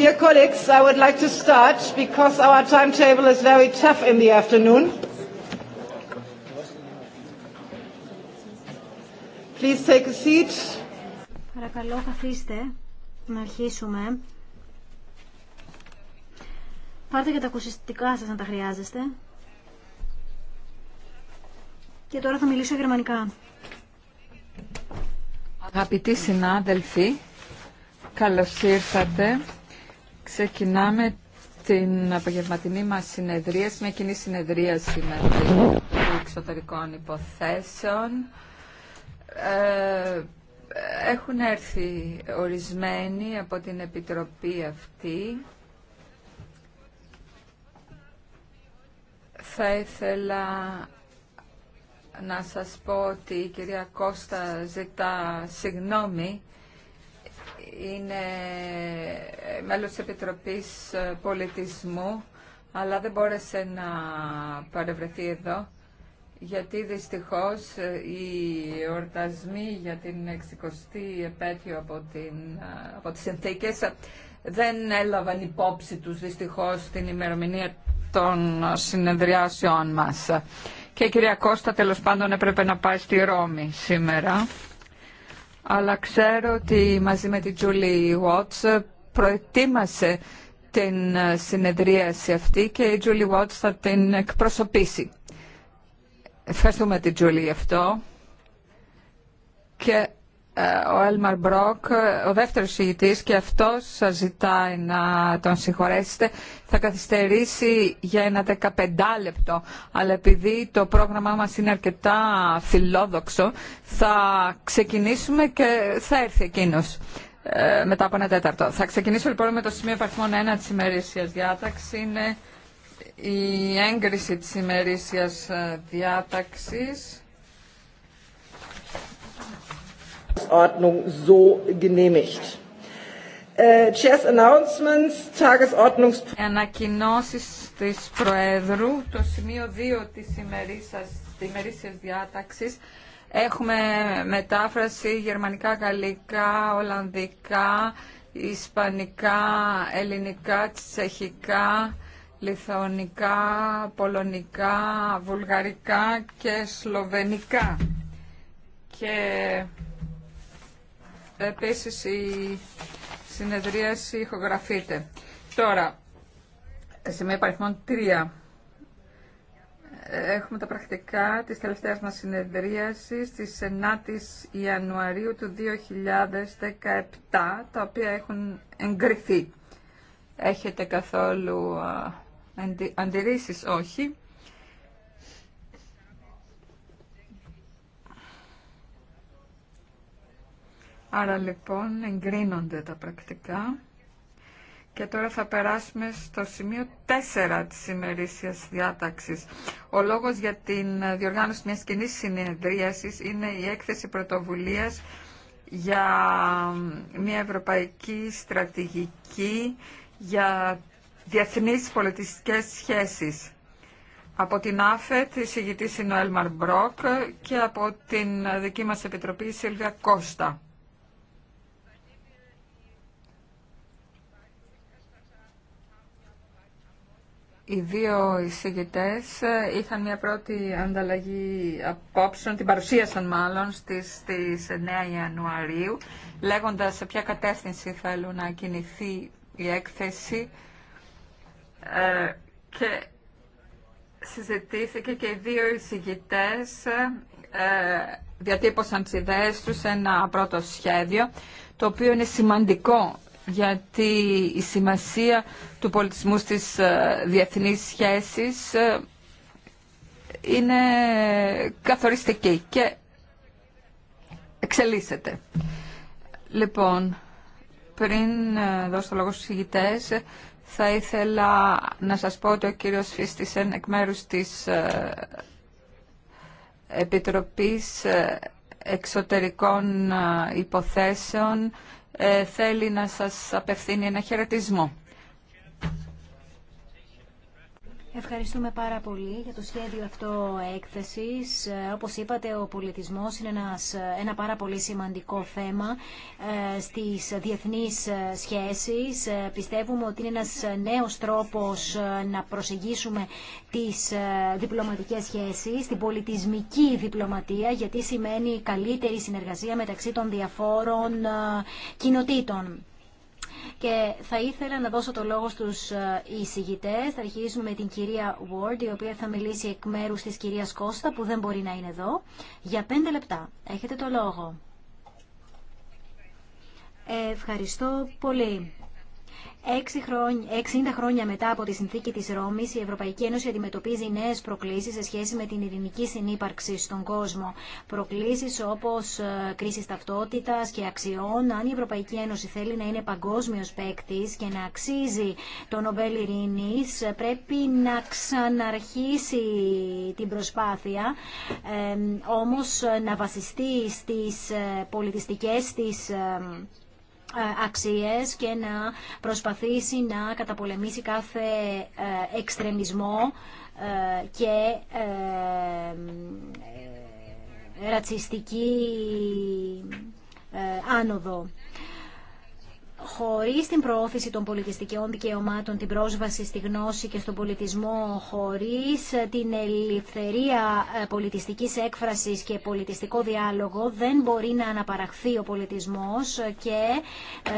Dear colleagues, I would like to start because our timetable is very tough in the afternoon. Please take a seat. Παρακαλώ καθίστε να αρχίσουμε. Πάρτε και τα ακουσιστικά σας να τα χρειάζεστε. Και τώρα θα μιλήσω γερμανικά. Αγαπητοί συνάδελφοι, καλώς ήρθατε Ξεκινάμε την απογευματινή μας συνεδρία, μια κοινή συνεδρίαση με το εξωτερικών υποθέσεων. Ε, έχουν έρθει ορισμένοι από την Επιτροπή αυτή. Θα ήθελα να σας πω ότι η κυρία Κώστα ζητά συγγνώμη είναι μέλος της Επιτροπής ε, Πολιτισμού, αλλά δεν μπόρεσε να παρευρεθεί εδώ, γιατί δυστυχώς ε, οι εορτασμοί για την 60η επέτειο από, την, ε, από τις συνθήκες δεν έλαβαν υπόψη τους δυστυχώς την ημερομηνία των συνεδριάσεών μας. Και η κυρία Κώστα τέλος πάντων έπρεπε να πάει στη Ρώμη σήμερα αλλά ξέρω ότι μαζί με την Τζούλη Βότς προετοίμασε την ε, συνεδρίαση αυτή και η Τζούλη Βότς θα την εκπροσωπήσει. Ευχαριστούμε την Τζούλη γι' αυτό και ε, ο Έλμαρ Μπρόκ, ο δεύτερος ηγητής, και αυτός σας ζητάει να τον συγχωρέσετε, θα καθυστερήσει για ένα 15 λεπτό. Αλλά επειδή το πρόγραμμά μας είναι αρκετά φιλόδοξο, θα ξεκινήσουμε και θα έρθει εκείνος ε, μετά από ένα τέταρτο. Θα ξεκινήσω λοιπόν με το σημείο παρθμών 1 της ημερήσιας διάταξη. Είναι η έγκριση της ημερήσιας ε, διάταξης. Tagesordnung so genehmigt. Äh, Chairs Προέδρου, το σημείο 2 της διάταξη Έχουμε μετάφραση γερμανικά, γαλλικά, ολλανδικά, ισπανικά, ελληνικά, τσεχικά, λιθωνικά, πολωνικά, βουλγαρικά και σλοβενικά. Και Επίσης η συνεδρίαση ηχογραφείται. Τώρα, μια παρελθόν 3. Έχουμε τα πρακτικά της τελευταίας μας συνεδρίασης της 9ης Ιανουαρίου του 2017, τα οποία έχουν εγκριθεί. Έχετε καθόλου αντιρρήσεις, όχι. Άρα λοιπόν εγκρίνονται τα πρακτικά. Και τώρα θα περάσουμε στο σημείο 4 της ημερήσιας διάταξης. Ο λόγος για την διοργάνωση μιας κοινή συνεδρίασης είναι η έκθεση πρωτοβουλίας για μια ευρωπαϊκή στρατηγική για διεθνείς πολιτιστικές σχέσεις. Από την ΑΦΕΤ η συγητής είναι ο Έλμαρ Μπρόκ και από την δική μας επιτροπή η Σίλβια Κώστα. οι δύο εισηγητέ ε, είχαν μια πρώτη ανταλλαγή απόψεων, την παρουσίασαν μάλλον στις, 9 Ιανουαρίου, λέγοντας σε ποια κατεύθυνση θέλουν να κινηθεί η έκθεση ε, και συζητήθηκε και οι δύο εισηγητέ ε, διατύπωσαν τις ιδέες τους σε ένα πρώτο σχέδιο, το οποίο είναι σημαντικό γιατί η σημασία του πολιτισμού στις ε, διεθνείς σχέσεις ε, είναι καθοριστική και εξελίσσεται. Λοιπόν, πριν ε, δώσω το λόγο στους ηγητές, θα ήθελα να σας πω ότι ο κύριος Φίστησεν εκ μέρους της Επιτροπής Εξωτερικών Υποθέσεων ε, θέλει να σας απευθύνει ένα χαιρετισμό. Ευχαριστούμε πάρα πολύ για το σχέδιο αυτό έκθεσης. Ε, όπως είπατε, ο πολιτισμός είναι ένα πάρα πολύ σημαντικό θέμα ε, στις διεθνείς ε, σχέσεις. Πιστεύουμε ότι είναι ένας νέος τρόπος να προσεγγίσουμε τις διπλωματικές σχέσεις, την πολιτισμική διπλωματία, γιατί σημαίνει καλύτερη συνεργασία μεταξύ των διαφόρων κοινοτήτων και θα ήθελα να δώσω το λόγο στους ε, εισηγητές. Θα αρχίσουμε με την κυρία Ward, η οποία θα μιλήσει εκ μέρου της κυρίας Κώστα, που δεν μπορεί να είναι εδώ, για πέντε λεπτά. Έχετε το λόγο. Ευχαριστώ πολύ. Έξι χρόνια, 60 χρόνια μετά από τη συνθήκη της Ρώμης, η Ευρωπαϊκή Ένωση αντιμετωπίζει νέες προκλήσεις σε σχέση με την ειρηνική συνύπαρξη στον κόσμο. Προκλήσεις όπως ε, κρίση ταυτότητας και αξιών. Αν η Ευρωπαϊκή Ένωση θέλει να είναι παγκόσμιος παίκτη και να αξίζει το Νομπέλ Ειρήνης, πρέπει να ξαναρχίσει την προσπάθεια, ε, όμως να βασιστεί στις ε, πολιτιστικές, στις ε, αξίες και να προσπαθήσει να καταπολεμήσει κάθε ε, εξτρεμισμό ε, και ρατσιστική άνοδο. Χωρί την προώθηση των πολιτιστικών δικαιωμάτων, την πρόσβαση στη γνώση και στον πολιτισμό, χωρί ε, την ελευθερία ε, πολιτιστική έκφραση και πολιτιστικό διάλογο, δεν μπορεί να αναπαραχθεί ο πολιτισμό και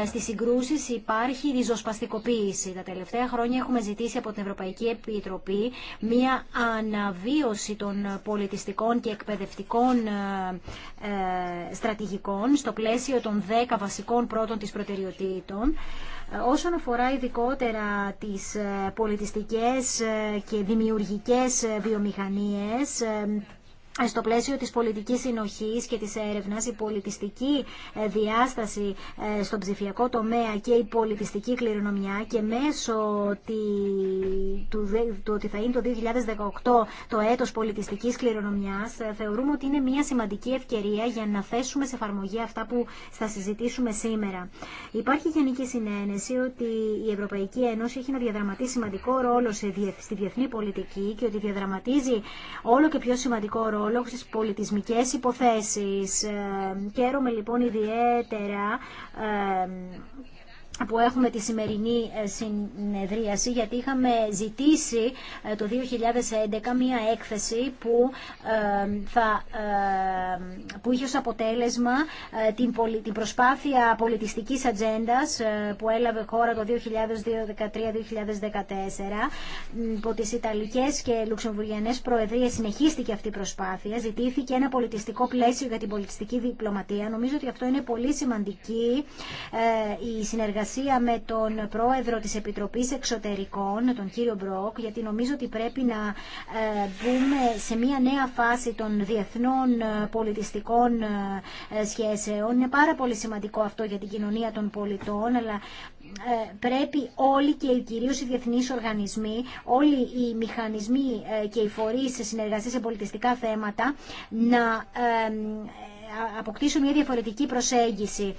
ε, στι συγκρούσει υπάρχει ριζοσπαστικοποίηση. Τα τελευταία χρόνια έχουμε ζητήσει από την Ευρωπαϊκή Επιτροπή μία αναβίωση των πολιτιστικών και εκπαιδευτικών στρατηγικών στο πλαίσιο των 10 βασικών πρώτων τη προτεραιοτήτων. Ε, όσον αφορά ειδικότερα τις ε, πολιτιστικές ε, και δημιουργικές βιομηχανίες, στο πλαίσιο της πολιτικής συνοχής και της έρευνας η πολιτιστική ε, διάσταση ε, στον ψηφιακό τομέα και η πολιτιστική κληρονομιά και μέσω του ότι θα είναι το 2018 το έτος πολιτιστικής κληρονομιάς ε, θεωρούμε ότι είναι μια σημαντική ευκαιρία για να θέσουμε σε εφαρμογή αυτά που θα συζητήσουμε σήμερα. Υπάρχει γενική συνένεση ότι η Ευρωπαϊκή Ένωση έχει να διαδραματίσει σημαντικό ρόλο στη διεθνή πολιτική και ότι διαδραματίζει όλο και πιο σημαντικό ρόλο λόγω στις πολιτισμικές υποθέσεις. Ε, χαίρομαι λοιπόν ιδιαίτερα ε, που έχουμε τη σημερινή ε, συνεδρίαση γιατί είχαμε ζητήσει ε, το 2011 μία έκθεση που, ε, θα, που είχε ως αποτέλεσμα την, προσπάθεια πολιτιστικής ατζέντα που έλαβε χώρα το 2013-2014 υπό τις Ιταλικές και Λουξεμβουργιανές Προεδρίες συνεχίστηκε αυτή η προσπάθεια ζητήθηκε ένα πολιτιστικό πλαίσιο για την πολιτιστική διπλωματία νομίζω ότι αυτό είναι πολύ σημαντική η συνεργασία συνεργασία με τον πρόεδρο της Επιτροπής Εξωτερικών, τον κύριο Μπρόκ, γιατί νομίζω ότι πρέπει να ε, μπούμε σε μια νέα φάση των διεθνών ε, πολιτιστικών ε, σχέσεων. Είναι πάρα πολύ σημαντικό αυτό για την κοινωνία των πολιτών, αλλά πρέπει όλοι και κυρίως οι διεθνείς οργανισμοί, όλοι οι μηχανισμοί και οι φορείς σε συνεργασία σε πολιτιστικά θέματα να αποκτήσουν μια διαφορετική προσέγγιση.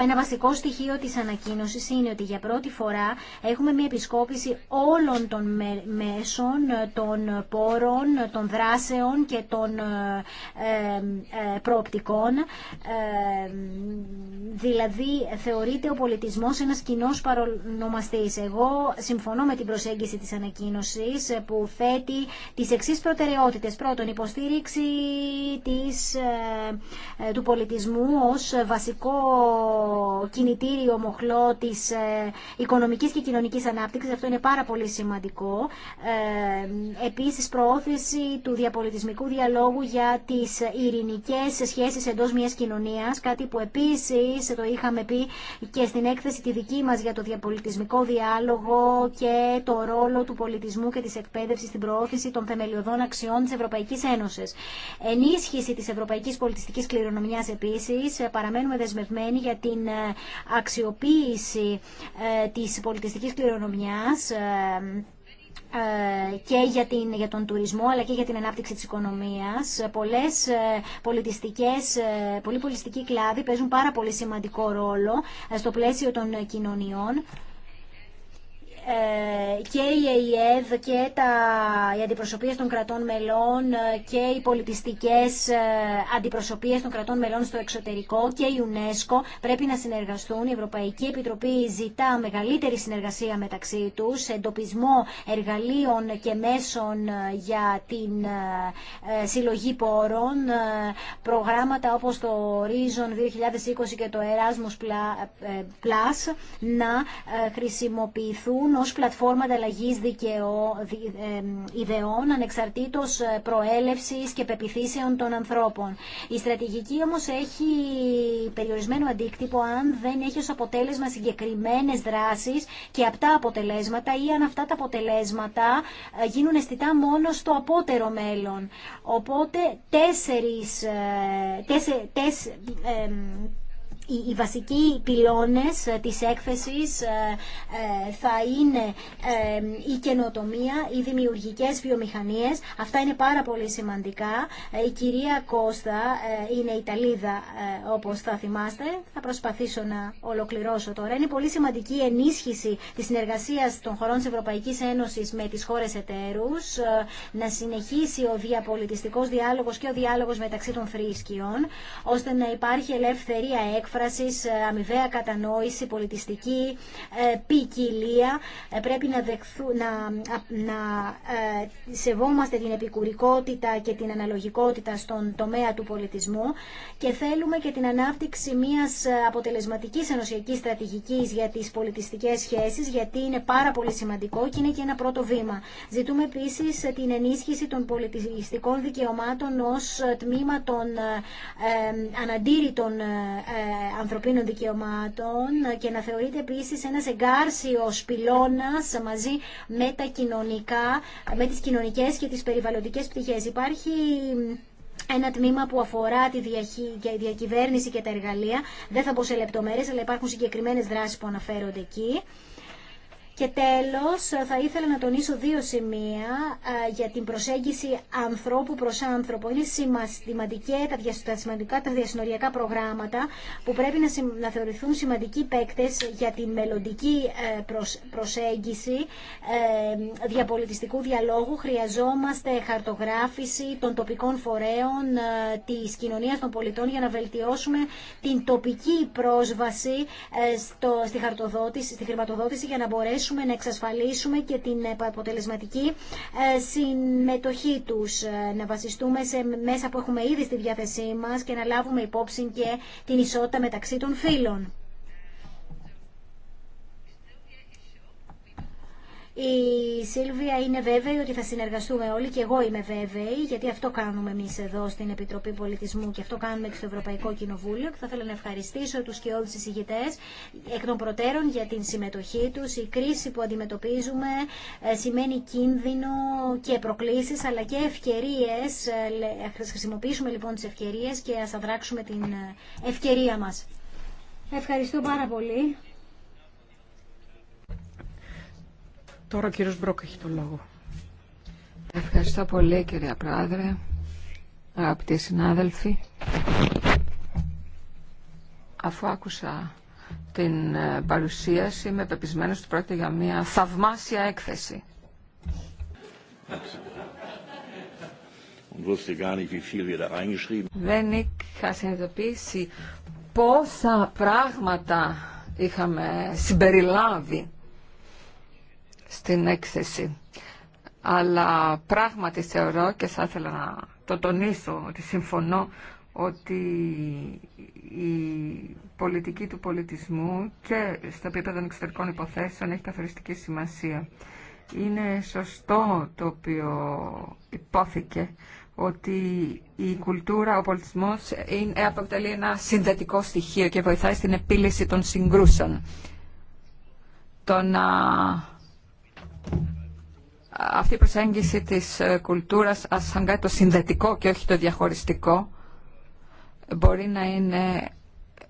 Ένα βασικό στοιχείο της ανακοίνωσης είναι ότι για πρώτη φορά έχουμε μια επισκόπηση όλων των μέσων, των πόρων, των δράσεων και των ε, ε, ε, προοπτικών. Δηλαδή θεωρείται ο πολιτισμός ένας κοινό παρονομαστής. Εγώ συμφωνώ με την προσέγγιση της ανακοίνωσης που θέτει τις εξής προτεραιότητες. Πρώτον, υποστήριξη της, του πολιτισμού ως βασικό κινητήριο μοχλό της ε, οικονομικής και κοινωνικής ανάπτυξης. Αυτό είναι πάρα πολύ σημαντικό. Ε, επίσης, προώθηση του διαπολιτισμικού διαλόγου για τις ειρηνικές σχέσεις εντός μιας κοινωνίας, κάτι που επίσης το είχαμε πει και στην έκθεση τη δική μας για το διαπολιτισμικό διάλογο και το ρόλο του πολιτισμού και της εκπαίδευσης στην προώθηση των θεμελιωδών αξιών της Ευρωπαϊκής Ένωσης. Ενίσχυση της ευρωπαϊκής πολιτιστικής κληρονομιάς επίσης, παραμένουμε δεσμευμένοι για την την ε, αξιοποίηση ε, της πολιτιστικής κληρονομιάς ε, και για, την, για τον τουρισμό αλλά και για την ανάπτυξη της οικονομίας. Πολλές πολιτιστικές, πολλοί πολιτιστικοί κλάδοι παίζουν πάρα πολύ σημαντικό ρόλο στο πλαίσιο των κοινωνιών και η ΕΙΕΔ και τα, οι αντιπροσωπείες των κρατών μελών ε, και οι πολιτιστικές ε, αντιπροσωπείες των κρατών μελών στο εξωτερικό και η UNESCO πρέπει να συνεργαστούν. Η Ευρωπαϊκή Επιτροπή ζητά μεγαλύτερη συνεργασία μεταξύ τους, εντοπισμό εργαλείων και μέσων ε, για την συλλογή πόρων, προγράμματα όπως το Horizon 2020 και το Erasmus Plus να χρησιμοποιηθούν ως πλατφόρμα ανταλλαγή ιδεών ανεξαρτήτως ε, προέλευσης και πεπιθήσεων των ανθρώπων. Η στρατηγική όμως έχει περιορισμένο αντίκτυπο αν δεν έχει ως αποτέλεσμα συγκεκριμένες δράσεις και αυτά αποτελέσματα ή αν αυτά τα αποτελέσματα ε, γίνουν αισθητά μόνο στο απότερο μέλλον. Οπότε τέσσερις, ε, οι, βασικοί πυλώνες ε, της έκθεσης ε, ε, θα είναι η καινοτομία, οι δημιουργικές βιομηχανίες. Αυτά είναι πάρα πολύ σημαντικά. Η κυρία Κώστα είναι Ιταλίδα, όπως θα θυμάστε. Θα προσπαθήσω να ολοκληρώσω τώρα. Είναι πολύ σημαντική η ενίσχυση της συνεργασίας των χωρών της Ευρωπαϊκής Ένωσης με τις χώρες εταίρους, να συνεχίσει ο διαπολιτιστικός διάλογος και ο διάλογος μεταξύ των θρήσκειων, ώστε να υπάρχει ελευθερία έκφραση έκφραση, ε, αμοιβαία κατανόηση, πολιτιστική ε, ποικιλία. Ε, πρέπει να, δεχθού, να, σεβόμαστε την επικουρικότητα και την αναλογικότητα στον τομέα του πολιτισμού και θέλουμε και την ανάπτυξη μια αποτελεσματική ενωσιακή στρατηγική για τι πολιτιστικέ σχέσει, γιατί είναι πάρα πολύ σημαντικό και είναι και ένα πρώτο βήμα. Ζητούμε επίση την ενίσχυση των πολιτιστικών δικαιωμάτων ω τμήμα των αναντήρητων ανθρωπίνων δικαιωμάτων και να θεωρείται επίσης ένας εγκάρσιος πυλώνας μαζί με τα κοινωνικά, με τις κοινωνικές και τις περιβαλλοντικές πτυχές. Υπάρχει ένα τμήμα που αφορά τη διακυβέρνηση και τα εργαλεία. Δεν θα πω σε λεπτομέρειες, αλλά υπάρχουν συγκεκριμένες δράσεις που αναφέρονται εκεί. Και τέλος, θα ήθελα να τονίσω δύο σημεία ε, για την προσέγγιση ανθρώπου προς άνθρωπο. Είναι σημαντικά τα διασυνοριακά προγράμματα που πρέπει να θεωρηθούν σημαντικοί παίκτες για την μελλοντική ε, προσέγγιση ε, διαπολιτιστικού διαλόγου. Χρειαζόμαστε χαρτογράφηση των τοπικών φορέων της κοινωνίας των πολιτών για να βελτιώσουμε την τοπική πρόσβαση στη χρηματοδότηση για να μπορέσουμε μπορέσουμε να εξασφαλίσουμε και την αποτελεσματική ε, συμμετοχή τους. Ε, να βασιστούμε σε μέσα που έχουμε ήδη στη διάθεσή μας και να λάβουμε υπόψη και την ισότητα μεταξύ των φύλων. Η Σίλβια είναι βέβαιη ότι θα συνεργαστούμε όλοι και εγώ είμαι βέβαιη, γιατί αυτό κάνουμε εμεί εδώ στην Επιτροπή Πολιτισμού και αυτό κάνουμε και στο Ευρωπαϊκό Κοινοβούλιο. Και θα ήθελα να ευχαριστήσω του και όλου του συζητητέ εκ των προτέρων για την συμμετοχή του. Η κρίση που αντιμετωπίζουμε ε, σημαίνει κίνδυνο και προκλήσει, αλλά και ευκαιρίε. Ε, χρησιμοποιήσουμε λοιπόν τι ευκαιρίε και α αδράξουμε την ε, ευκαιρία μα. Ευχαριστώ πάρα πολύ. Τώρα ο κύριος Μπρόκ έχει το λόγο. Ευχαριστώ πολύ κύριε Πρόεδρε, αγαπητοί συνάδελφοι. Αφού άκουσα την ε, παρουσίαση, είμαι πεπισμένο ότι πρόκειται για μια θαυμάσια έκθεση. Δεν είχα συνειδητοποιήσει πόσα πράγματα είχαμε συμπεριλάβει στην έκθεση. Αλλά πράγματι θεωρώ και θα ήθελα να το τονίσω ότι συμφωνώ ότι η πολιτική του πολιτισμού και στο επίπεδο των εξωτερικών υποθέσεων έχει καθοριστική σημασία. Είναι σωστό το οποίο υπόθηκε ότι η κουλτούρα, ο πολιτισμός είναι, αποτελεί ένα συνδετικό στοιχείο και βοηθάει στην επίλυση των συγκρούσεων. Το να αυτή η προσέγγιση της ε, κουλτούρας ας σαν κάτι το συνδετικό και όχι το διαχωριστικό μπορεί να είναι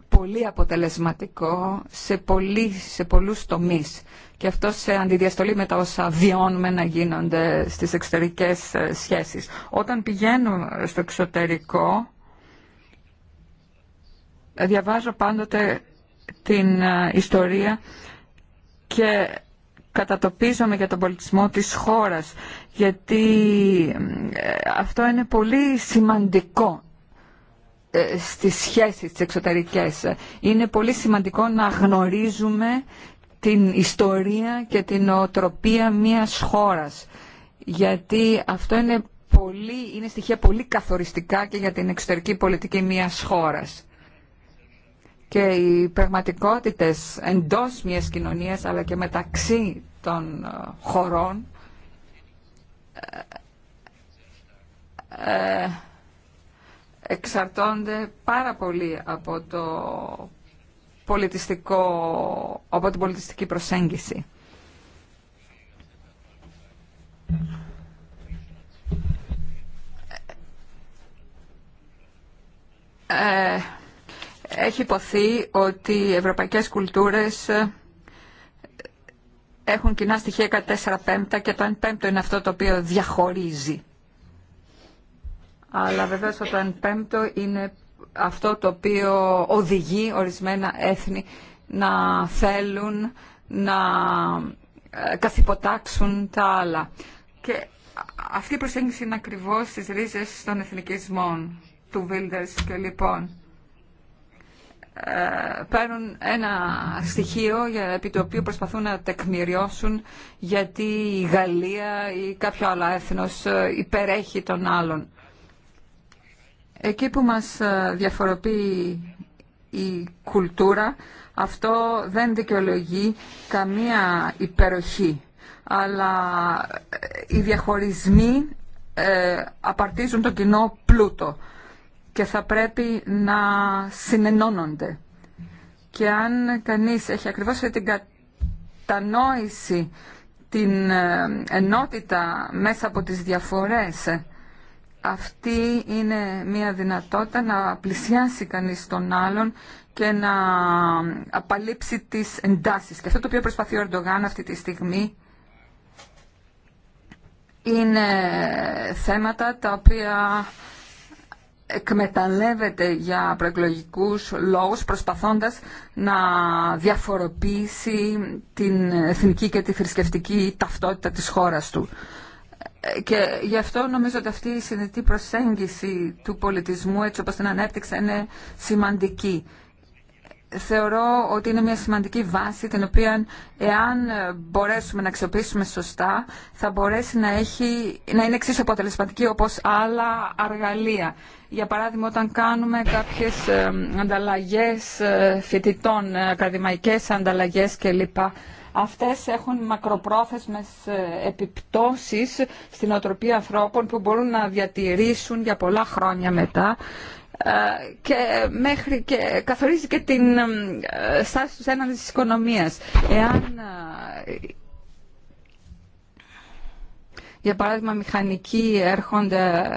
πολύ αποτελεσματικό σε, πολύ, σε πολλούς τομείς και αυτό σε αντιδιαστολή με τα όσα βιώνουμε να γίνονται στις εξωτερικές ε, σχέσεις. Όταν πηγαίνω ε, στο εξωτερικό διαβάζω πάντοτε την ιστορία και κατατοπίζομαι για τον πολιτισμό της χώρας, γιατί ε, αυτό είναι πολύ σημαντικό ε, στις σχέσεις τις εξωτερικές. Είναι πολύ σημαντικό να γνωρίζουμε την ιστορία και την οτροπία μιας χώρας, γιατί αυτό είναι, πολύ, είναι στοιχεία πολύ καθοριστικά και για την εξωτερική πολιτική μιας χώρας και οι πραγματικότητες εντός μιας κοινωνίας αλλά και μεταξύ των ε, χωρών ε, ε, εξαρτώνται πάρα πολύ από, το πολιτιστικό, από την πολιτιστική προσέγγιση. Ε, έχει υποθεί ότι οι ευρωπαϊκές κουλτούρες ε, έχουν κοινά στοιχεία κατά 4 πέμπτα και το 1 πέμπτο είναι αυτό το οποίο διαχωρίζει. Αλλά βεβαίως το 1 πέμπτο είναι αυτό το οποίο οδηγεί ορισμένα έθνη να θέλουν να ε, καθυποτάξουν τα άλλα. Και αυτή η προσέγγιση είναι ακριβώς στις ρίζες των εθνικισμών, του Βίλντερς και λοιπόν. Ε, παίρνουν ένα στοιχείο για, επί το οποίο προσπαθούν να τεκμηριώσουν γιατί η Γαλλία ή κάποιο άλλο έθνος ε, υπερέχει των άλλων. Εκεί που μας ε, διαφοροποιεί η κουλτούρα, αυτό δεν δικαιολογεί καμία υπεροχή. Αλλά οι διαχωρισμοί ε, απαρτίζουν τον κοινό πλούτο και θα πρέπει να συνενώνονται. Και αν κανείς έχει ακριβώς αυτή την κατανόηση, την ε, ενότητα μέσα από τις διαφορές, αυτή είναι μια δυνατότητα να πλησιάσει κανείς τον άλλον και να απαλείψει τις εντάσεις. Και αυτό το οποίο προσπαθεί ο Ερντογάν αυτή τη στιγμή είναι θέματα τα οποία εκμεταλλεύεται για προεκλογικούς λόγους προσπαθώντας να διαφοροποιήσει την εθνική και τη θρησκευτική ταυτότητα της χώρας του. Και γι' αυτό νομίζω ότι αυτή η συνετή προσέγγιση του πολιτισμού έτσι όπως την ανέπτυξε είναι σημαντική θεωρώ ότι είναι μια σημαντική βάση την οποία εάν μπορέσουμε να αξιοποιήσουμε σωστά θα μπορέσει να, έχει, να είναι εξίσου αποτελεσματική όπως άλλα αργαλεία. Για παράδειγμα όταν κάνουμε κάποιες ανταλλαγές ε, φοιτητών, ε, ακαδημαϊκές ανταλλαγές κλπ. Αυτές έχουν μακροπρόθεσμες ε, επιπτώσεις στην οτροπία ανθρώπων που μπορούν να διατηρήσουν για πολλά χρόνια μετά ε, και μέχρι και καθορίζει και την ε, στάση του έναντι της οικονομίας. Εάν ε, για παράδειγμα μηχανικοί έρχονται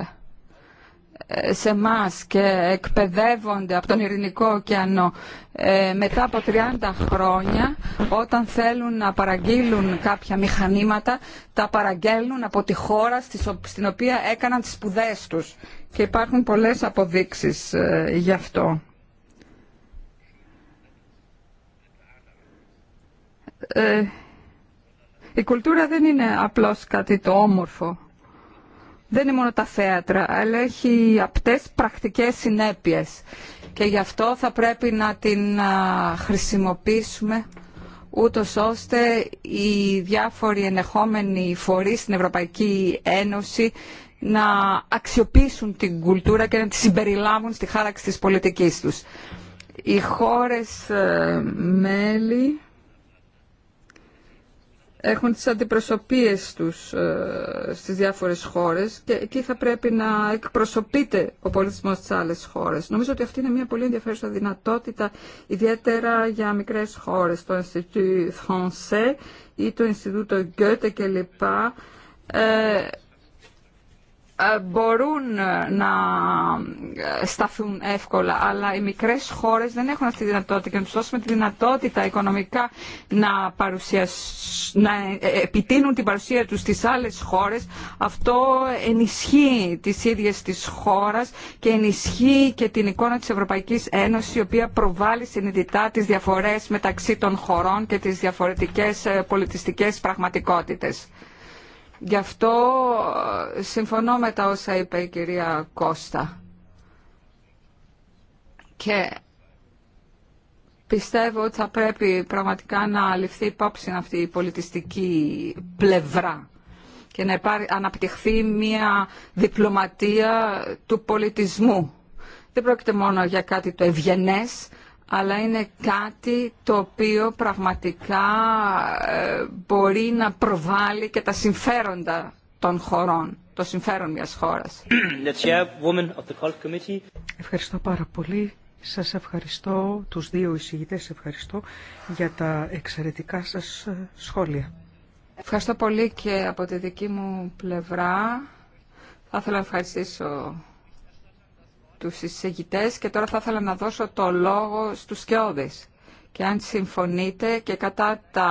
σε εμά και εκπαιδεύονται από τον Ειρηνικό ωκεανό ε, μετά από 30 χρόνια όταν θέλουν να παραγγείλουν κάποια μηχανήματα τα παραγγέλνουν από τη χώρα στην οποία έκαναν τις σπουδέ τους και υπάρχουν πολλές αποδείξεις ε, γι' αυτό. Ε, η κουλτούρα δεν είναι απλώς κάτι το όμορφο δεν είναι μόνο τα θέατρα, αλλά έχει απτές πρακτικές συνέπειες. Και γι' αυτό θα πρέπει να την χρησιμοποιήσουμε ούτως ώστε οι διάφοροι ενεχόμενοι φορείς στην Ευρωπαϊκή Ένωση να αξιοποιήσουν την κουλτούρα και να τη συμπεριλάβουν στη χάραξη της πολιτικής τους. Οι χώρες ε, μέλη έχουν τις αντιπροσωπείες τους ε, στις διάφορες χώρες και εκεί θα πρέπει να εκπροσωπείται ο πολιτισμός στις άλλες χώρες. Νομίζω ότι αυτή είναι μια πολύ ενδιαφέρουσα δυνατότητα, ιδιαίτερα για μικρές χώρες, το Institut Français ή το Ινστιτούτο Goethe κλπ. Ε, ε, μπορούν ε, να ε, σταθούν εύκολα, αλλά οι μικρές χώρες δεν έχουν αυτή τη δυνατότητα και να τους δώσουμε τη δυνατότητα οικονομικά να, παρουσιασ... να επιτείνουν την παρουσία τους στις άλλες χώρες. Αυτό ενισχύει τις ίδιες της χώρας και ενισχύει και την εικόνα της Ευρωπαϊκής Ένωσης η οποία προβάλλει συνειδητά τις διαφορές μεταξύ των χωρών και τις διαφορετικές πολιτιστικές πραγματικότητες. Γι' αυτό ε, συμφωνώ με τα όσα είπε η κυρία Κώστα. Και πιστεύω ότι θα πρέπει πραγματικά να ληφθεί υπόψη αυτή η πολιτιστική πλευρά και να αναπτυχθεί μια διπλωματία του πολιτισμού. Δεν πρόκειται μόνο για κάτι το ευγενές, αλλά είναι κάτι το οποίο πραγματικά ε, μπορεί να προβάλλει και τα συμφέροντα των χωρών, το συμφέρον μιας χώρας. Ευχαριστώ πάρα πολύ. Σας ευχαριστώ, τους δύο εισηγητές ευχαριστώ για τα εξαιρετικά σας ε, σχόλια. Ευχαριστώ πολύ και από τη δική μου πλευρά. Θα ήθελα να ευχαριστήσω τους εισηγητές και τώρα θα ήθελα να δώσω το λόγο στους Σκιώδης. Και αν συμφωνείτε και κατά τα...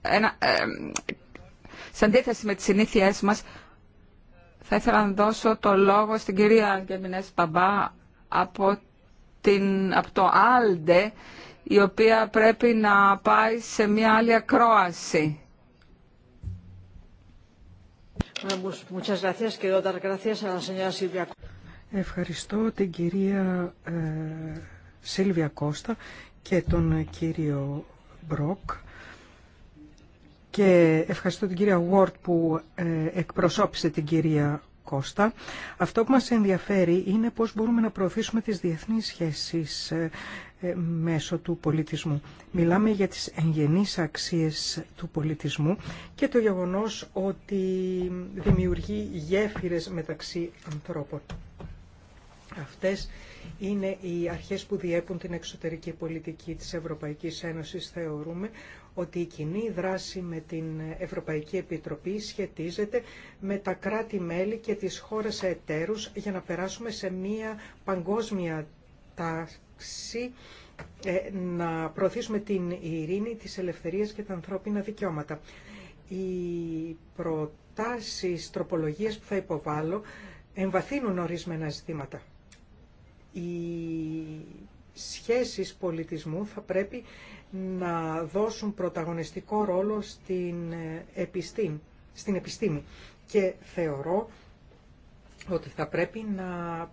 Ένα, ε, σε αντίθεση με τις συνήθειές μας, θα ήθελα να δώσω το λόγο στην κυρία Αγγεμινές Παμπά από, την, από το Άλντε, η οποία πρέπει να πάει σε μια άλλη ακρόαση. Ευχαριστώ την κυρία ε, Σίλβια Κώστα και τον κύριο Μπροκ και ευχαριστώ την κυρία Ward που ε, εκπροσώπησε την κυρία Κώστα. Αυτό που μας ενδιαφέρει είναι πώς μπορούμε να προωθήσουμε τις διεθνείς σχέσεις ε, μέσω του πολιτισμού. Μιλάμε για τις εγγενείς αξίες του πολιτισμού και το γεγονός ότι δημιουργεί γέφυρες μεταξύ ανθρώπων. Αυτές είναι οι αρχές που διέπουν την εξωτερική πολιτική της Ευρωπαϊκής Ένωσης. Θεωρούμε ότι η κοινή δράση με την Ευρωπαϊκή Επιτροπή σχετίζεται με τα κράτη-μέλη και τις χώρες εταίρους για να περάσουμε σε μία παγκόσμια τάξη ε, να προωθήσουμε την ειρήνη, τις ελευθερίες και τα ανθρώπινα δικαιώματα. Οι προτάσεις, τροπολογίες που θα υποβάλω εμβαθύνουν ορισμένα ζητήματα οι σχέσεις πολιτισμού θα πρέπει να δώσουν πρωταγωνιστικό ρόλο στην ε, επιστήμη, στην επιστήμη. Και θεωρώ ότι θα πρέπει να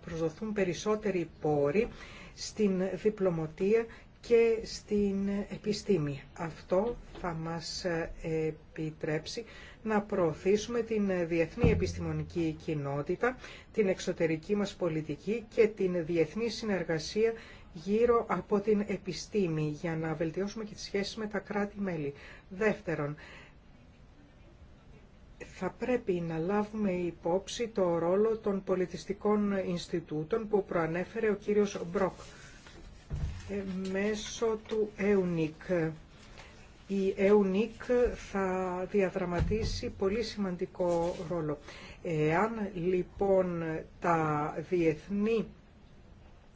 προσδοθούν περισσότεροι πόροι στην διπλωματία και στην επιστήμη. Αυτό θα μας ε, επιτρέψει να προωθήσουμε την ε, διεθνή επιστημονική κοινότητα, την εξωτερική μας πολιτική και την διεθνή συνεργασία γύρω από την επιστήμη για να βελτιώσουμε και τις σχέσεις με τα κράτη-μέλη. Δεύτερον, θα πρέπει να λάβουμε υπόψη το ρόλο των πολιτιστικών Ινστιτούτων που προανέφερε ο κύριος Μπροκ ε, μέσω του ΕΟΝΙΚ. Η ΕΟΝΙΚ θα διαδραματίσει πολύ σημαντικό ρόλο. Εάν λοιπόν τα διεθνή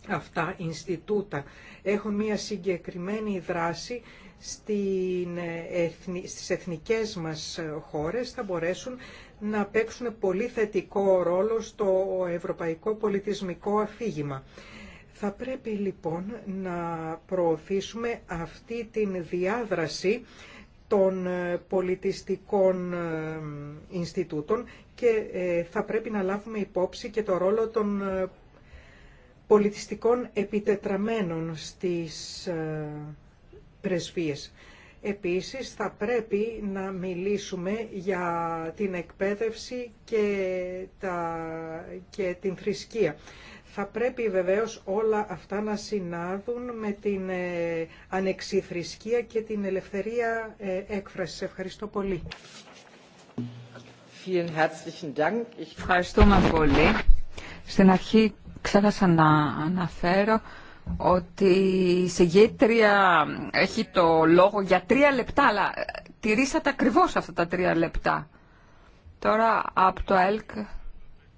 αυτά Ινστιτούτα έχουν μία συγκεκριμένη δράση στην ε, εθνι, στις εθνικές μας χώρες θα μπορέσουν να παίξουν πολύ θετικό ρόλο στο ευρωπαϊκό πολιτισμικό αφήγημα. Θα πρέπει λοιπόν να προωθήσουμε αυτή την διάδραση των ε, πολιτιστικών ε, Ινστιτούτων και ε, θα πρέπει να λάβουμε υπόψη και το ρόλο των πολιτιστικών επιτετραμένων στις πρεσβείες. Επίσης θα πρέπει να μιλήσουμε για την εκπαίδευση και, και την θρησκεία. Θα πρέπει βεβαίως όλα αυτά να συνάδουν με την ε, ανεξιθρησκεία και την ελευθερία ε, έκφρασης. Ευχαριστώ πολύ. Ευχαριστούμε πολύ. Στην αρχή ξέχασα να αναφέρω ότι η συγγήτρια έχει το λόγο για τρία λεπτά, αλλά ε, τηρήσατε ακριβώς αυτά τα τρία λεπτά. Τώρα από το ΕΛΚ,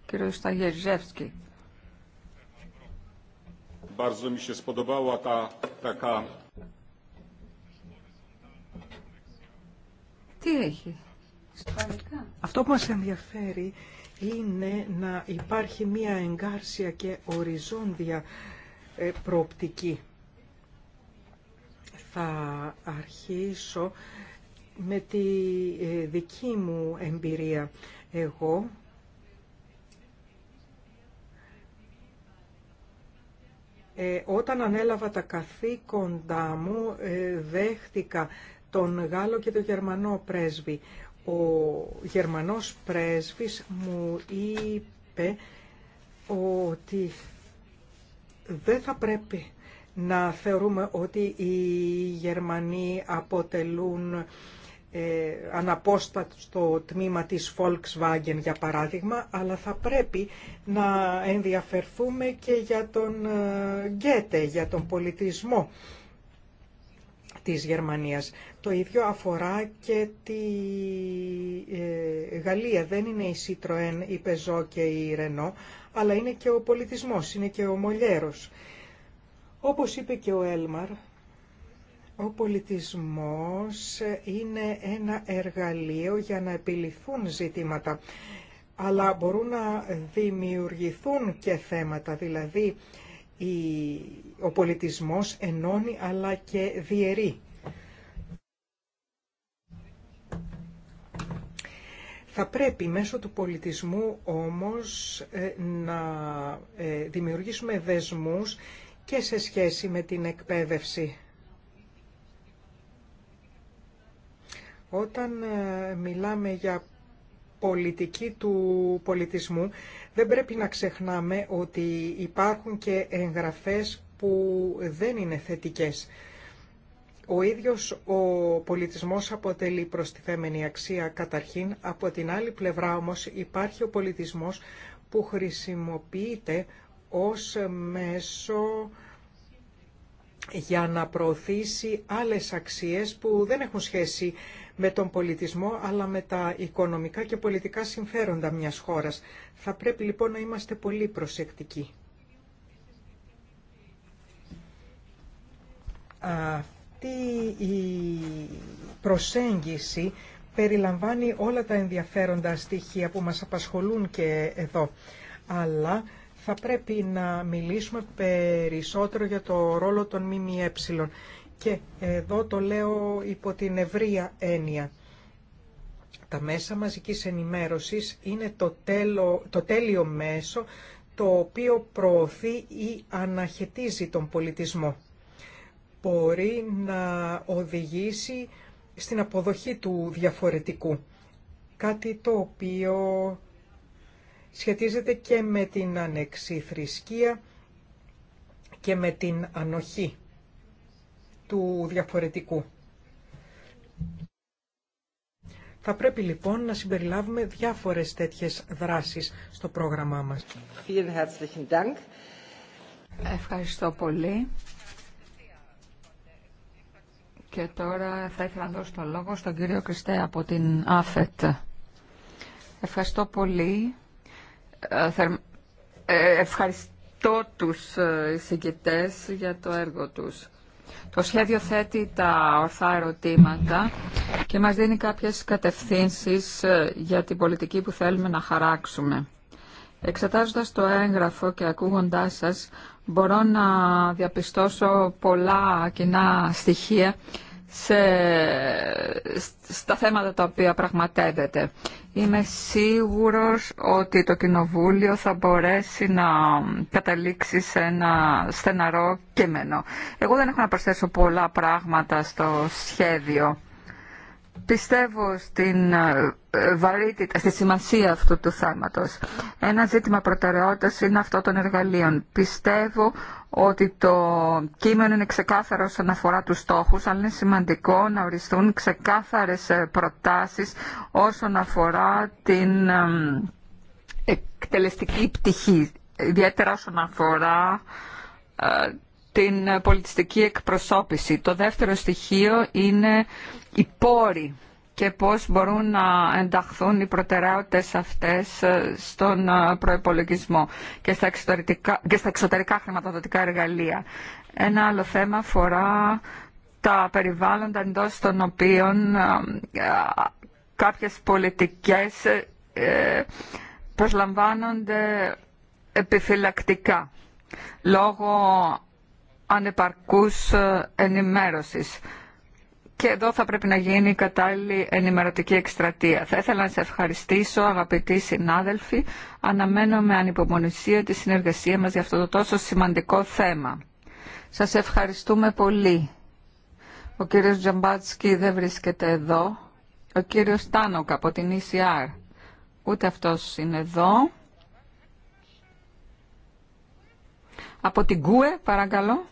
κύριο Σταγερζεύσκη. Bardzo mi się spodobała Τι έχει. Αυτό που μας ενδιαφέρει είναι να υπάρχει μία εγκάρσια και οριζόντια ε, προοπτική. Θα αρχίσω με τη ε, δική μου εμπειρία. Εγώ Ε, όταν ανέλαβα τα καθήκοντά μου, ε, δέχτηκα τον Γάλλο και τον Γερμανό πρέσβη. Ο Γερμανός πρέσβης μου είπε ότι δεν θα πρέπει να θεωρούμε ότι οι Γερμανοί αποτελούν ε, αναπόστατο τμήμα της Volkswagen για παράδειγμα, αλλά θα πρέπει να ενδιαφερθούμε και για τον ε, Γκέτε, για τον πολιτισμό της Γερμανίας. Το ίδιο αφορά και τη ε, Γαλλία. Δεν είναι η Citroën, η Peugeot και η Renault, αλλά είναι και ο πολιτισμός, είναι και ο Μολιέρος. Όπως είπε και ο Έλμαρ, ο πολιτισμός είναι ένα εργαλείο για να επιληθούν ζητήματα, αλλά μπορούν να δημιουργηθούν και θέματα, δηλαδή ο πολιτισμός ενώνει αλλά και διαιρεί. Θα πρέπει μέσω του πολιτισμού όμως ε, να ε, δημιουργήσουμε δεσμούς και σε σχέση με την εκπαίδευση. Όταν ε, μιλάμε για πολιτική του πολιτισμού, δεν πρέπει να ξεχνάμε ότι υπάρχουν και εγγραφές που δεν είναι θετικές. Ο ίδιος ο πολιτισμός αποτελεί προστιθέμενη αξία καταρχήν, από την άλλη πλευρά όμως υπάρχει ο πολιτισμός που χρησιμοποιείται ως μέσο για να προωθήσει άλλες αξίες που δεν έχουν σχέση με τον πολιτισμό αλλά με τα οικονομικά και πολιτικά συμφέροντα μιας χώρας. Θα πρέπει λοιπόν να είμαστε πολύ προσεκτικοί. Αυτή η προσέγγιση περιλαμβάνει όλα τα ενδιαφέροντα στοιχεία που μας απασχολούν και εδώ. Αλλά θα πρέπει να μιλήσουμε περισσότερο για το ρόλο των ΜΜΕ και εδώ το λέω υπό την ευρεία έννοια. Τα μέσα μαζικής ενημέρωσης είναι το, τέλο, το τέλειο μέσο το οποίο προωθεί ή αναχαιτίζει τον πολιτισμό. Μπορεί να οδηγήσει στην αποδοχή του διαφορετικού. Κάτι το οποίο σχετίζεται και με την ανεξιθρησκεία και με την ανοχή του διαφορετικού. Θα πρέπει λοιπόν να συμπεριλάβουμε διάφορες τέτοιες δράσεις στο πρόγραμμά μας. Ευχαριστώ πολύ. Και τώρα θα ήθελα να δώσω το λόγο στον κύριο Κριστέ από την ΑΦΕΤ. Ευχαριστώ πολύ. Ε, ε, ευχαριστώ τους ε, συγκητές για το έργο τους. Το σχέδιο θέτει τα ορθά ερωτήματα και μας δίνει κάποιες κατευθύνσεις ε, για την πολιτική που θέλουμε να χαράξουμε. Εξετάζοντας το έγγραφο και ακούγοντάς σας, μπορώ να διαπιστώσω πολλά κοινά στοιχεία σε, στα θέματα τα οποία πραγματεύεται. Είμαι σίγουρος ότι το Κοινοβούλιο θα μπορέσει να καταλήξει σε ένα στεναρό κείμενο. Εγώ δεν έχω να προσθέσω πολλά πράγματα στο σχέδιο. Πιστεύω στην ε, βαρύτητα, στη σημασία αυτού του θέματος. Ένα ζήτημα προτεραιότητας είναι αυτό των εργαλείων. Πιστεύω ότι το κείμενο είναι ξεκάθαρο όσον αφορά τους στόχους, αλλά είναι σημαντικό να οριστούν ξεκάθαρες ε, προτάσεις όσον αφορά την εκτελεστική πτυχή, ιδιαίτερα όσον αφορά ε, την πολιτιστική εκπροσώπηση. Το δεύτερο στοιχείο είναι οι πόροι και πώς μπορούν να ενταχθούν οι προτεραιότητες αυτές ε, στον ε, προϋπολογισμό και στα εξωτερικά, και στα εξωτερικά χρηματοδοτικά εργαλεία. Ένα άλλο θέμα αφορά τα περιβάλλοντα εντό των οποίων ε, κάποιες πολιτικές προσλαμβάνονται επιφυλακτικά λόγω ανεπαρκούς ενημέρωσης και εδώ θα πρέπει να γίνει η κατάλληλη ενημερωτική εκστρατεία. Θα ήθελα να σε ευχαριστήσω αγαπητοί συνάδελφοι. Αναμένω με ανυπομονησία τη συνεργασία μας για αυτό το τόσο σημαντικό θέμα. Σας ευχαριστούμε πολύ. Ο κύριος Τζαμπάτσκι δεν βρίσκεται εδώ. Ο κύριος Τάνοκ από την ECR. Ούτε αυτός είναι εδώ. Από την ΚΟΕ, παρακαλώ.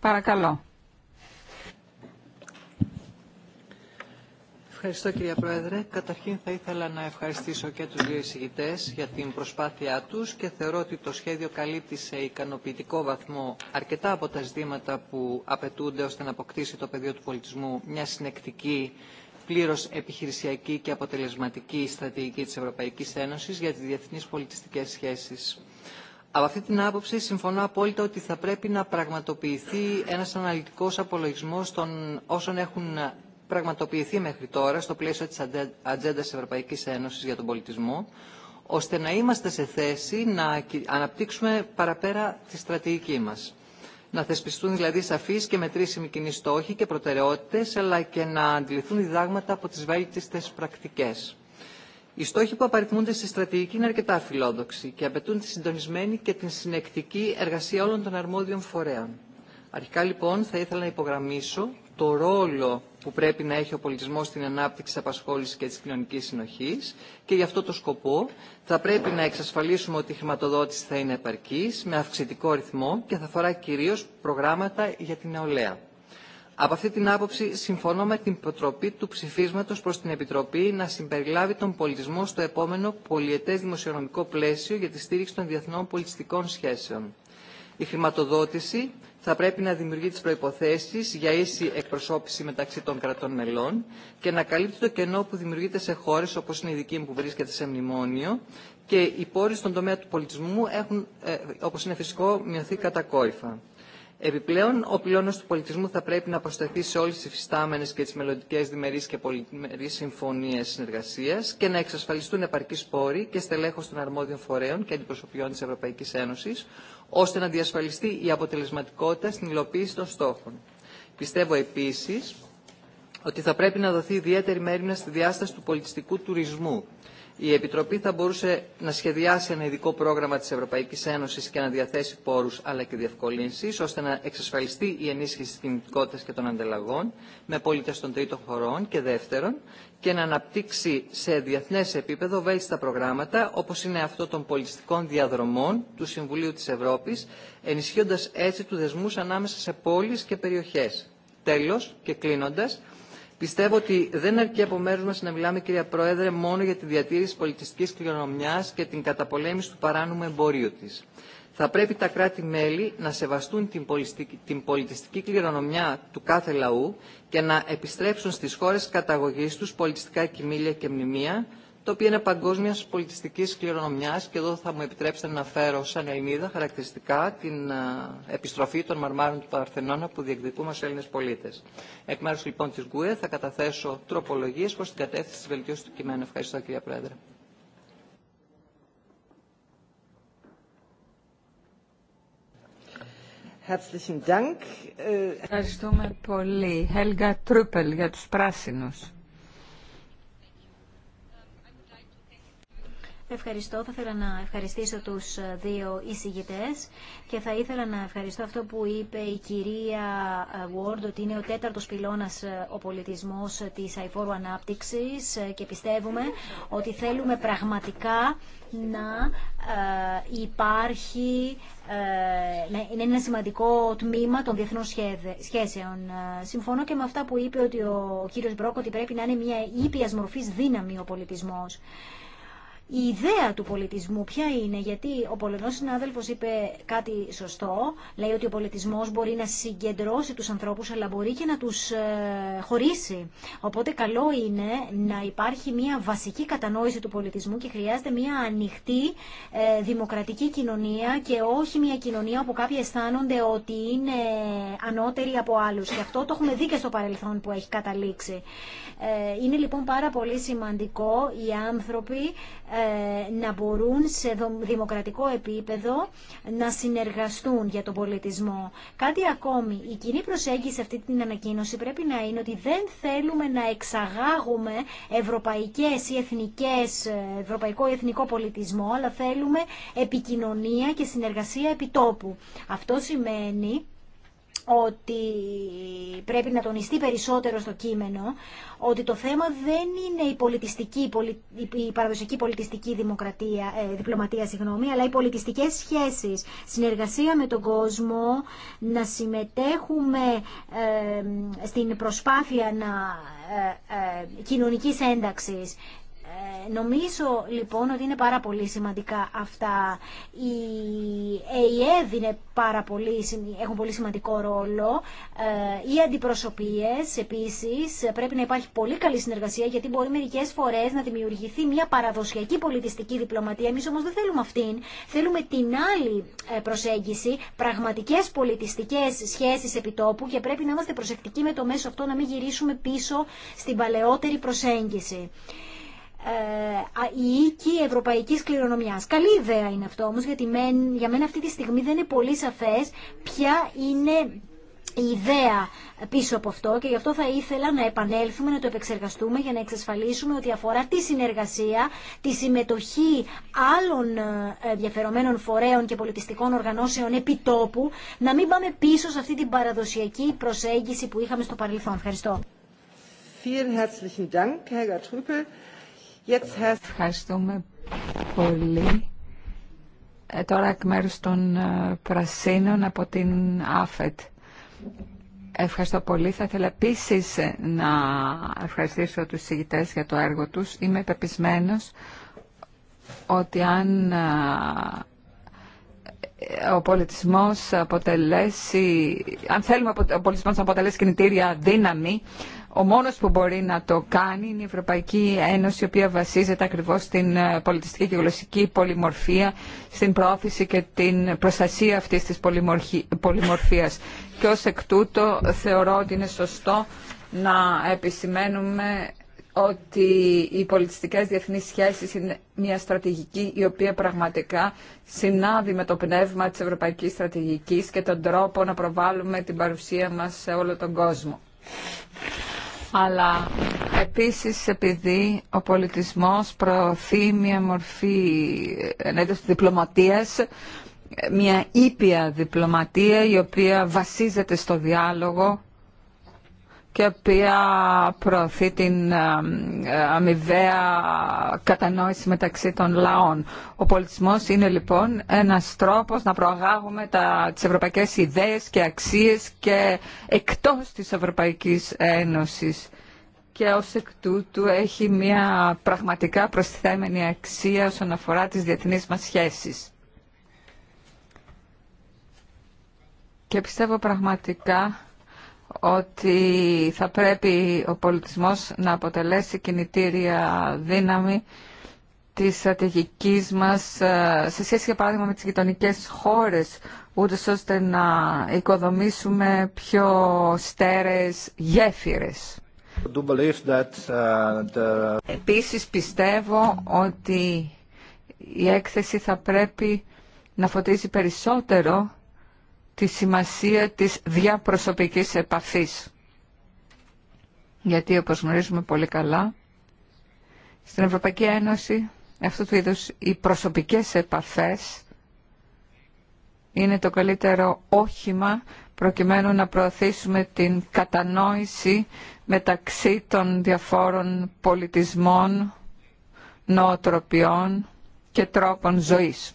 Παρακαλώ. Ευχαριστώ κύριε Πρόεδρε. Καταρχήν θα ήθελα να ευχαριστήσω και τους δύο εισηγητές για την προσπάθειά τους και θεωρώ ότι το σχέδιο καλύπτει σε ικανοποιητικό βαθμό αρκετά από τα ζητήματα που απαιτούνται ώστε να αποκτήσει το πεδίο του πολιτισμού μια συνεκτική πλήρως επιχειρησιακή και αποτελεσματική στρατηγική της Ευρωπαϊκής Ένωσης για τις διεθνείς πολιτιστικές σχέσεις. Από αυτή την άποψη συμφωνώ απόλυτα ότι θα πρέπει να πραγματοποιηθεί ένας αναλυτικός απολογισμός των όσων έχουν πραγματοποιηθεί μέχρι τώρα στο πλαίσιο της Ατζέντα Ευρωπαϊκής Ένωσης για τον πολιτισμό, ώστε να είμαστε σε θέση να αναπτύξουμε παραπέρα τη στρατηγική μας. Να θεσπιστούν δηλαδή σαφείς και μετρήσιμοι κοινοί στόχοι και προτεραιότητες, αλλά και να αντιληφθούν διδάγματα από τις βέλτιστες πρακτικές. Οι στόχοι που απαριθμούνται στη στρατηγική είναι αρκετά φιλόδοξοι και απαιτούν τη συντονισμένη και την συνεκτική εργασία όλων των αρμόδιων φορέων. Αρχικά λοιπόν θα ήθελα να υπογραμμίσω το ρόλο που πρέπει να έχει ο πολιτισμός στην ανάπτυξη της απασχόλησης και της κοινωνικής συνοχής και γι' αυτό το σκοπό θα πρέπει να εξασφαλίσουμε ότι η χρηματοδότηση θα είναι επαρκής, με αυξητικό ρυθμό και θα αφορά κυρίως προγράμματα για την νεολαία. Από αυτή την άποψη συμφωνώ με την προτροπή του ψηφίσματος προς την Επιτροπή να συμπεριλάβει τον πολιτισμό στο επόμενο πολιετές δημοσιονομικό πλαίσιο για τη στήριξη των διεθνών πολιτιστικών σχέσεων. Η χρηματοδότηση θα πρέπει να δημιουργεί τις προϋποθέσεις για ίση εκπροσώπηση μεταξύ των κρατών μελών και να καλύπτει το κενό που δημιουργείται σε χώρες όπως είναι η δική μου που βρίσκεται σε μνημόνιο και οι πόροι στον τομέα του πολιτισμού έχουν, ε, όπως είναι φυσικό, μειωθεί κατακόρυφα. Επιπλέον, ο πυλώνα του πολιτισμού θα πρέπει να προσθεθεί σε όλε τι υφιστάμενε και τι μελλοντικέ διμερεί και πολυμερεί συμφωνίε συνεργασία και να εξασφαλιστούν επαρκή πόροι και στελέχος των αρμόδιων φορέων και αντιπροσωπιών τη Ευρωπαϊκή Ένωση, ώστε να διασφαλιστεί η αποτελεσματικότητα στην υλοποίηση των στόχων. Πιστεύω επίση ότι θα πρέπει να δοθεί ιδιαίτερη μέρημνα στη διάσταση του πολιτιστικού τουρισμού η Επιτροπή θα μπορούσε να σχεδιάσει ένα ειδικό πρόγραμμα της Ευρωπαϊκής Ένωσης και να διαθέσει πόρους αλλά και διευκολύνσεις, ώστε να εξασφαλιστεί η ενίσχυση της κινητικότητας και των ανταλλαγών με πολίτες των τρίτων χωρών και δεύτερων και να αναπτύξει σε διεθνές επίπεδο βέλτιστα προγράμματα, όπως είναι αυτό των πολιτιστικών διαδρομών του Συμβουλίου της Ευρώπης, ενισχύοντας έτσι του δεσμούς ανάμεσα σε πόλεις και περιοχές. Τέλος και κλείνοντα. Πιστεύω ότι δεν αρκεί από μέρου μα να μιλάμε, κυρία Πρόεδρε, μόνο για τη διατήρηση πολιτιστική κληρονομιά και την καταπολέμηση του παράνομου εμπορίου τη. Θα πρέπει τα κράτη-μέλη να σεβαστούν την πολιτιστική κληρονομιά του κάθε λαού και να επιστρέψουν στις χώρες καταγωγής τους πολιτιστικά κοιμήλια και μνημεία, το οποίο είναι παγκόσμια πολιτιστική κληρονομιά και εδώ θα μου επιτρέψετε να φέρω σαν Ελληνίδα χαρακτηριστικά την ε, επιστροφή των μαρμάρων του Παρθενώνα που διεκδικούμε ω Έλληνε πολίτε. Εκ μέρου λοιπόν τη ΓΚΟΕ θα καταθέσω τροπολογίε προ την κατεύθυνση τη βελτίωση του κειμένου. Ευχαριστώ κυρία Πρόεδρε. Ε, Ευχαριστούμε πολύ. Helga Truppel για τους πράσινους. Ευχαριστώ. Θα ήθελα να ευχαριστήσω τους ε, δύο εισηγητές και θα ήθελα να ευχαριστώ αυτό που είπε η κυρία ε, Ward ότι είναι ο τέταρτος πυλώνας ε, ο πολιτισμός της αϊφόρου ανάπτυξης και πιστεύουμε ότι θέλουμε πραγματικά να υπάρχει, είναι ένα σημαντικό τμήμα των διεθνών σχέσεων. Συμφωνώ και με αυτά που είπε ότι ο κύριος Μπρόκ ότι πρέπει να είναι μια ήπιας μορφής δύναμη ο πολιτισμός η ιδέα του πολιτισμού ποια είναι, γιατί ο Πολωνός συνάδελφος είπε κάτι σωστό, λέει ότι ο πολιτισμός μπορεί να συγκεντρώσει τους ανθρώπους αλλά μπορεί και να τους ε, χωρίσει. Οπότε καλό είναι να υπάρχει μια βασική κατανόηση του πολιτισμού και χρειάζεται μια ανοιχτή ε, δημοκρατική κοινωνία και όχι μια κοινωνία όπου κάποιοι αισθάνονται ότι είναι ανώτεροι από άλλους. Και αυτό το έχουμε δει και στο παρελθόν που έχει καταλήξει. Ε, είναι λοιπόν πάρα πολύ σημαντικό οι άνθρωποι ε, να μπορούν σε δημοκρατικό επίπεδο να συνεργαστούν για τον πολιτισμό. Κάτι ακόμη, η κοινή προσέγγιση σε αυτή την ανακοίνωση πρέπει να είναι ότι δεν θέλουμε να εξαγάγουμε ευρωπαϊκές ή εθνικές, ε, ευρωπαϊκό ή εθνικό πολιτισμό, αλλά θέλουμε επικοινωνία και συνεργασία επιτόπου. Αυτό σημαίνει ότι πρέπει να τονιστεί περισσότερο στο κείμενο ότι το θέμα δεν είναι η, πολιτιστική, η παραδοσιακή πολιτιστική δημοκρατία, ε, διπλωματία, συγγνώμη, αλλά οι πολιτιστικές σχέσεις, συνεργασία με τον κόσμο, να συμμετέχουμε ε, στην προσπάθεια να, ε, κοινωνικής ένταξης ε, νομίζω λοιπόν ότι είναι πάρα πολύ σημαντικά αυτά. Οι ΕΙΕΔ πολύ, έχουν πολύ σημαντικό ρόλο. Ε, οι αντιπροσωπείες επίσης πρέπει να υπάρχει πολύ καλή συνεργασία γιατί μπορεί μερικές φορές να δημιουργηθεί μια παραδοσιακή πολιτιστική διπλωματία. Εμείς όμως δεν θέλουμε αυτήν. Θέλουμε την άλλη ε, προσέγγιση, πραγματικές πολιτιστικές σχέσεις επιτόπου και πρέπει να είμαστε προσεκτικοί με το μέσο αυτό να μην γυρίσουμε πίσω στην παλαιότερη προσέγγιση. Ε, η οίκη ευρωπαϊκής Κληρονομιά. Καλή ιδέα είναι αυτό όμως, γιατί για μένα αυτή τη στιγμή δεν είναι πολύ σαφές ποια είναι η ιδέα πίσω από αυτό και γι' αυτό θα ήθελα να επανέλθουμε, να το επεξεργαστούμε για να εξασφαλίσουμε ότι αφορά τη συνεργασία, τη συμμετοχή άλλων ε, ενδιαφερομένων φορέων και πολιτιστικών οργανώσεων επιτόπου, να μην πάμε πίσω σε αυτή την παραδοσιακή προσέγγιση που είχαμε στο παρελθόν. Ευχαριστώ. Ευχαριστούμε πολύ. Ε, τώρα εκ μέρους των ε, Πρασίνων από την ΑΦΕΤ. Ευχαριστώ πολύ. Θα ήθελα επίση ε, να ευχαριστήσω τους συγητές για το έργο τους. Είμαι πεπισμένος ότι αν ο πολιτισμός αποτελέσει, αν θέλουμε ο πολιτισμός να αποτελέσει κινητήρια δύναμη, ο μόνος που μπορεί να το κάνει είναι η Ευρωπαϊκή Ένωση, η οποία βασίζεται ακριβώς στην ε, πολιτιστική και γλωσσική πολυμορφία, στην πρόθεση και την προστασία αυτής της πολυμορφίας. Και ως εκ τούτου θεωρώ ότι είναι σωστό να επισημαίνουμε ότι οι πολιτιστικές διεθνείς σχέσεις είναι μια στρατηγική η οποία πραγματικά συνάδει με το πνεύμα της Ευρωπαϊκής Στρατηγικής και τον τρόπο να προβάλλουμε την παρουσία μας σε όλο τον κόσμο αλλά επίσης επειδή ο πολιτισμός προωθεί μια μορφή διπλωματίας, μια ήπια διπλωματία η οποία βασίζεται στο διάλογο και οποία προωθεί την ε, ε, αμοιβαία κατανόηση μεταξύ των λαών. Ο πολιτισμός είναι λοιπόν ένας τρόπος να προαγάγουμε τα, τις ευρωπαϊκές ιδέες και αξίες και εκτός της Ευρωπαϊκής Ένωσης και ως εκ τούτου έχει μια πραγματικά προστιθέμενη αξία όσον αφορά τις διεθνείς μας σχέσεις. Και πιστεύω πραγματικά ότι θα πρέπει ο πολιτισμός να αποτελέσει κινητήρια δύναμη της στρατηγική μας ε, σε σχέση για παράδειγμα με τις γειτονικέ χώρες ούτε ώστε να οικοδομήσουμε πιο στέρες γέφυρες. That, uh, Επίσης πιστεύω ότι η έκθεση θα πρέπει να φωτίζει περισσότερο τη σημασία της διαπροσωπικής επαφής. Γιατί όπως γνωρίζουμε πολύ καλά, στην Ευρωπαϊκή Ένωση αυτού του είδους οι προσωπικές επαφές είναι το καλύτερο όχημα προκειμένου να προωθήσουμε την κατανόηση μεταξύ των διαφόρων πολιτισμών, νοοτροπιών και τρόπων ζωής.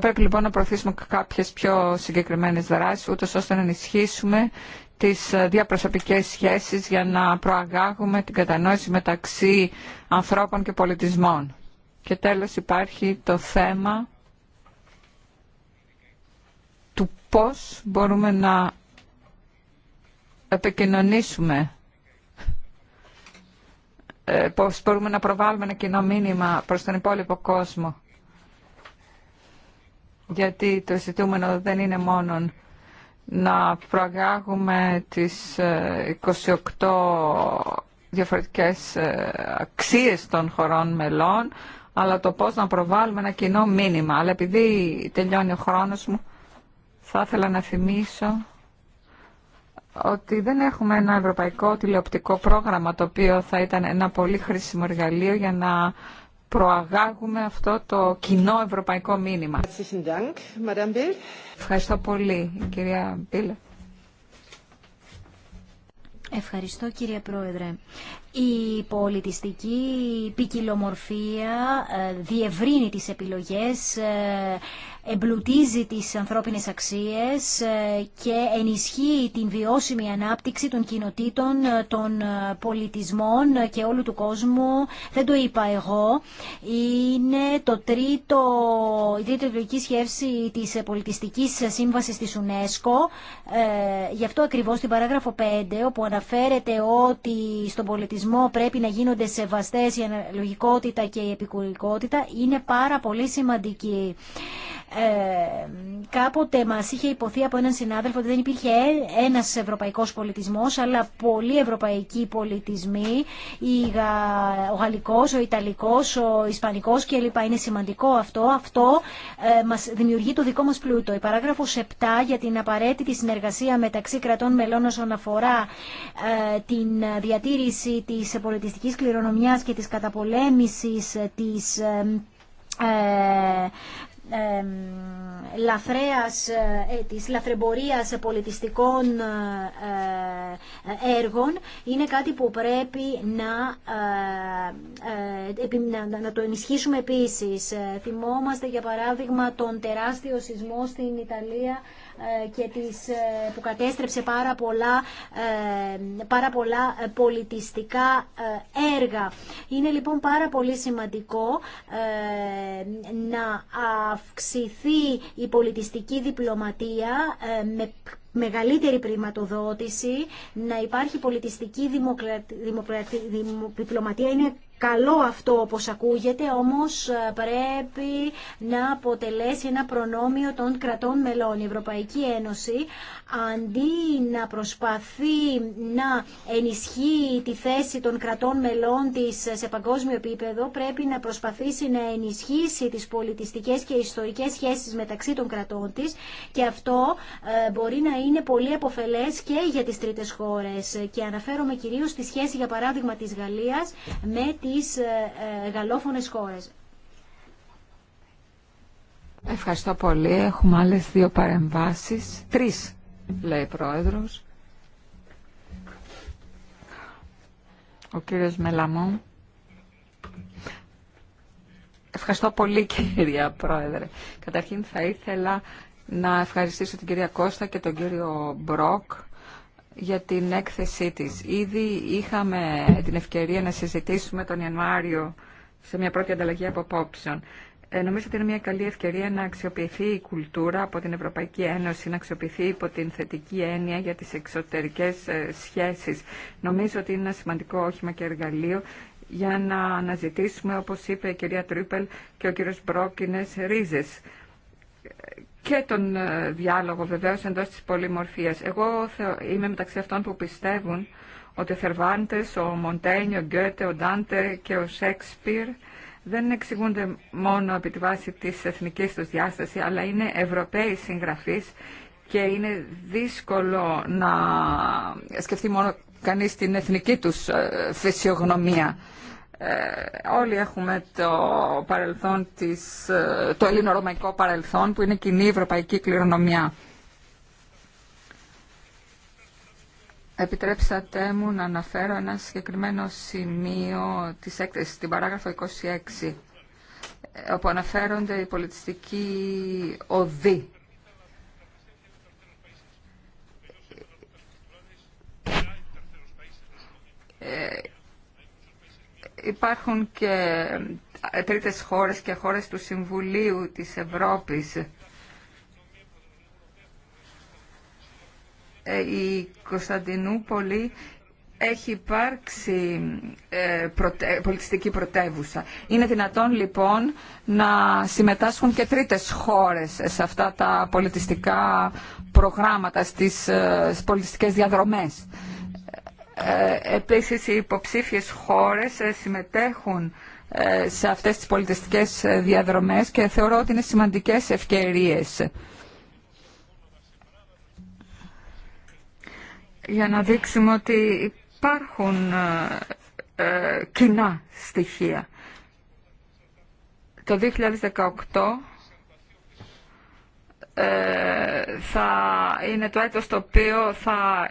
Θα πρέπει λοιπόν να προωθήσουμε κάποιες πιο συγκεκριμένες δράσεις, ούτως ώστε να ενισχύσουμε τις ε, διαπροσωπικές σχέσεις για να προαγάγουμε την κατανόηση μεταξύ ανθρώπων και πολιτισμών. Και τέλος υπάρχει το θέμα του πώς μπορούμε να επικοινωνήσουμε ε, πώς μπορούμε να προβάλλουμε ένα κοινό μήνυμα προς τον υπόλοιπο κόσμο γιατί το ζητούμενο δεν είναι μόνο να προαγάγουμε τις ε, 28 διαφορετικές ε, αξίες των χωρών μελών, αλλά το πώς να προβάλλουμε ένα κοινό μήνυμα. Αλλά επειδή τελειώνει ο χρόνος μου, θα ήθελα να θυμίσω ότι δεν έχουμε ένα ευρωπαϊκό τηλεοπτικό πρόγραμμα το οποίο θα ήταν ένα πολύ χρήσιμο εργαλείο για να προαγάγουμε αυτό το κοινό ευρωπαϊκό μήνυμα. Ευχαριστώ πολύ, κυρία Μπίλε. Ευχαριστώ κύριε Πρόεδρε. Η πολιτιστική ποικιλομορφία ε, διευρύνει τις επιλογές, ε, εμπλουτίζει τις ανθρώπινες αξίες ε, και ενισχύει την βιώσιμη ανάπτυξη των κοινοτήτων, των πολιτισμών και όλου του κόσμου. Δεν το είπα εγώ. Είναι το τρίτο, η τρίτη σχέση της πολιτιστικής σύμβασης της UNESCO. Γι' αυτό ακριβώς την παράγραφο 5, όπου αναφέρεται ότι στον πολιτισμό πρέπει να γίνονται σεβαστές η αναλογικότητα και η επικουρικότητα είναι πάρα πολύ σημαντική. Ε, κάποτε μα είχε υποθεί από έναν συνάδελφο ότι δεν υπήρχε ε, ένα ευρωπαϊκό πολιτισμό αλλά πολλοί ευρωπαϊκοί πολιτισμοί, ο Γαλλικό, ο Ιταλικό, ο Ισπανικό κλπ. Είναι σημαντικό αυτό. Αυτό ε, μας δημιουργεί το δικό μα πλούτο. Η παράγραφο 7 για την απαραίτητη συνεργασία μεταξύ κρατών μελών όσον αφορά ε, την διατήρηση τη πολιτιστική κληρονομία και τη καταπολέμησης ε, ε λαθρέας, ε, ε, της λαθρεμπορίας πολιτιστικών ε, έργων είναι κάτι που πρέπει να, να το ενισχύσουμε επίσης. Θυμόμαστε για παράδειγμα τον τεράστιο σεισμό στην Ιταλία ε, και τις ε, που κατέστρεψε πάρα πολλά, ε, πάρα πολλά πολιτιστικά έργα. Είναι λοιπόν πάρα πολύ σημαντικό να αυξηθεί η πολιτιστική διπλωματία με μεγαλύτερη πρηματοδότηση, να υπάρχει πολιτιστική διπλωματία. Είναι καλό αυτό όπως ακούγεται, όμως ε, πρέπει να αποτελέσει ένα προνόμιο των κρατών μελών. Η Ευρωπαϊκή Ένωση, αντί να προσπαθεί να ενισχύει τη θέση των κρατών μελών της σε παγκόσμιο επίπεδο, πρέπει να προσπαθήσει να ενισχύσει τις πολιτιστικές και ιστορικές σχέσεις μεταξύ των κρατών της και αυτό ε, μπορεί να είναι είναι πολύ εποφελές και για τις τρίτες χώρε και αναφέρομαι κυρίως στη σχέση για παράδειγμα της Γαλλίας με τις ε, ε, γαλλόφωνε χώρες. Ευχαριστώ πολύ. Έχουμε άλλες δύο παρεμβάσεις. Τρεις, λέει Πρόεδρος. Ο κύριος Μελαμό. Ευχαριστώ πολύ κυρία Πρόεδρε. Καταρχήν θα ήθελα να ευχαριστήσω την κυρία Κώστα και τον κύριο Μπροκ για την έκθεσή της. Ήδη είχαμε την ευκαιρία να συζητήσουμε τον Ιανουάριο σε μια πρώτη ανταλλαγή από απόψεων. Ε, νομίζω ότι είναι μια καλή ευκαιρία να αξιοποιηθεί η κουλτούρα από την Ευρωπαϊκή Ένωση, να αξιοποιηθεί υπό την θετική έννοια για τις εξωτερικές ε, σχέσεις. Νομίζω ότι είναι ένα σημαντικό όχημα και εργαλείο για να αναζητήσουμε, όπως είπε η κυρία Τρίπελ και ο κύριος Μπρόκ, ρίζες και τον ε, διάλογο βεβαίως εντός της πολυμορφίας. Εγώ είμαι μεταξύ αυτών που πιστεύουν ότι ο Θερβάντες, ο Μοντένι, ο Γκέτε, ο Ντάντε και ο Σέξπιρ δεν εξηγούνται μόνο από τη βάση τη εθνικής τους διάσταση, αλλά είναι Ευρωπαίοι συγγραφεί και είναι δύσκολο να σκεφτεί μόνο κανείς την εθνική τους ε, φυσιογνωμία. Ε, όλοι έχουμε το παρελθόν της, ε, το ελληνορωμαϊκό παρελθόν που είναι κοινή ευρωπαϊκή κληρονομιά. Επιτρέψατε μου να αναφέρω ένα συγκεκριμένο σημείο της έκθεσης, την παράγραφο 26, ε, όπου αναφέρονται οι πολιτιστικοί οδοί υπάρχουν και ε, τρίτες χώρες και χώρες του Συμβουλίου της Ευρώπης. Ε, η Κωνσταντινούπολη έχει υπάρξει ε, πολιτιστική πρωτεύουσα. Είναι δυνατόν λοιπόν να συμμετάσχουν και τρίτες χώρες σε αυτά τα πολιτιστικά προγράμματα, στις πολιτιστικές διαδρομές. Ε, επίσης οι υποψήφιες χώρες ε, συμμετέχουν ε, σε αυτές τις πολιτιστικές διαδρομές και θεωρώ ότι είναι σημαντικές ευκαιρίες. Για να δείξουμε ότι υπάρχουν κοινά στοιχεία. Το 2018 θα είναι το έτος το οποίο θα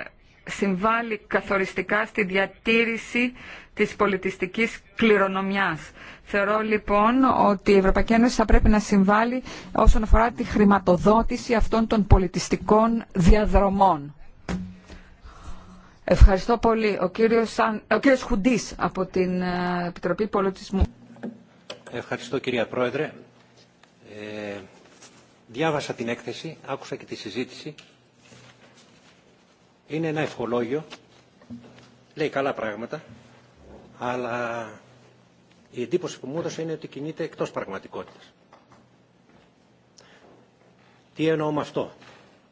συμβάλλει καθοριστικά στη διατήρηση της πολιτιστικής κληρονομιάς. Θεωρώ λοιπόν ότι η Ευρωπαϊκή Ένωση θα πρέπει να συμβάλλει όσον αφορά τη χρηματοδότηση αυτών των πολιτιστικών διαδρομών. Ευχαριστώ πολύ. Ο κύριος, ο Χουντής από την ε, Επιτροπή Πολιτισμού. Ευχαριστώ κυρία Πρόεδρε. Ε, διάβασα την έκθεση, άκουσα και τη συζήτηση είναι ένα ευχολόγιο, λέει καλά πράγματα, αλλά η εντύπωση που μου έδωσε είναι ότι κινείται εκτός πραγματικότητας. Τι εννοώ με αυτό.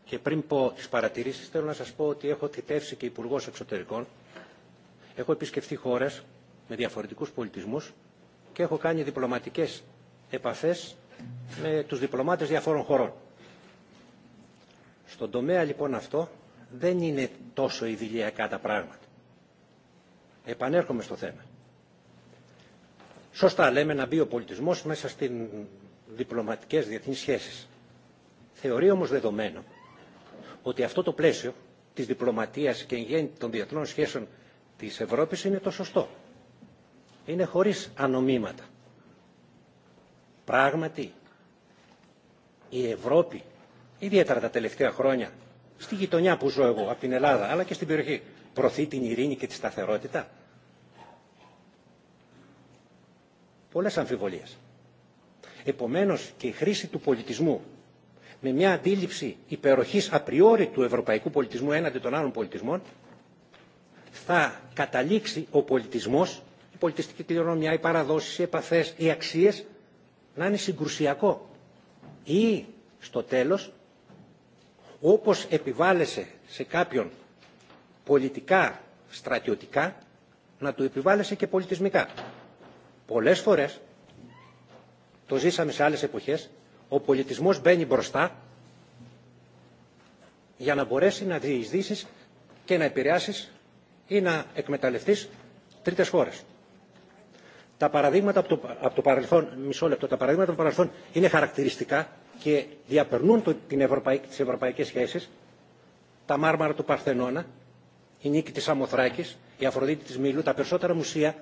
Και πριν πω τις παρατηρήσεις θέλω να σας πω ότι έχω θητεύσει και υπουργό Εξωτερικών. Έχω επισκεφθεί χώρες με διαφορετικούς πολιτισμούς και έχω κάνει διπλωματικές επαφές με τους διπλωμάτες διαφόρων χωρών. Στον τομέα λοιπόν αυτό δεν είναι τόσο ιδηλιακά τα πράγματα. Επανέρχομαι στο θέμα. Σωστά λέμε να μπει ο πολιτισμός μέσα στις διπλωματικές διεθνείς σχέσεις. Θεωρεί όμως δεδομένο ότι αυτό το πλαίσιο της διπλωματίας και γέννη των διεθνών σχέσεων της Ευρώπης είναι το σωστό. Είναι χωρίς ανομήματα. Πράγματι, η Ευρώπη, ιδιαίτερα τα τελευταία χρόνια, στη γειτονιά που ζω εγώ, από την Ελλάδα, αλλά και στην περιοχή, προωθεί την ειρήνη και τη σταθερότητα. Πολλές αμφιβολίες. Επομένως και η χρήση του πολιτισμού με μια αντίληψη υπεροχής απριόρι του ευρωπαϊκού πολιτισμού έναντι των άλλων πολιτισμών θα καταλήξει ο πολιτισμός, η πολιτιστική κληρονομιά, οι παραδόσεις, οι επαφές, οι αξίες να είναι συγκρουσιακό ή στο τέλος όπως επιβάλλεσε σε κάποιον πολιτικά, στρατιωτικά, να του επιβάλλεσε και πολιτισμικά. Πολλές φορές, το ζήσαμε σε άλλες εποχές, ο πολιτισμός μπαίνει μπροστά για να μπορέσει να διεισδύσεις και να επηρεάσεις ή να εκμεταλλευτείς τρίτες χώρες. Τα παραδείγματα από το, παρελθόν, μισό λεπτό, τα παραδείγματα από το παρελθόν είναι χαρακτηριστικά και διαπερνούν το, την Ευρωπαϊ, τις ευρωπαϊκές σχέσεις. Τα μάρμαρα του Παρθενώνα, η νίκη της Αμοθράκης, η Αφροδίτη της Μήλου, τα περισσότερα μουσεία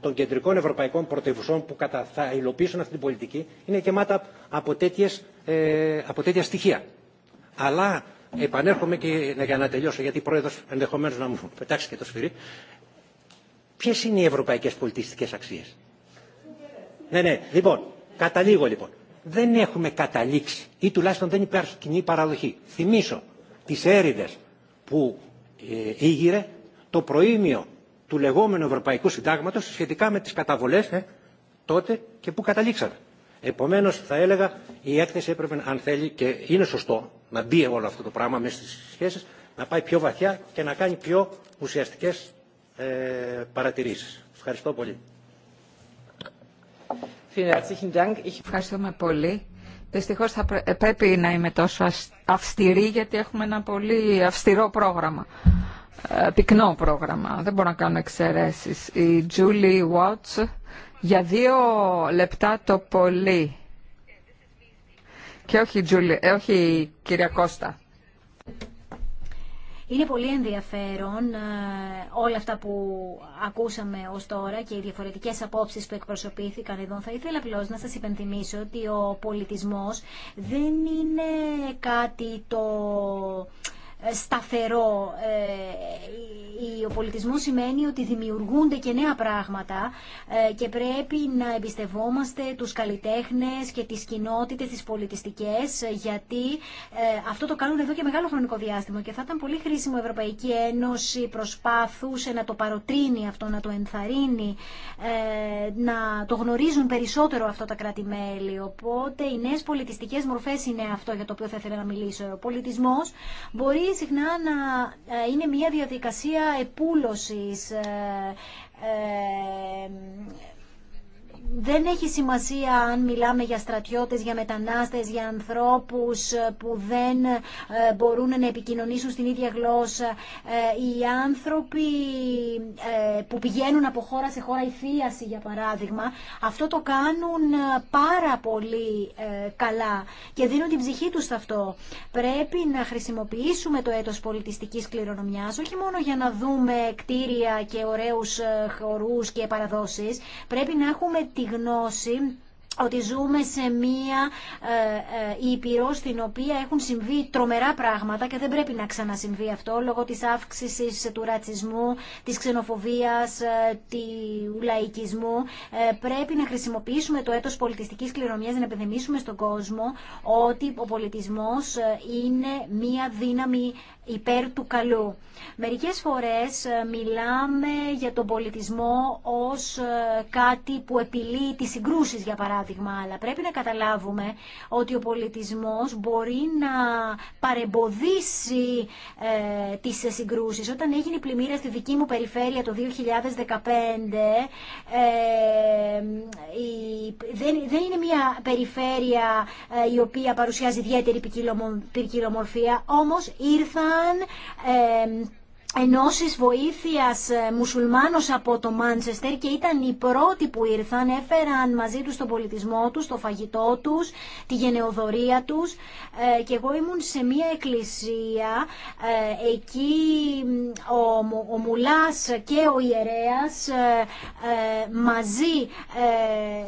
των κεντρικών ευρωπαϊκών πρωτευουσών που κατα, θα υλοποιήσουν αυτή την πολιτική είναι γεμάτα από, τέτοιες, ε, από τέτοια στοιχεία. Αλλά επανέρχομαι και για να τελειώσω, γιατί η πρόεδρος ενδεχομένως να μου πετάξει και το σφυρί, Ποιες είναι οι ευρωπαϊκές πολιτιστικές αξίες. Ναι, ναι. Λοιπόν, καταλήγω λοιπόν. Δεν έχουμε καταλήξει ή τουλάχιστον δεν υπάρχει κοινή παραδοχή. Θυμίσω τις έρηδες που ε, ήγηρε το προήμιο του λεγόμενου Ευρωπαϊκού Συντάγματος σχετικά με τις καταβολές ε, τότε και που καταλήξαμε. Επομένως θα έλεγα η έκθεση έπρεπε αν θέλει και είναι σωστό να μπει όλο αυτό το πράγμα μέσα στις σχέσεις να πάει πιο βαθιά και να κάνει πιο ουσιαστικές ε, παρατηρήσεις. Ευχαριστώ πολύ. Ευχαριστούμε πολύ. Δυστυχώ θα πρέ... Ε, πρέπει να είμαι τόσο αυστηρή γιατί έχουμε ένα πολύ αυστηρό πρόγραμμα. Ε, πυκνό πρόγραμμα. Δεν μπορώ να κάνω εξαιρέσει. Η Julie Watts για δύο λεπτά το πολύ. Και όχι, Julie, όχι η κυρία Κώστα. Είναι πολύ ενδιαφέρον ε, όλα αυτά που ακούσαμε ως τώρα και οι διαφορετικές απόψεις που εκπροσωπήθηκαν εδώ. Θα ήθελα απλώ να σας υπενθυμίσω ότι ο πολιτισμός δεν είναι κάτι το ε, σταθερό ε, ο πολιτισμός σημαίνει ότι δημιουργούνται και νέα πράγματα ε, και πρέπει να εμπιστευόμαστε τους καλλιτέχνες και τις κοινότητες, τις πολιτιστικές, γιατί ε, αυτό το κάνουν εδώ και μεγάλο χρονικό διάστημα και θα ήταν πολύ χρήσιμο η Ευρωπαϊκή Ένωση προσπάθουσε να το παροτρύνει αυτό, να το ενθαρρύνει, ε, να το γνωρίζουν περισσότερο αυτά τα κράτη-μέλη. Οπότε οι νέες πολιτιστικές μορφές είναι αυτό για το οποίο θα ήθελα να μιλήσω. Ο πολιτισμός μπορεί συχνά να είναι μια διαδικασία επούλωσης ε, ε, δεν έχει σημασία αν μιλάμε για στρατιώτες, για μετανάστες, για ανθρώπους ε, που δεν ε, μπορούν να επικοινωνήσουν στην ίδια γλώσσα. Ε, οι άνθρωποι που πηγαίνουν από χώρα σε χώρα, η θίαση για παράδειγμα, αυτό το κάνουν πάρα πολύ καλά και δίνουν την ψυχή τους σε αυτό. Πρέπει να χρησιμοποιήσουμε το έτος πολιτιστικής κληρονομιάς, όχι μόνο για να δούμε κτίρια και ωραίους χορούς και παραδόσεις, πρέπει να έχουμε τη γνώση ότι ζούμε σε μία ε, ε, ήπειρο στην οποία έχουν συμβεί τρομερά πράγματα και δεν πρέπει να ξανασυμβεί αυτό λόγω της αύξησης του ρατσισμού, της ξενοφοβίας, ε, του λαϊκισμού. Ε, πρέπει να χρησιμοποιήσουμε το έτος πολιτιστικής κληρονομιάς να επιδημήσουμε στον κόσμο ότι ο πολιτισμός είναι μία δύναμη υπέρ του καλού. Μερικές φορές ε, μιλάμε για τον πολιτισμό ως ε, κάτι που επιλύει τις συγκρούσεις, για παράδειγμα, αλλά πρέπει να καταλάβουμε ότι ο πολιτισμός μπορεί να παρεμποδίσει ε, τις συγκρούσεις. Όταν έγινε η πλημμύρα στη δική μου περιφέρεια το 2015, ε, δεν, είναι μια περιφέρεια ε, η οποία παρουσιάζει ιδιαίτερη ποικιλομορφία, όμως ήρθα αν ενώσει βοήθεια ε, μουσουλμάνος από το Μάντσεστερ και ήταν οι πρώτοι που ήρθαν, έφεραν μαζί τους τον πολιτισμό τους, το φαγητό τους, τη γενεοδορία τους ε, και εγώ ήμουν σε μια εκκλησία ε, εκεί ο, ο Μουλάς και ο ιερέας μαζί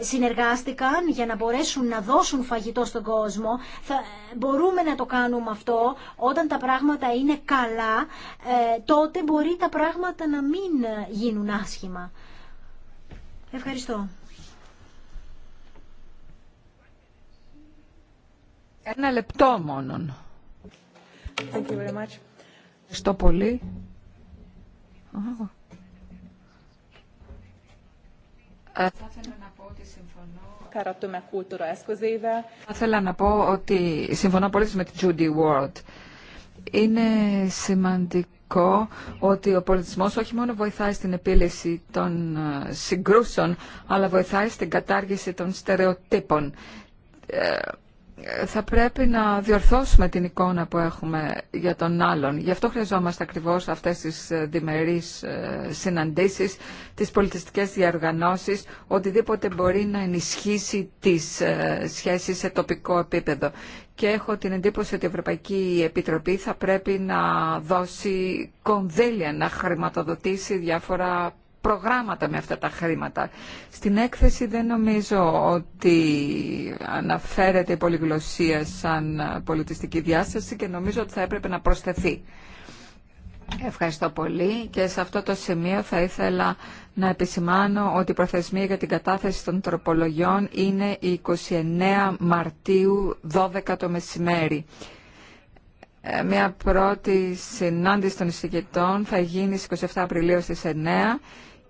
συνεργάστηκαν για να μπορέσουν να δώσουν φαγητό στον κόσμο. Θα, μπορούμε να το κάνουμε αυτό όταν τα πράγματα είναι καλά τότε μπορεί τα πράγματα να μην ε, γίνουν άσχημα. Ευχαριστώ. Ένα λεπτό μόνον. Thank you very much. Ευχαριστώ πολύ. Θα ήθελα να πω ότι συμφωνώ... να πω ότι συμφωνώ πολύ με τη Judy Ward είναι σημαντικό ότι ο πολιτισμός όχι μόνο βοηθάει στην επίλυση των ε, συγκρούσεων, αλλά βοηθάει στην κατάργηση των στερεοτύπων. Ε, θα πρέπει να διορθώσουμε την εικόνα που έχουμε για τον άλλον. Γι' αυτό χρειαζόμαστε ακριβώς αυτές τις ε, διμερείς ε, συναντήσεις, τις πολιτιστικές διαργανώσεις, οτιδήποτε μπορεί να ενισχύσει τις ε, σχέσεις σε τοπικό επίπεδο. Και έχω την εντύπωση ότι η Ευρωπαϊκή Επιτροπή θα πρέπει να δώσει κονδύλια, να χρηματοδοτήσει διάφορα προγράμματα με αυτά τα χρήματα. Στην έκθεση δεν νομίζω ότι αναφέρεται η πολυγλωσία σαν πολιτιστική διάσταση και νομίζω ότι θα έπρεπε να προσθεθεί. Ευχαριστώ πολύ και σε αυτό το σημείο θα ήθελα να επισημάνω ότι η προθεσμία για την κατάθεση των τροπολογιών είναι η 29 Μαρτίου 12 το μεσημέρι. Ε, μια πρώτη συνάντηση των εισηγητών θα γίνει στις 27 Απριλίου στις 9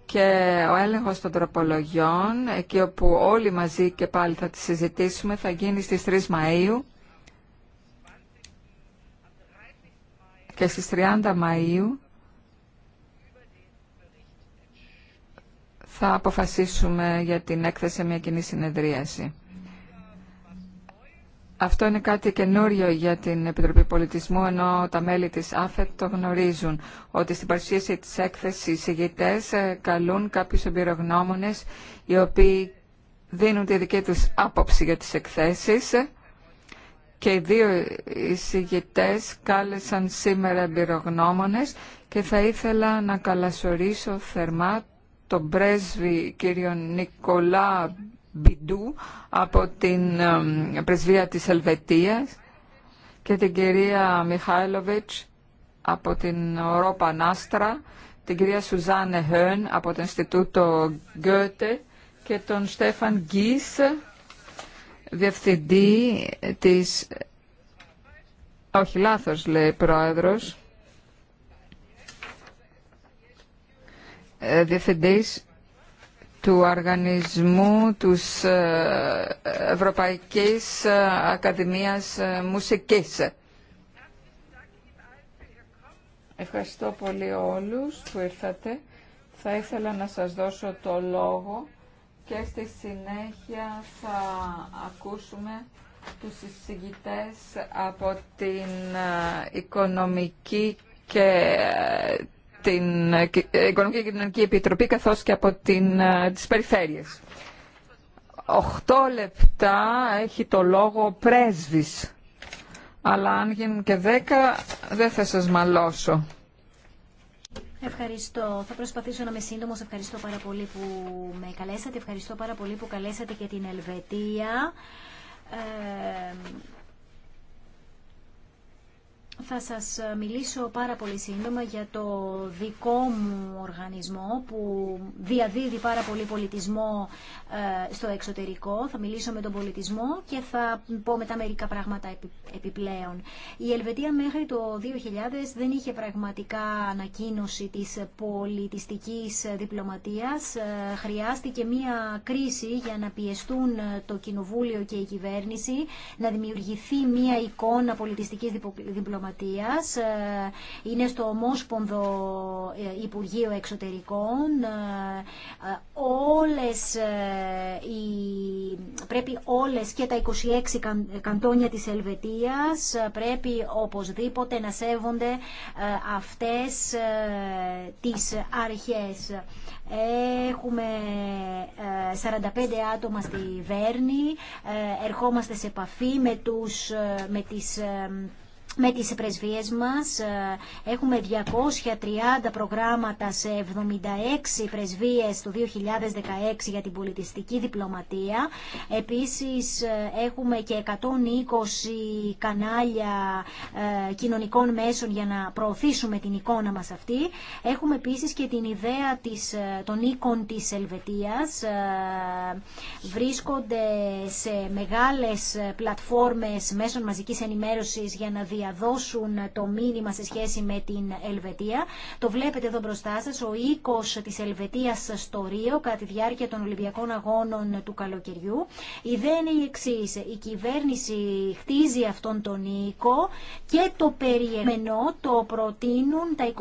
και ο έλεγχος των τροπολογιών, εκεί όπου όλοι μαζί και πάλι θα τη συζητήσουμε, θα γίνει στις 3 Μαΐου και στις 30 Μαΐου θα αποφασίσουμε για την έκθεση μια κοινή συνεδρίαση. Αυτό είναι κάτι καινούριο για την Επιτροπή Πολιτισμού, ενώ τα μέλη της ΑΦΕΤ το γνωρίζουν, ότι στην παρουσίαση της έκθεσης οι ε, καλούν κάποιους εμπειρογνώμονες, οι οποίοι δίνουν τη δική τους άποψη για τις εκθέσεις και οι δύο εισηγητές κάλεσαν σήμερα εμπειρογνώμονες και θα ήθελα να καλασορίσω θερμά τον πρέσβη κύριο Νικολά Μπιντού από την πρεσβεία της Ελβετίας και την κυρία Μιχάηλοβιτς από την Ευρώπα Νάστρα, την κυρία Σουζάνε Χέν από το Ινστιτούτο Γκέτε και τον Στέφαν Γκίς, διευθυντή της... Όχι, λάθος λέει πρόεδρος. Ε, διευθυντής του οργανισμού τους ε, Ευρωπαϊκής ε, Ακαδημίας ε, Μουσικής. Ευχαριστώ πολύ όλους που ήρθατε. Θα ήθελα να σας δώσω το λόγο και στη συνέχεια θα ακούσουμε τους συζητητές από την Οικονομική και την Οικονομική και Κοινωνική Επιτροπή καθώς και από την, ε, τις περιφέρειες. Οχτώ λεπτά έχει το λόγο πρέσβης. Αλλά αν γίνουν και δέκα δεν θα σας μαλώσω. Ευχαριστώ. Θα προσπαθήσω να είμαι σύντομο. Ευχαριστώ πάρα πολύ που με καλέσατε. Ευχαριστώ πάρα πολύ που καλέσατε και την Ελβετία. Ε, θα σας μιλήσω πάρα πολύ σύντομα για το δικό μου οργανισμό που διαδίδει πάρα πολύ πολιτισμό ε, στο εξωτερικό. Θα μιλήσω με τον πολιτισμό και θα πω μετά μερικά πράγματα επιπλέον. Η Ελβετία μέχρι το 2000 δεν είχε πραγματικά ανακοίνωση της πολιτιστικής διπλωματίας. Ε, χρειάστηκε μία κρίση για να πιεστούν το Κοινοβούλιο και η κυβέρνηση, να δημιουργηθεί μία εικόνα πολιτιστικής διπλωματίας ε, είναι στο Ομόσπονδο ε, Υπουργείο Εξωτερικών. Ε, όλες πρέπει όλες και τα 26 καντόνια της Ελβετίας πρέπει οπωσδήποτε να σέβονται αυτές τις αρχές. Έχουμε 45 άτομα στη Βέρνη, ερχόμαστε σε επαφή με, τους, με τις με τις πρεσβείες μας ε, έχουμε 230 προγράμματα σε 76 πρεσβείες το 2016 για την πολιτιστική διπλωματία. Επίσης ε, έχουμε και 120 κανάλια ε, κοινωνικών μέσων για να προωθήσουμε την εικόνα μας αυτή. Έχουμε επίσης και την ιδέα της, των οίκων της Ελβετίας. Βρίσκονται σε μεγάλες πλατφόρμες μέσων μαζικής ενημέρωσης για να διαδικαστούν διαδώσουν το μήνυμα σε σχέση με την Ελβετία. Το βλέπετε εδώ μπροστά σα. ο οίκο της Ελβετία στο Ρίο κατά τη διάρκεια των Ολυμπιακών Αγώνων του καλοκαιριού. Η ιδέα είναι η εξή. Η κυβέρνηση χτίζει αυτόν τον οίκο και το περιεχόμενο το προτείνουν τα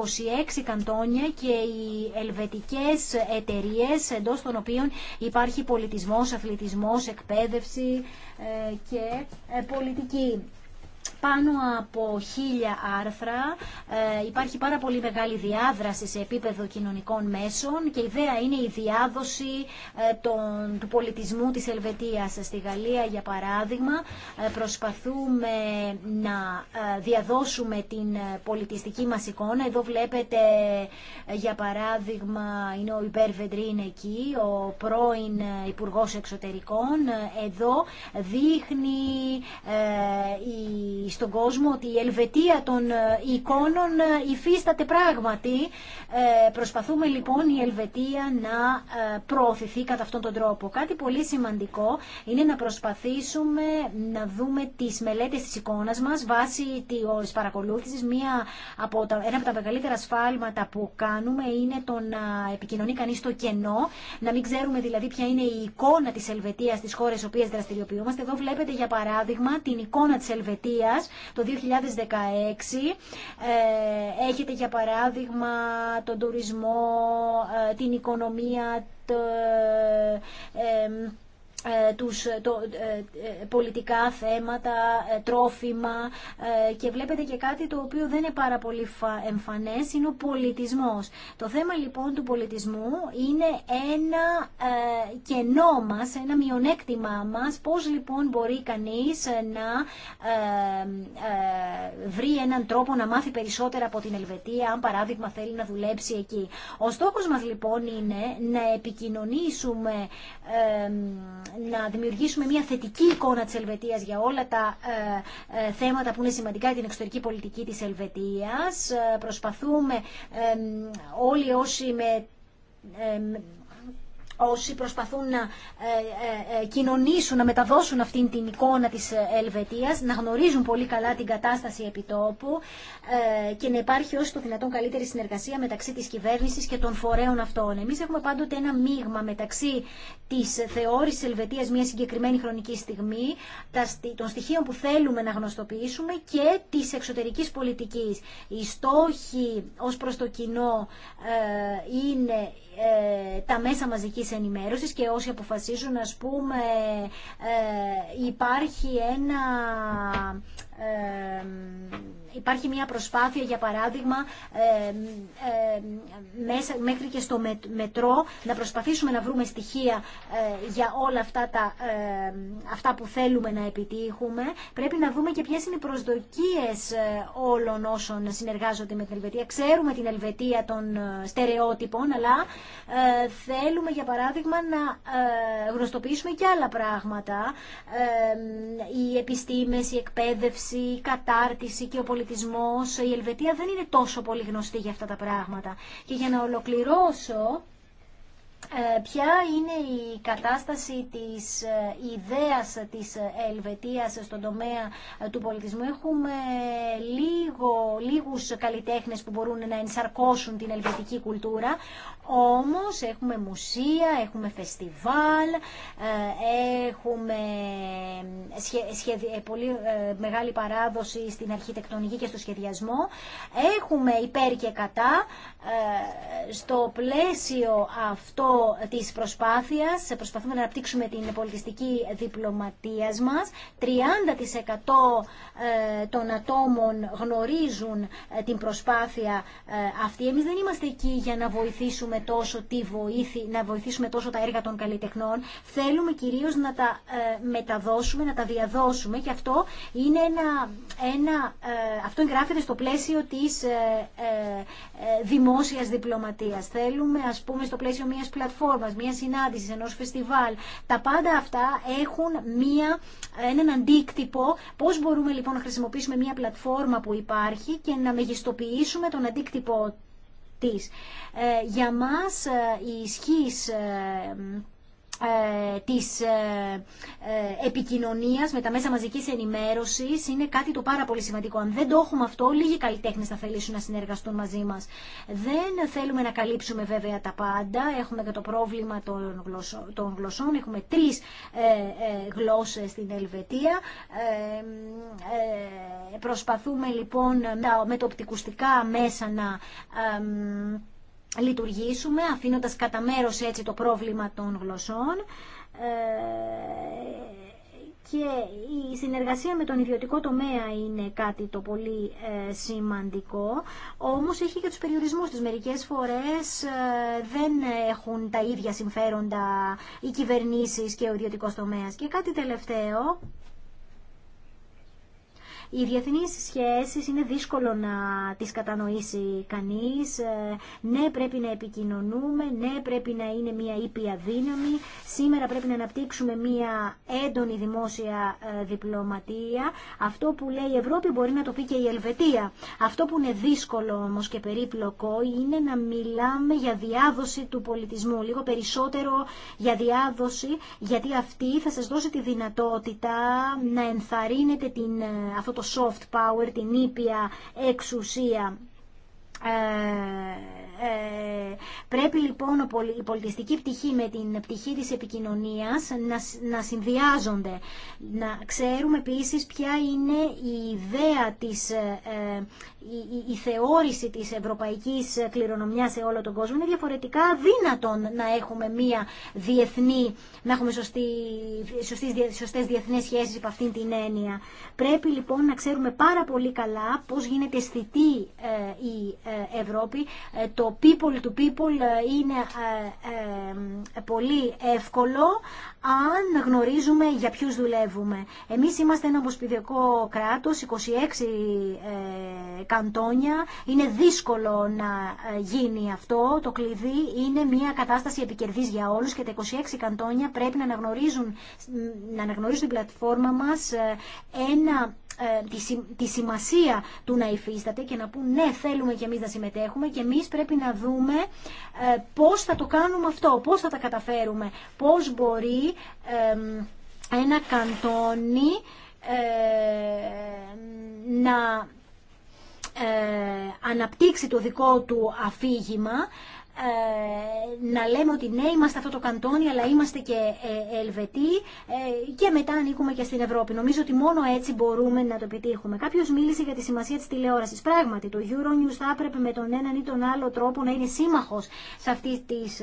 26 καντόνια και οι ελβετικές εταιρείε εντό των οποίων υπάρχει πολιτισμό, αθλητισμό, εκπαίδευση ε, και ε, πολιτική πάνω από χίλια άρθρα. Ε, υπάρχει πάρα πολύ μεγάλη διάδραση σε επίπεδο κοινωνικών μέσων και η ιδέα είναι η διάδοση ε, του πολιτισμού της Ελβετίας. Στη Γαλλία, για παράδειγμα, ε, προσπαθούμε να διαδώσουμε την πολιτιστική μας εικόνα. Εδώ βλέπετε, για παράδειγμα, είναι ο Υπέρ Βεντρίν εκεί, ο πρώην Υπουργός Εξωτερικών. Εδώ δείχνει η στον κόσμο ότι η Ελβετία των ε, εικόνων ε, υφίσταται πράγματι. Ε, προσπαθούμε λοιπόν η Ελβετία να προωθηθεί κατά αυτόν τον τρόπο. Κάτι πολύ σημαντικό είναι να προσπαθήσουμε να δούμε τις μελέτες της εικόνας μας βάσει της παρακολούθησης. Μία από τα, ένα από τα μεγαλύτερα σφάλματα που κάνουμε είναι το να επικοινωνεί κανείς το κενό, να μην ξέρουμε δηλαδή ποια είναι η εικόνα της Ελβετίας στις χώρες οποίες δραστηριοποιούμαστε. Εδώ βλέπετε για παράδειγμα την εικόνα της Ελβετίας το 2016 ε, έχετε για παράδειγμα τον τουρισμό, ε, την οικονομία, το, ε, ε, τους το, ε, ε, πολιτικά θέματα, τρόφιμα και βλέπετε και κάτι το οποίο δεν είναι πάρα πολύ εμφανές, είναι ο πολιτισμός. Το θέμα λοιπόν του πολιτισμού είναι ένα κενό μας, ένα μειονέκτημά μας, πώς λοιπόν μπορεί κανείς να βρει έναν τρόπο να μάθει περισσότερα από την Ελβετία, αν παράδειγμα θέλει να δουλέψει εκεί. Ο στόχος μας λοιπόν είναι να επικοινωνήσουμε να δημιουργήσουμε μια θετική εικόνα της Ελβετίας για όλα τα ε, ε, θέματα που είναι σημαντικά για την εξωτερική πολιτική της Ελβετίας. Ε, προσπαθούμε όλοι όσοι με όσοι προσπαθούν να ε, ε, ε, κοινωνήσουν, να μεταδώσουν αυτήν την εικόνα της Ελβετίας, να γνωρίζουν πολύ καλά την κατάσταση επιτόπου και να υπάρχει όσο το δυνατόν καλύτερη συνεργασία μεταξύ της κυβέρνησης και των φορέων αυτών. Εμείς έχουμε πάντοτε ένα μείγμα μεταξύ της θεώρησης της Ελβετίας μια συγκεκριμένη χρονική στιγμή, των στοιχείων που θέλουμε να γνωστοποιήσουμε και της εξωτερικής πολιτικής. Οι στόχοι ως προς το κοινό είναι τα μέσα ενημέρωσης και όσοι αποφασίζουν, ας πούμε, ε, υπάρχει ένα ε, υπάρχει μια προσπάθεια για παράδειγμα ε, ε, μέσα, μέχρι και στο μετρό να προσπαθήσουμε να βρούμε στοιχεία για όλα αυτά, αυτά που θέλουμε να επιτύχουμε πρέπει να δούμε και ποιες είναι οι προσδοκίες όλων όσων συνεργάζονται με την Ελβετία ξέρουμε την Ελβετία των στερεότυπων αλλά θέλουμε για παράδειγμα να γνωστοποιήσουμε και άλλα πράγματα οι επιστήμες, η εκπαίδευση η κατάρτιση και ο πολιτισμός. Η Ελβετία δεν είναι τόσο πολύ γνωστή για αυτά τα πράγματα. Και για να ολοκληρώσω, ε, ποια είναι η κατάσταση της ε, ιδέας της ε, Ελβετίας στον τομέα του πολιτισμού. Έχουμε λίγο, λίγους καλλιτέχνες που μπορούν να ενσαρκώσουν την ελβετική κουλτούρα, όμως έχουμε μουσεία, έχουμε φεστιβάλ, έχουμε πολύ μεγάλη παράδοση στην αρχιτεκτονική και στο σχεδιασμό, έχουμε υπέρ και κατά, στο πλαίσιο αυτό Τη προσπάθειας, προσπαθούμε να αναπτύξουμε την πολιτιστική διπλωματία μας. 30% ε, των ατόμων γνωρίζουν ε, την προσπάθεια ε, αυτή. Εμεί δεν είμαστε εκεί για να βοηθήσουμε τόσο, τη βοήθη, να βοηθήσουμε τόσο τα έργα των καλλιτεχνών. Θέλουμε κυρίως να τα μεταδώσουμε, να τα διαδώσουμε και αυτό είναι ένα, ένα αυτό εγγράφεται στο πλαίσιο τη δημόσια διπλωματία. Θέλουμε α πούμε στο πλαίσιο μιας μια συνάντηση ενό φεστιβάλ. Τα πάντα αυτά έχουν μια, έναν αντίκτυπο. Πώς μπορούμε λοιπόν να χρησιμοποιήσουμε μια πλατφόρμα που υπάρχει και να μεγιστοποιήσουμε τον αντίκτυπο της. Ε, για μας ε, η ισχύς ε, ε, της ε, ε, επικοινωνίας με τα μέσα μαζικής ενημέρωσης είναι κάτι το πάρα πολύ σημαντικό. Αν δεν το έχουμε αυτό, λίγοι καλλιτέχνες θα θελήσουν να συνεργαστούν μαζί μας. Δεν θέλουμε να καλύψουμε βέβαια τα πάντα. Έχουμε και το πρόβλημα των γλωσσών. Έχουμε τρεις γλώσσες στην Ελβετία. Προσπαθούμε λοιπόν με το οπτικουστικά μέσα να λειτουργήσουμε αφήνοντας κατά μέρος έτσι το πρόβλημα των γλωσσών ε, και η συνεργασία με τον ιδιωτικό τομέα είναι κάτι το πολύ ε, σημαντικό, όμως έχει και τους περιορισμούς τις Μερικές φορές ε, δεν έχουν τα ίδια συμφέροντα οι κυβερνήσεις και ο ιδιωτικός τομέας. Και κάτι τελευταίο οι διεθνείς σχέσεις είναι δύσκολο να τις κατανοήσει κανείς. Ε, ναι, πρέπει να επικοινωνούμε, ναι, πρέπει να είναι μια ήπια δύναμη. Σήμερα πρέπει να αναπτύξουμε μια έντονη δημόσια ε, διπλωματία. Αυτό που λέει η Ευρώπη μπορεί να το πει και η Ελβετία. Αυτό που είναι δύσκολο όμως και περίπλοκο είναι να μιλάμε για διάδοση του πολιτισμού, λίγο περισσότερο για διάδοση, γιατί αυτή θα σας δώσει τη δυνατότητα να ενθαρρύνετε την, ε, αυτό το soft power, την ήπια εξουσία ε, ε, πρέπει λοιπόν η πολιτιστική πτυχή με την πτυχή της επικοινωνίας να, να συνδυάζονται. Να ξέρουμε επίσης ποια είναι η ιδέα της, ε, ε, η, θεώρηση της ευρωπαϊκής κληρονομιάς σε όλο τον κόσμο. Είναι διαφορετικά δύνατον να έχουμε μία διεθνή, να έχουμε σωστή, σωστές, σωστές διεθνές σχέσεις από αυτήν την έννοια. Πρέπει λοιπόν να ξέρουμε πάρα πολύ καλά πώς γίνεται αισθητή η Ευρώπη, το people to people ε, είναι ε, ε, πολύ εύκολο αν γνωρίζουμε για ποιους δουλεύουμε. Εμείς είμαστε ένα μοσπιδιακό κράτος, 26 καντόνια. Είναι δύσκολο να γίνει αυτό. Το κλειδί είναι μια κατάσταση επικερδής για όλους και τα 26 καντόνια πρέπει να αναγνωρίζουν, να αναγνωρίζουν την πλατφόρμα μας ένα ε, τη, σημασία του να υφίσταται και να πούν ναι θέλουμε και εμείς να συμμετέχουμε και εμείς πρέπει να δούμε ε, πώς θα το κάνουμε αυτό, πώς θα τα καταφέρουμε, πώς μπορεί ένα καντόνι ε, να ε, αναπτύξει το δικό του αφήγημα ε, να λέμε ότι ναι είμαστε αυτό το καντόνι αλλά είμαστε και ε, Ελβετοί ε, και μετά ανήκουμε και στην Ευρώπη. Νομίζω ότι μόνο έτσι μπορούμε να το επιτύχουμε. Κάποιο μίλησε για τη σημασία της τηλεόραση. Πράγματι το Euronews θα έπρεπε με τον έναν ή τον άλλο τρόπο να είναι σύμμαχος σε αυτή της,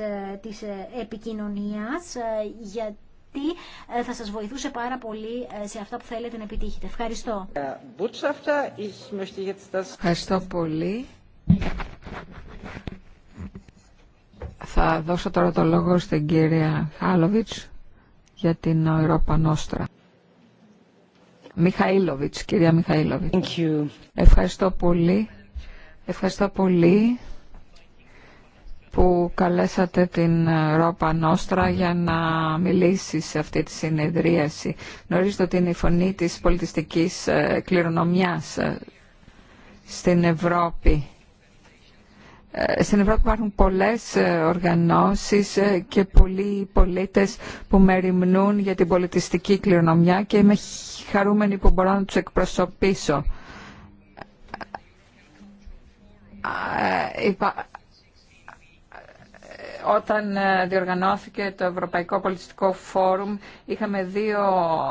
επικοινωνία, επικοινωνίας γιατί θα σα βοηθούσε πάρα πολύ σε αυτά που θέλετε να επιτύχετε. Ευχαριστώ. Ευχαριστώ πολύ. Θα δώσω τώρα το λόγο στην κυρία Χάλοβιτς για την Ευρώπα Νόστρα. Μιχαήλοβιτς, κυρία Μιχαήλοβιτς. Thank you. Ευχαριστώ πολύ. Ευχαριστώ πολύ που καλέσατε την Ρόπα Νόστρα για να μιλήσει σε αυτή τη συνεδρίαση. Γνωρίζετε ότι είναι η φωνή της πολιτιστικής ε, κληρονομιάς ε, στην Ευρώπη. Ε, στην Ευρώπη υπάρχουν πολλές ε, οργανώσεις ε, και πολλοί πολίτες που μεριμνούν για την πολιτιστική κληρονομιά και είμαι χαρούμενη που μπορώ να τους εκπροσωπήσω. Όταν διοργανώθηκε το Ευρωπαϊκό Πολιτιστικό Φόρουμ είχαμε δύο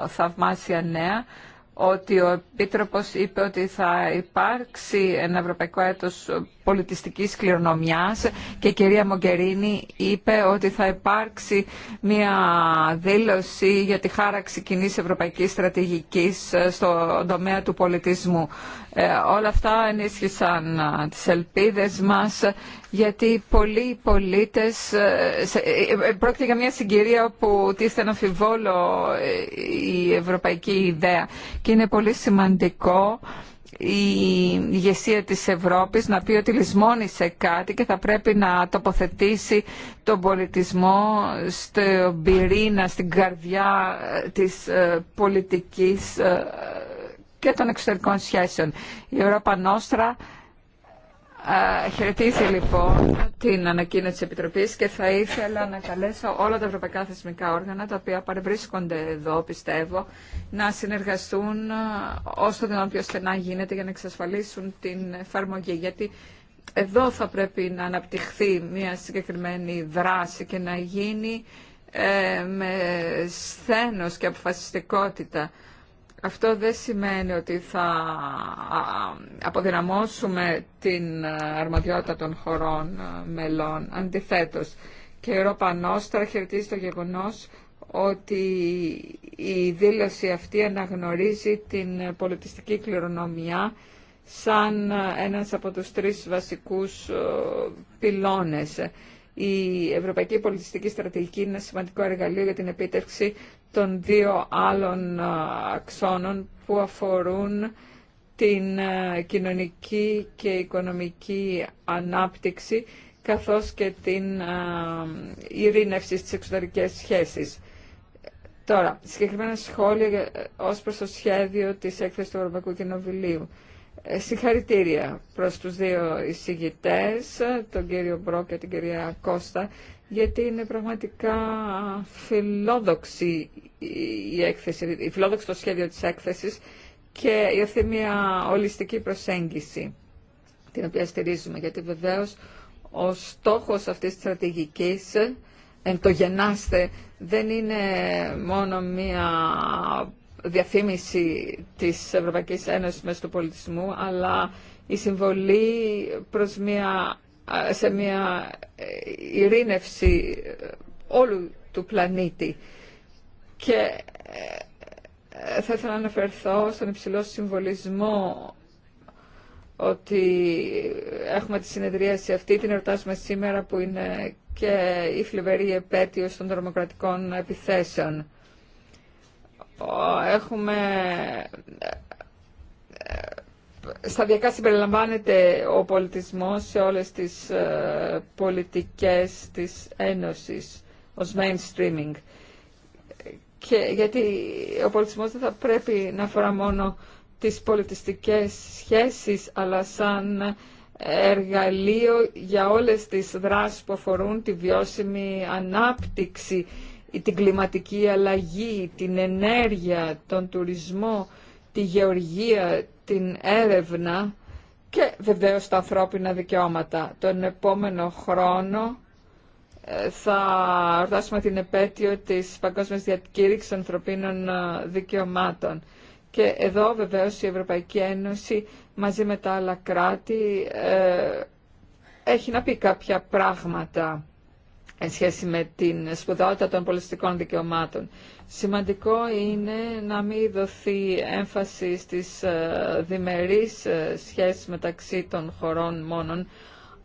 θαυμάσια νέα ότι ο Επίτροπος είπε ότι θα υπάρξει ένα Ευρωπαϊκό έτος πολιτιστικής κληρονομιάς και η κυρία Μογκερίνη είπε ότι θα υπάρξει μια δήλωση για τη χάραξη κοινή ευρωπαϊκής στρατηγικής στον τομέα του πολιτισμού. Ε, όλα αυτά ενίσχυσαν ε, τις ελπίδες μας γιατί πολλοί πολίτες ε, πρόκειται για μια συγκυρία που τίθεται να αμφιβόλω η ευρωπαϊκή ιδέα και είναι πολύ σημαντικό η ηγεσία της Ευρώπης να πει ότι λησμόνησε κάτι και θα πρέπει να τοποθετήσει τον πολιτισμό στον πυρήνα, στην καρδιά της ε, πολιτικής ε, και των εξωτερικών σχέσεων. Η Ευρώπη Νόστρα Χαιρετίζει λοιπόν την ανακοίνωση της Επιτροπής και θα ήθελα να καλέσω όλα τα ευρωπαϊκά θεσμικά όργανα τα οποία παρευρίσκονται εδώ πιστεύω να συνεργαστούν όσο να δυνατόν πιο στενά γίνεται για να εξασφαλίσουν την εφαρμογή γιατί εδώ θα πρέπει να αναπτυχθεί μια συγκεκριμένη δράση και να γίνει ε, με σθένος και αποφασιστικότητα αυτό δεν σημαίνει ότι θα αποδυναμώσουμε την ε, αρμοδιότητα των χωρών ε, μελών. Αντιθέτως, και η Ευρώπα χαιρετίζει το γεγονός ότι η δήλωση αυτή αναγνωρίζει την πολιτιστική κληρονομιά σαν ένας από τους τρεις βασικούς ε, πυλώνες. Η Ευρωπαϊκή Πολιτιστική Στρατηγική είναι ένα σημαντικό εργαλείο για την επίτευξη των δύο άλλων αξώνων που αφορούν την κοινωνική και οικονομική ανάπτυξη καθώς και την ειρήνευση στις εξωτερικές σχέσεις. Τώρα, συγκεκριμένα σχόλια ως προς το σχέδιο της έκθεσης του Ευρωπαϊκού Κοινοβουλίου. Ε, συγχαρητήρια προς τους δύο εισηγητές, τον κύριο Μπρό και την κυρία Κώστα, γιατί είναι πραγματικά φιλόδοξη η έκθεση, η φιλόδοξη το σχέδιο της έκθεσης και η μια ολιστική προσέγγιση την οποία στηρίζουμε, γιατί βεβαίως ο στόχος αυτής της στρατηγικής εν το γενάστε, δεν είναι μόνο μία διαφήμιση της Ευρωπαϊκής Ένωσης μέσω του πολιτισμού, αλλά η συμβολή προς μία σε μια ε, ειρήνευση ε, όλου του πλανήτη. Και ε, θα ήθελα να αναφερθώ στον υψηλό συμβολισμό ότι έχουμε τη συνεδρίαση αυτή, την ερωτάσουμε σήμερα που είναι και η φλιβερή επέτειος των τρομοκρατικών επιθέσεων. Έχουμε σταδιακά συμπεριλαμβάνεται ο πολιτισμός σε όλες τις ε, πολιτικές της Ένωσης ως mainstreaming. Και γιατί ο πολιτισμός δεν θα πρέπει να αφορά μόνο τις πολιτιστικές σχέσεις, αλλά σαν εργαλείο για όλες τις δράσεις που αφορούν τη βιώσιμη ανάπτυξη, την κλιματική αλλαγή, την ενέργεια, τον τουρισμό, τη γεωργία, την έρευνα και βεβαίως τα ανθρώπινα δικαιώματα. Τον επόμενο χρόνο ε, θα ορτάσουμε την επέτειο της Παγκόσμιας Διακήρυξης Ανθρωπίνων ε, Δικαιωμάτων. Και εδώ βεβαίως η Ευρωπαϊκή Ένωση μαζί με τα άλλα κράτη ε, έχει να πει κάποια πράγματα εν σχέση με την σπουδαιότητα των πολιτιστικών δικαιωμάτων. Σημαντικό είναι να μην δοθεί έμφαση στις ε, διμερείς ε, σχέσεις μεταξύ των χωρών μόνον,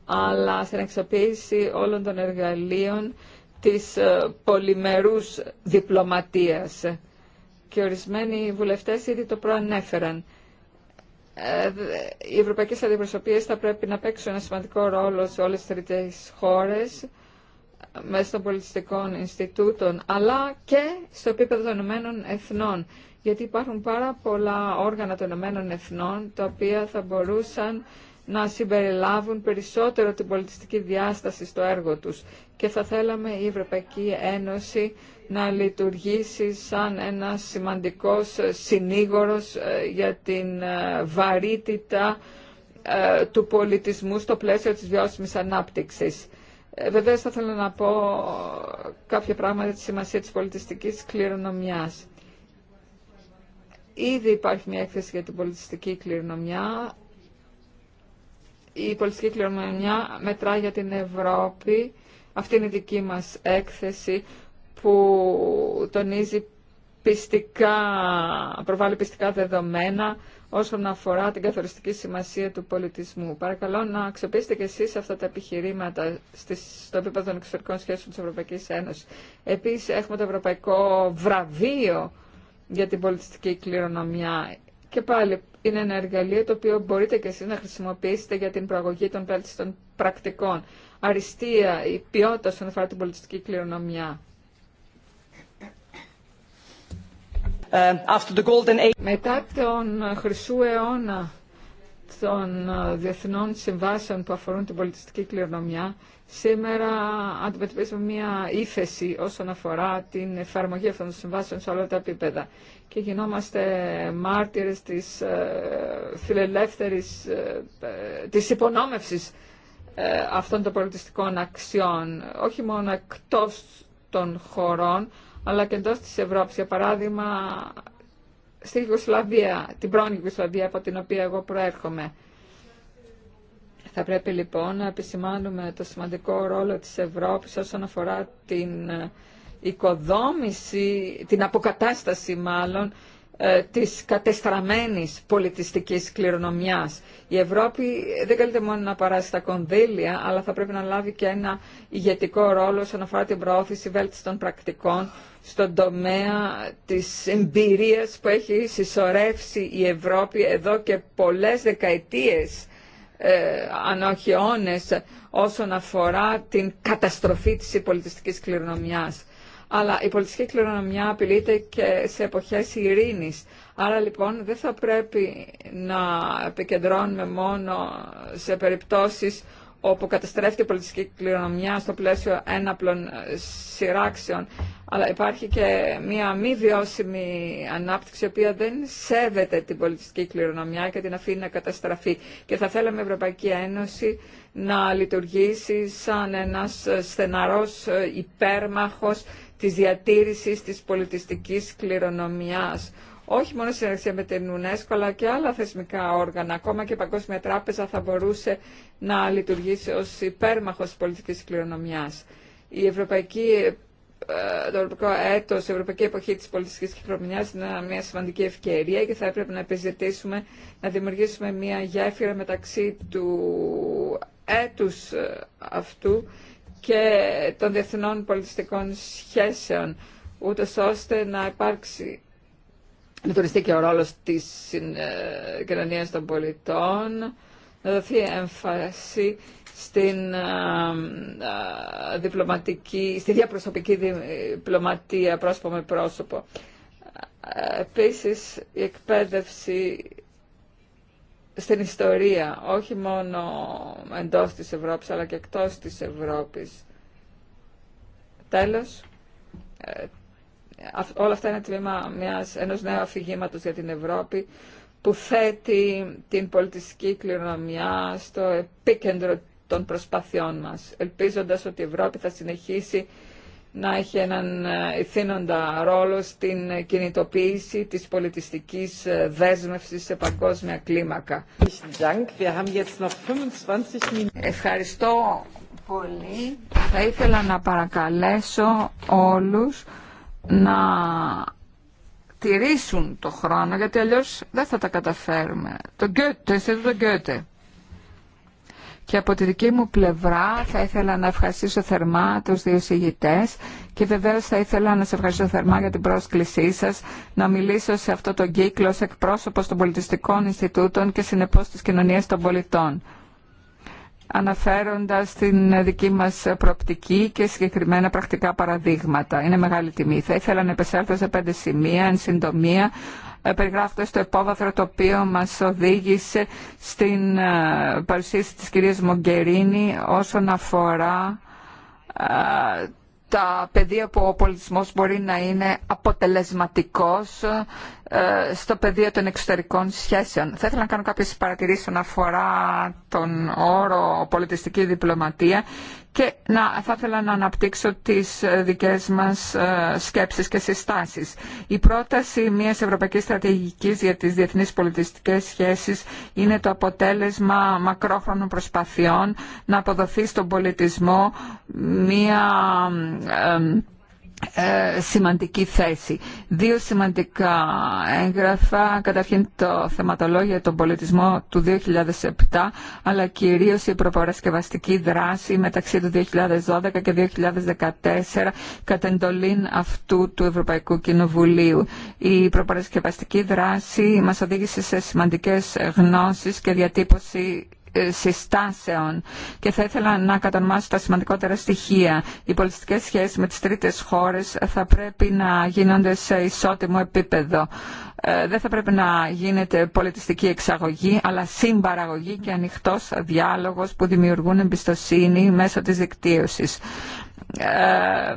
αλλά στην αξιοποίηση όλων των εργαλείων της ε, πολυμερούς διπλωματίας. Και ορισμένοι βουλευτές ήδη το προανέφεραν. Οι ευρωπαϊκές αντιπροσωπείες θα πρέπει να παίξουν ένα σημαντικό ρόλο σε όλες τις τρίτες χώρες, μέσα των πολιτιστικών Ινστιτούτων, αλλά και στο επίπεδο των Ηνωμένων Εθνών. Γιατί υπάρχουν πάρα πολλά όργανα των Ηνωμένων Εθνών, τα οποία θα μπορούσαν να συμπεριλάβουν περισσότερο την πολιτιστική διάσταση στο έργο τους. Και θα θέλαμε η Ευρωπαϊκή Ένωση να λειτουργήσει σαν ένα σημαντικός συνήγορος ε, για την ε, βαρύτητα ε, του πολιτισμού στο πλαίσιο της βιώσιμης ανάπτυξης. Ε, Βεβαίω θα ήθελα να πω κάποια πράγματα για τη σημασία της πολιτιστικής κληρονομιάς. Ήδη υπάρχει μια έκθεση για την πολιτιστική κληρονομιά. Η πολιτιστική κληρονομιά μετρά για την Ευρώπη. Αυτή είναι η δική μας έκθεση που τονίζει πιστικά, προβάλλει πιστικά δεδομένα όσον αφορά την καθοριστική σημασία του πολιτισμού. Παρακαλώ να αξιοποιήσετε και εσείς αυτά τα επιχειρήματα στις, στο επίπεδο των εξωτερικών σχέσεων της Ευρωπαϊκής Ένωσης. Επίσης έχουμε το Ευρωπαϊκό Βραβείο για την πολιτιστική κληρονομιά. Και πάλι είναι ένα εργαλείο το οποίο μπορείτε και εσείς να χρησιμοποιήσετε για την προαγωγή των βέλτιστων πρακτικών. Αριστεία, η ποιότητα στον αφορά την πολιτιστική κληρονομιά. Ε, Μετά τον χρυσού αιώνα των ε, διεθνών συμβάσεων που αφορούν την πολιτιστική κληρονομιά, σήμερα αντιμετωπίζουμε μια ύφεση όσον αφορά την εφαρμογή αυτών των συμβάσεων σε όλα τα επίπεδα. Και γινόμαστε μάρτυρες της ε, φιλελεύθερης, της υπονόμευσης αυτών των πολιτιστικών αξιών, όχι μόνο εκτός των χωρών, αλλά και εντό τη Ευρώπη. Για παράδειγμα, στη την πρώην Ιουγκοσλαβία από την οποία εγώ προέρχομαι. Θα πρέπει λοιπόν να επισημάνουμε το σημαντικό ρόλο της Ευρώπης όσον αφορά την ε, οικοδόμηση, την αποκατάσταση μάλλον ε, της κατεστραμμένης πολιτιστικής κληρονομιάς. Η Ευρώπη δεν καλείται μόνο να παράσει τα κονδύλια, αλλά θα πρέπει να λάβει και ένα ηγετικό ρόλο όσον αφορά την προώθηση βέλτιστων πρακτικών στον τομέα της εμπειρίας που έχει συσσωρεύσει η Ευρώπη εδώ και πολλές δεκαετίες, ε, αν όχι αιώνες, όσον αφορά την καταστροφή της πολιτιστικής κληρονομιάς αλλά η πολιτική κληρονομιά απειλείται και σε εποχές ειρήνης. Άρα λοιπόν δεν θα πρέπει να επικεντρώνουμε μόνο σε περιπτώσεις όπου καταστρέφεται η πολιτική κληρονομιά στο πλαίσιο έναπλων σειράξεων. Αλλά υπάρχει και μία μη βιώσιμη ανάπτυξη, η οποία δεν σέβεται την πολιτική κληρονομιά και την αφήνει να καταστραφεί. Και θα θέλαμε η Ευρωπαϊκή Ένωση να λειτουργήσει σαν ένας στεναρός υπέρμαχος της διατήρησης της πολιτιστικής κληρονομιάς. Όχι μόνο συνεργασία με την UNESCO, αλλά και άλλα θεσμικά όργανα. Ακόμα και η Παγκόσμια Τράπεζα θα μπορούσε να λειτουργήσει ως υπέρμαχος της πολιτικής κληρονομιάς. Η Ευρωπαϊκή ε, το ευρωπαϊκό έτος, η ευρωπαϊκή εποχή της πολιτιστικής κληρονομιάς, είναι μια σημαντική ευκαιρία και θα έπρεπε να επιζητήσουμε να δημιουργήσουμε μια γέφυρα μεταξύ του έτους ε, αυτού και των διεθνών πολιτιστικών σχέσεων, ούτως ώστε να υπάρξει να τονιστεί και ο ρόλος της ε, κοινωνίας των πολιτών, να δοθεί έμφαση στην ε, ε, διπλωματική, στη διαπροσωπική διπλωματία πρόσωπο με πρόσωπο. Επίσης, η εκπαίδευση στην ιστορία, όχι μόνο εντός της Ευρώπης, αλλά και εκτός της Ευρώπης. Τέλος, ε, όλα αυτά είναι τμήμα μιας, ενός νέου αφηγήματος για την Ευρώπη, που θέτει την πολιτιστική κληρονομιά στο επίκεντρο των προσπαθειών μας, ελπίζοντας ότι η Ευρώπη θα συνεχίσει να έχει έναν ευθύνοντα ρόλο στην ε, κινητοποίηση της πολιτιστικής ε, δέσμευσης σε παγκόσμια κλίμακα. Ευχαριστώ πολύ. Θα ήθελα να παρακαλέσω όλους να τηρήσουν το χρόνο, γιατί αλλιώς δεν θα τα καταφέρουμε. Το Γκέτε, το Goethe. Και από τη δική μου πλευρά θα ήθελα να ευχαριστήσω θερμά τους δύο συγητές και βεβαίως θα ήθελα να σε ευχαριστήσω θερμά για την πρόσκλησή σας να μιλήσω σε αυτό τον κύκλο ως εκπρόσωπος των πολιτιστικών Ινστιτούτων και συνεπώς της κοινωνίας των πολιτών αναφέροντας την δική μας προοπτική και συγκεκριμένα πρακτικά παραδείγματα. Είναι μεγάλη τιμή. Θα ήθελα να επεσέλθω σε πέντε σημεία, εν συντομία, ε, περιγράφεται το επόβαθρο το οποίο μας οδήγησε στην ε, παρουσίαση της κυρίας Μογκερίνη όσον αφορά ε, τα πεδία που ο πολιτισμός μπορεί να είναι αποτελεσματικός στο πεδίο των εξωτερικών σχέσεων. Θα ήθελα να κάνω κάποιες παρατηρήσεις όσον αφορά τον όρο πολιτιστική διπλωματία και να, θα ήθελα να αναπτύξω τις ε, δικές μας ε, σκέψεις και συστάσεις. Η πρόταση μιας ευρωπαϊκής στρατηγικής για τις διεθνείς πολιτιστικές σχέσεις είναι το αποτέλεσμα μακρόχρονων προσπαθειών να αποδοθεί στον πολιτισμό μια ε, ε, σημαντική θέση. Δύο σημαντικά έγγραφα, καταρχήν το θεματολόγιο για τον πολιτισμό του 2007, αλλά κυρίως η προπαρασκευαστική δράση μεταξύ του 2012 και 2014 κατά εντολήν αυτού του Ευρωπαϊκού Κοινοβουλίου. Η προπαρασκευαστική δράση μας οδήγησε σε σημαντικές γνώσεις και διατύπωση συστάσεων και θα ήθελα να κατονομάσω τα σημαντικότερα στοιχεία. Οι πολιτιστικές σχέσεις με τις τρίτες χώρες θα πρέπει να γίνονται σε ισότιμο επίπεδο. Ε, δεν θα πρέπει να γίνεται πολιτιστική εξαγωγή, αλλά συμπαραγωγή και ανοιχτός διάλογος που δημιουργούν εμπιστοσύνη μέσω της δικτύωσης. Ε,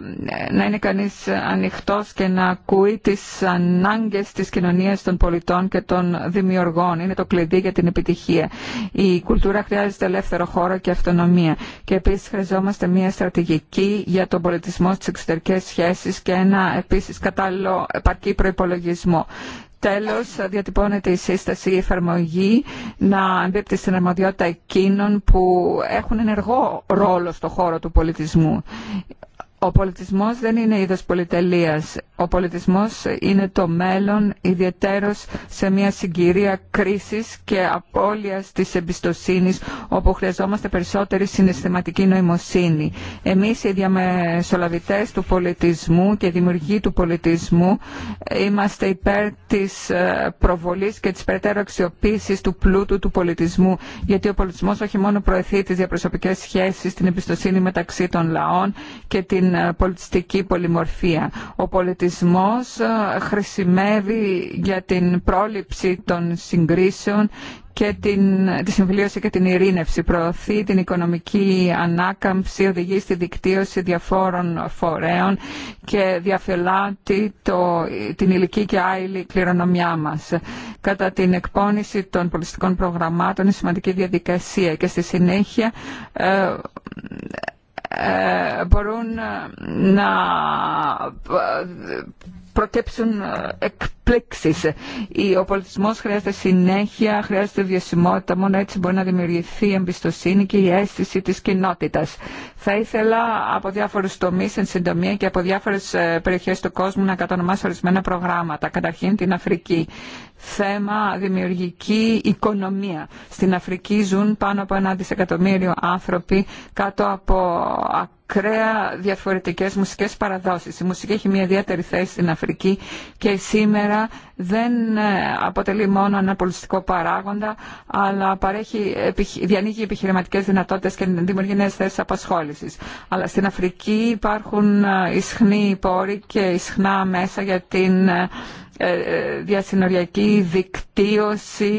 να είναι κανείς ανοιχτός και να ακούει τις ανάγκες της κοινωνίας των πολιτών και των δημιουργών. Είναι το κλειδί για την επιτυχία. Η κουλτούρα χρειάζεται ελεύθερο χώρο και αυτονομία. Και επίσης χρειαζόμαστε μια στρατηγική για τον πολιτισμό στις εξωτερικές σχέσεις και ένα επίσης κατάλληλο επαρκή προϋπολογισμό. Τέλος, διατυπώνεται η σύσταση, η εφαρμογή να εμπίπτει στην αρμοδιότητα εκείνων που έχουν ενεργό ρόλο στο χώρο του πολιτισμού. Ο πολιτισμός δεν είναι είδος πολυτελείας. Ο πολιτισμός είναι το μέλλον ιδιαιτέρως σε μια συγκυρία κρίσης και απώλειας της εμπιστοσύνης όπου χρειαζόμαστε περισσότερη συναισθηματική νοημοσύνη. Εμείς οι διαμεσολαβητές του πολιτισμού και δημιουργοί του πολιτισμού είμαστε υπέρ της ε, προβολής και της περαιτέρω αξιοποίηση του πλούτου του πολιτισμού γιατί ο πολιτισμός όχι μόνο προωθεί τις διαπροσωπικές σχέσεις, την εμπιστοσύνη μεταξύ των λαών και την την πολιτιστική πολυμορφία. Ο πολιτισμός ε, χρησιμεύει για την πρόληψη των συγκρίσεων και την, τη συμφιλίωση και την ειρήνευση. Προωθεί την οικονομική ανάκαμψη, οδηγεί στη δικτύωση διαφόρων φορέων και διαφελάτει το, την ηλική και άειλη κληρονομιά μας. Κατά την εκπόνηση των πολιτιστικών προγραμμάτων είναι σημαντική διαδικασία και στη συνέχεια ε, ε, μπορούν να προκέψουν ε, εκπλήξεις. Ο πολιτισμός χρειάζεται συνέχεια, χρειάζεται βιωσιμότητα, μόνο έτσι μπορεί να δημιουργηθεί η εμπιστοσύνη και η αίσθηση της κοινότητας. Θα ήθελα από διάφορους τομείς, εν συντομία και από διάφορες ε, περιοχές του κόσμου να κατανομάσω ορισμένα προγράμματα. Καταρχήν την Αφρική. Θέμα δημιουργική οικονομία. Στην Αφρική ζουν πάνω από ένα δισεκατομμύριο άνθρωποι κάτω από κρέα διαφορετικές μουσικές παραδόσεις. Η μουσική έχει μια ιδιαίτερη θέση στην Αφρική και σήμερα δεν ε, αποτελεί μόνο ένα πολιτιστικό παράγοντα, αλλά παρέχει, διανοίγει επιχειρηματικές δυνατότητες και δημιουργεί νέες θέσεις απασχόλησης. Αλλά στην Αφρική υπάρχουν ε, ισχνοί πόροι και ισχνά μέσα για την ε, διασυνοριακή δικτύωση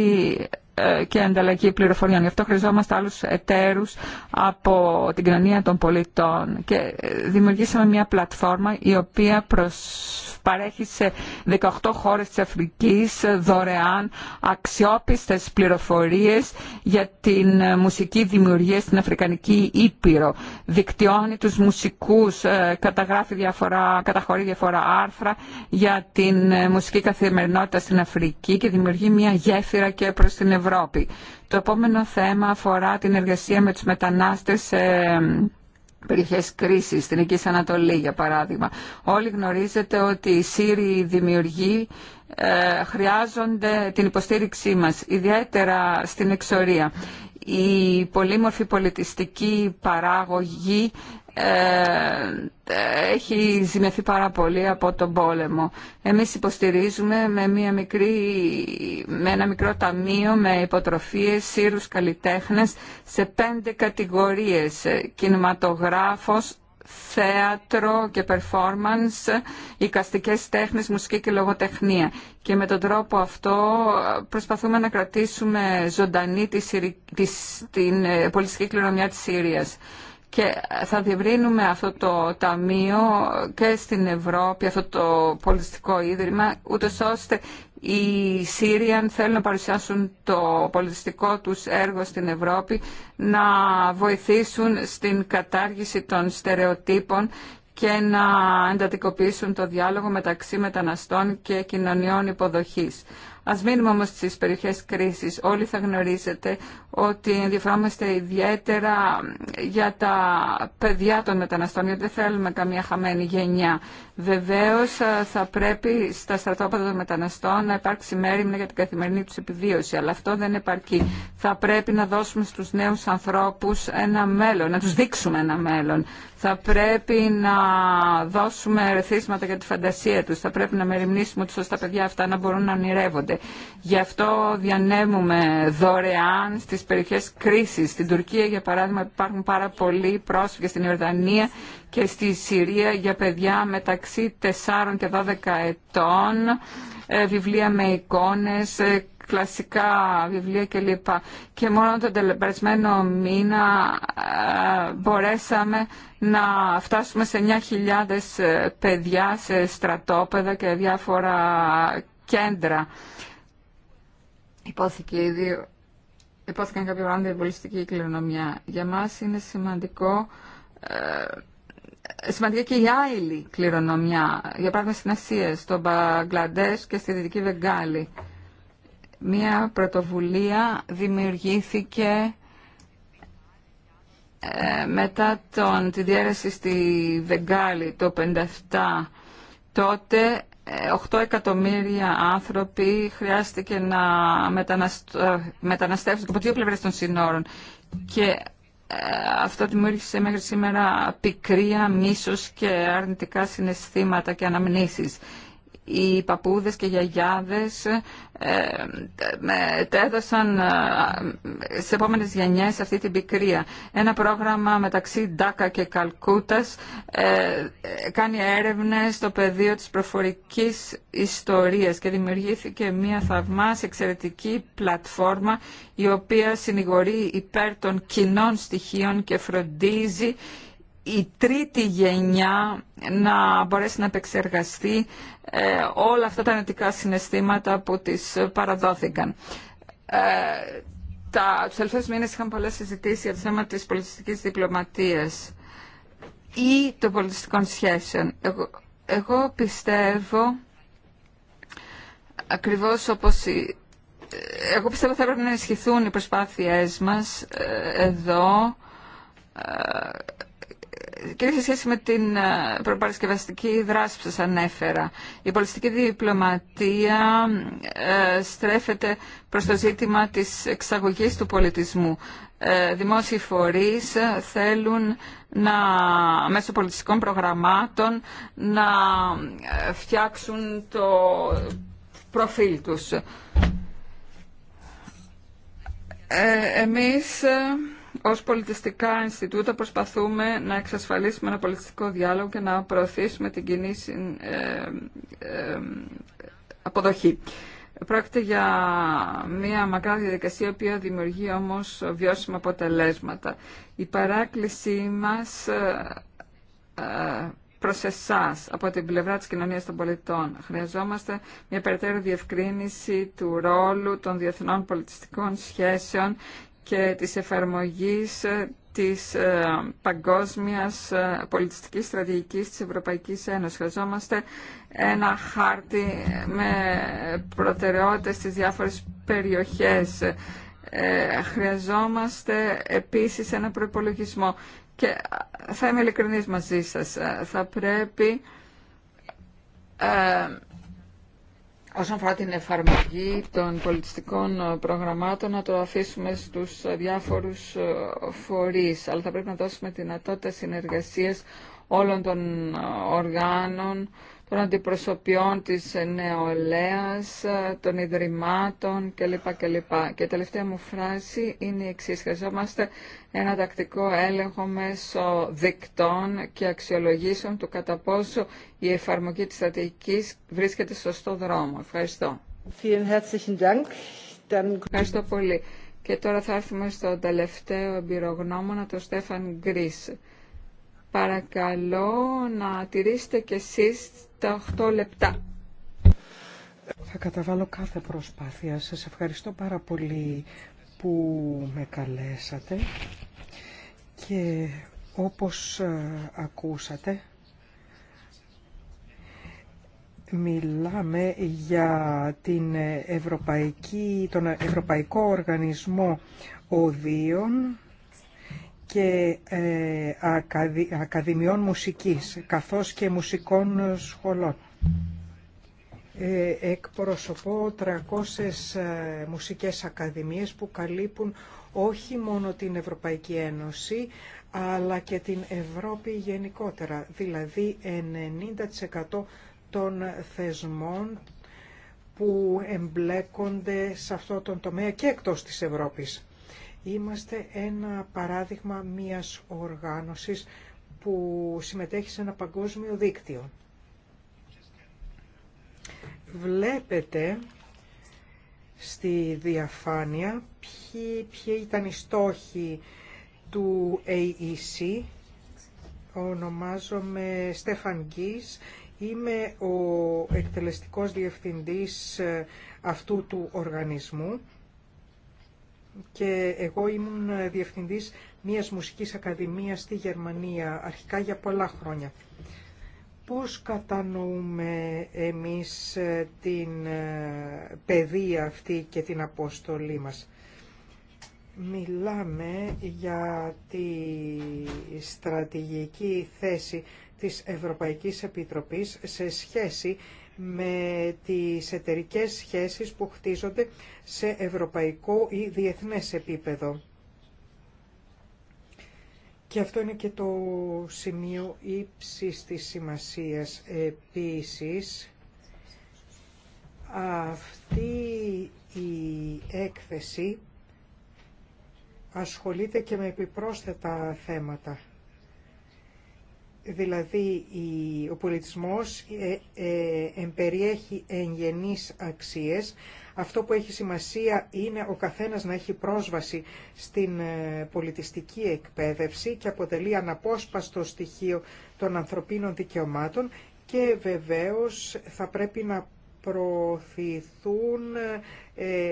ε, και ανταλλαγή πληροφοριών. Γι' αυτό χρειαζόμαστε άλλου εταίρου από την κοινωνία των πολιτών και ε, δημιουργήσαμε μια πλατφόρμα η οποία προσφέρει παρέχει σε 18 χώρες της Αφρικής δωρεάν αξιόπιστες πληροφορίες για την μουσική δημιουργία στην Αφρικανική Ήπειρο. Δικτυώνει τους μουσικούς, ε, καταγράφει διαφορά, καταχωρεί διαφορά άρθρα για την ε, μουσική καθημερινότητα στην Αφρική και δημιουργεί μια γέφυρα και προς την Ευρώπη. Το επόμενο θέμα αφορά την εργασία με τους μετανάστες περιοχές κρίση στην Εκεί Ανατολή για παράδειγμα. Όλοι γνωρίζετε ότι οι Σύριοι δημιουργοί ε, χρειάζονται την υποστήριξή μας, ιδιαίτερα στην εξορία. Η πολύμορφη πολιτιστική παράγωγη ε, έχει ζημιωθεί πάρα πολύ από τον πόλεμο. Εμείς υποστηρίζουμε με, μια μικρή, με ένα μικρό ταμείο με υποτροφίες, σύρους καλλιτέχνες σε πέντε κατηγορίες. Κινηματογράφος, θέατρο και performance, οικαστικές τέχνες, μουσική και λογοτεχνία. Και με τον τρόπο αυτό προσπαθούμε να κρατήσουμε ζωντανή τη, την ε, πολιτική κληρονομιά της Συρίας και θα διευρύνουμε αυτό το ταμείο και στην Ευρώπη, αυτό το πολιτιστικό ίδρυμα, Ούτε ώστε οι Σύριαν θέλουν να παρουσιάσουν το πολιτιστικό τους έργο στην Ευρώπη να βοηθήσουν στην κατάργηση των στερεοτύπων και να εντατικοποιήσουν το διάλογο μεταξύ μεταναστών και κοινωνιών υποδοχής. Ας μείνουμε όμως στις περιοχές κρίσης. Όλοι θα γνωρίζετε ότι ενδιαφερόμαστε ιδιαίτερα για τα παιδιά των μεταναστών, γιατί δεν θέλουμε καμία χαμένη γενιά. Βεβαίως θα πρέπει στα στρατόπεδα των μεταναστών να υπάρξει μέρη για την καθημερινή τους επιβίωση, αλλά αυτό δεν επαρκεί. Θα πρέπει να δώσουμε στους νέους ανθρώπους ένα μέλλον, να τους δείξουμε ένα μέλλον. Θα πρέπει να δώσουμε ερεθίσματα για τη φαντασία τους. Θα πρέπει να μεριμνήσουμε τους ώστε τα παιδιά αυτά να μπορούν να ονειρεύονται. Γι' αυτό διανέμουμε δωρεάν στις περιοχές κρίσης. Στην Τουρκία, για παράδειγμα, υπάρχουν πάρα πολλοί πρόσφυγες στην Ιορδανία και στη Συρία για παιδιά μεταξύ 4 και 12 ετών, ε, βιβλία με εικόνες, ε, κλασικά βιβλία κλπ. Και μόνο τον περασμένο μήνα ε, μπορέσαμε να φτάσουμε σε 9.000 ε, παιδιά σε στρατόπεδα και διάφορα κέντρα. Υπόθηκε ήδη, υπόθηκαν κάποια πράγματα η κληρονομιά. Για μας είναι σημαντικό ε, σημαντική και η άλλη κληρονομιά, για παράδειγμα στην Ασία, στο Μπαγκλαντές και στη Δυτική Βεγγάλη μία πρωτοβουλία δημιουργήθηκε ε, μετά τον, τη διέρεση στη Βεγγάλη το 57 τότε 8 ε, εκατομμύρια άνθρωποι χρειάστηκε να μεταναστεύσουν από δύο πλευρές των συνόρων και ε, αυτό δημιούργησε μέχρι σήμερα πικρία, μίσος και αρνητικά συναισθήματα και αναμνήσεις οι παππούδες και οι γιαγιάδες ε, μετέδωσαν ε, σε επόμενες γενιές αυτή την πικρία. Ένα πρόγραμμα μεταξύ Ντάκα και Καλκούτας ε, κάνει έρευνες στο πεδίο της προφορικής ιστορίας και δημιουργήθηκε μια θαυμάσια εξαιρετική πλατφόρμα η οποία συνηγορεί υπέρ των κοινών στοιχείων και φροντίζει η τρίτη γενιά να μπορέσει να επεξεργαστεί ε, όλα αυτά τα νοητικά συναισθήματα που της παραδόθηκαν. Ε, τα, τους τελευταίους μήνες είχαμε πολλές συζητήσεις για το θέμα της πολιτιστικής διπλωματίας ή των πολιτιστικών σχέσεων. Εγώ, εγώ πιστεύω ακριβώς όπως η, ε, εγώ πιστεύω θα έπρεπε να ενισχυθούν οι προσπάθειές μας εδώ και σε σχέση με την ε, προπαρασκευαστική δράση που σας ανέφερα. Η πολιτιστική διπλωματία ε, στρέφεται προς το ζήτημα της εξαγωγής του πολιτισμού. Ε, δημόσιοι φορείς θέλουν να, μέσω πολιτιστικών προγραμμάτων να φτιάξουν το προφίλ τους. Ε, εμείς ως πολιτιστικά Ινστιτούτα προσπαθούμε να εξασφαλίσουμε ένα πολιτιστικό διάλογο και να προωθήσουμε την κοινή ε, ε, αποδοχή. Πρόκειται για μια μακρά διαδικασία, η οποία δημιουργεί όμως βιώσιμα αποτελέσματα. Η παράκλησή μας ε, προς εσάς από την πλευρά της κοινωνίας των πολιτών. Χρειαζόμαστε μια περαιτέρω διευκρίνηση του ρόλου των διεθνών πολιτιστικών σχέσεων και της εφαρμογής της ε, παγκόσμιας ε, πολιτιστικής στρατηγικής της Ευρωπαϊκής Ένωσης. Χρειαζόμαστε ένα χάρτη με προτεραιότητες στις διάφορες περιοχές. Ε, χρειαζόμαστε επίσης ένα προϋπολογισμό. Και θα είμαι ειλικρινής μαζί σας. Θα πρέπει... Όσον αφορά την εφαρμογή των πολιτιστικών ε, προγραμμάτων, να το αφήσουμε στους ε, διάφορους ε, φορείς, αλλά θα πρέπει να δώσουμε δυνατότητα συνεργασίας όλων των οργάνων των αντιπροσωπιών της νεολαίας, των ιδρυμάτων κλπ. κλπ. Και η τελευταία μου φράση είναι η εξής. Χρειαζόμαστε ένα τακτικό έλεγχο μέσω δικτών και αξιολογήσεων του κατά πόσο η εφαρμογή της στρατηγικής βρίσκεται στο σωστό δρόμο. Ευχαριστώ. Ευχαριστώ πολύ. Και τώρα θα έρθουμε στον τελευταίο εμπειρογνώμονα, τον Στέφαν Γκρίς. Παρακαλώ να τηρήσετε και εσείς τα λεπτά. Θα καταβάλω κάθε προσπάθεια. Σας ευχαριστώ πάρα πολύ που με καλέσατε και όπως ε, ακούσατε μιλάμε για την Ευρωπαϊκή, τον Ευρωπαϊκό Οργανισμό Οδείων και ε, ακαδημιών μουσικής, καθώς και μουσικών σχολών. Ε, εκπροσωπώ 300 ε, μουσικές ακαδημίες που καλύπτουν όχι μόνο την Ευρωπαϊκή Ένωση, αλλά και την Ευρώπη γενικότερα, δηλαδή 90% των θεσμών που εμπλέκονται σε αυτό τον τομέα και εκτός της Ευρώπης. Είμαστε ένα παράδειγμα μιας οργάνωσης που συμμετέχει σε ένα παγκόσμιο δίκτυο. Βλέπετε στη διαφάνεια ποιοι, ήταν οι στόχοι του AEC. Ονομάζομαι Στέφαν Γκής, είμαι ο εκτελεστικός διευθυντής αυτού του οργανισμού και εγώ ήμουν διευθυντής μιας μουσικής ακαδημίας στη Γερμανία, αρχικά για πολλά χρόνια. Πώς κατανοούμε εμείς ε, την ε, παιδεία αυτή και την απόστολή μας. Μιλάμε για τη στρατηγική θέση της Ευρωπαϊκής Επιτροπής σε σχέση με τις εταιρικές σχέσεις που χτίζονται σε ευρωπαϊκό ή διεθνές επίπεδο. Και αυτό είναι και το σημείο ύψης της σημασίας. Επίσης, αυτή η έκθεση ασχολείται και με επιπρόσθετα θέματα δηλαδή ο πολιτισμός ε, ε, περιέχει εγγενείς αξίες. Αυτό που έχει σημασία είναι ο καθένας να έχει πρόσβαση στην ε, πολιτιστική εκπαίδευση και αποτελεί αναπόσπαστο στοιχείο των ανθρωπίνων δικαιωμάτων και βεβαίως θα πρέπει να προωθηθούν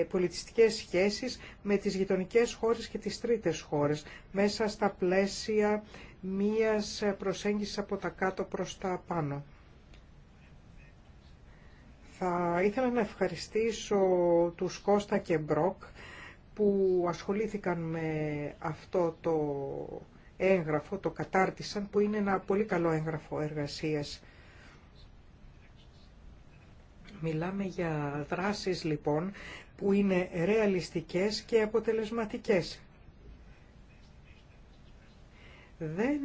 πολιτιστικές σχέσεις με τις γειτονικές χώρες και τις τρίτες χώρες μέσα στα πλαίσια μίας προσέγγισης από τα κάτω προς τα πάνω. Θα ήθελα να ευχαριστήσω τους Κώστα και Μπρόκ που ασχολήθηκαν με αυτό το έγγραφο, το κατάρτισαν, που είναι ένα πολύ καλό έγγραφο εργασίας. Μιλάμε για δράσεις λοιπόν που είναι ρεαλιστικές και αποτελεσματικές. Δεν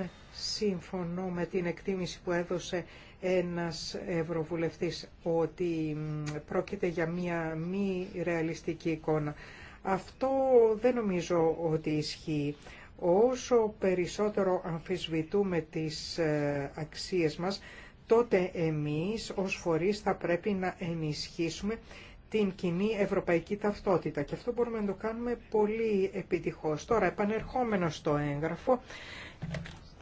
ε, συμφωνώ με την εκτίμηση που έδωσε ένας ευρωβουλευτής ότι πρόκειται για μία μη ρεαλιστική εικόνα. Αυτό δεν νομίζω ότι ισχύει. Όσο περισσότερο αμφισβητούμε τις ε, αξίες μας, τότε εμείς ως φορείς θα πρέπει να ενισχύσουμε την κοινή ευρωπαϊκή ταυτότητα και αυτό μπορούμε να το κάνουμε πολύ επιτυχώς. Τώρα, επανερχόμενο στο έγγραφο,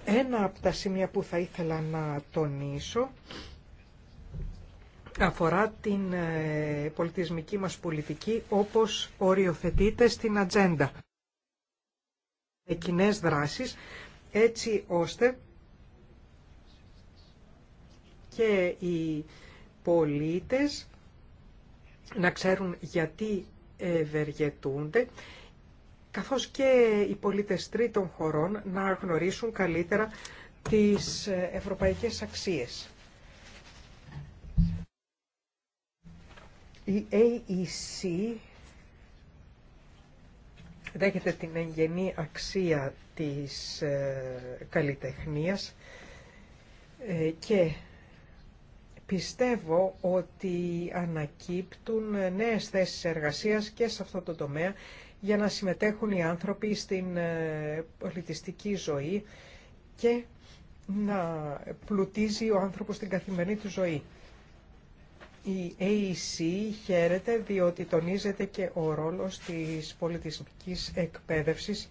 ένα από τα σημεία που θα ήθελα να τονίσω αφορά την ε, πολιτισμική μας πολιτική όπως οριοθετείται στην ατζέντα. Με κοινέ δράσεις έτσι ώστε και οι πολίτες να ξέρουν γιατί ευεργετούνται, καθώς και οι πολίτες τρίτων χωρών να γνωρίσουν καλύτερα τις ευρωπαϊκές αξίες. Η AEC δέχεται την εγγενή αξία της ε, καλλιτεχνίας ε, και πιστεύω ότι ανακύπτουν νέες θέσεις εργασίας και σε αυτό το τομέα για να συμμετέχουν οι άνθρωποι στην ε, πολιτιστική ζωή και να πλουτίζει ο άνθρωπος στην καθημερινή του ζωή. Η AEC χαίρεται διότι τονίζεται και ο ρόλος της πολιτισμικής εκπαίδευσης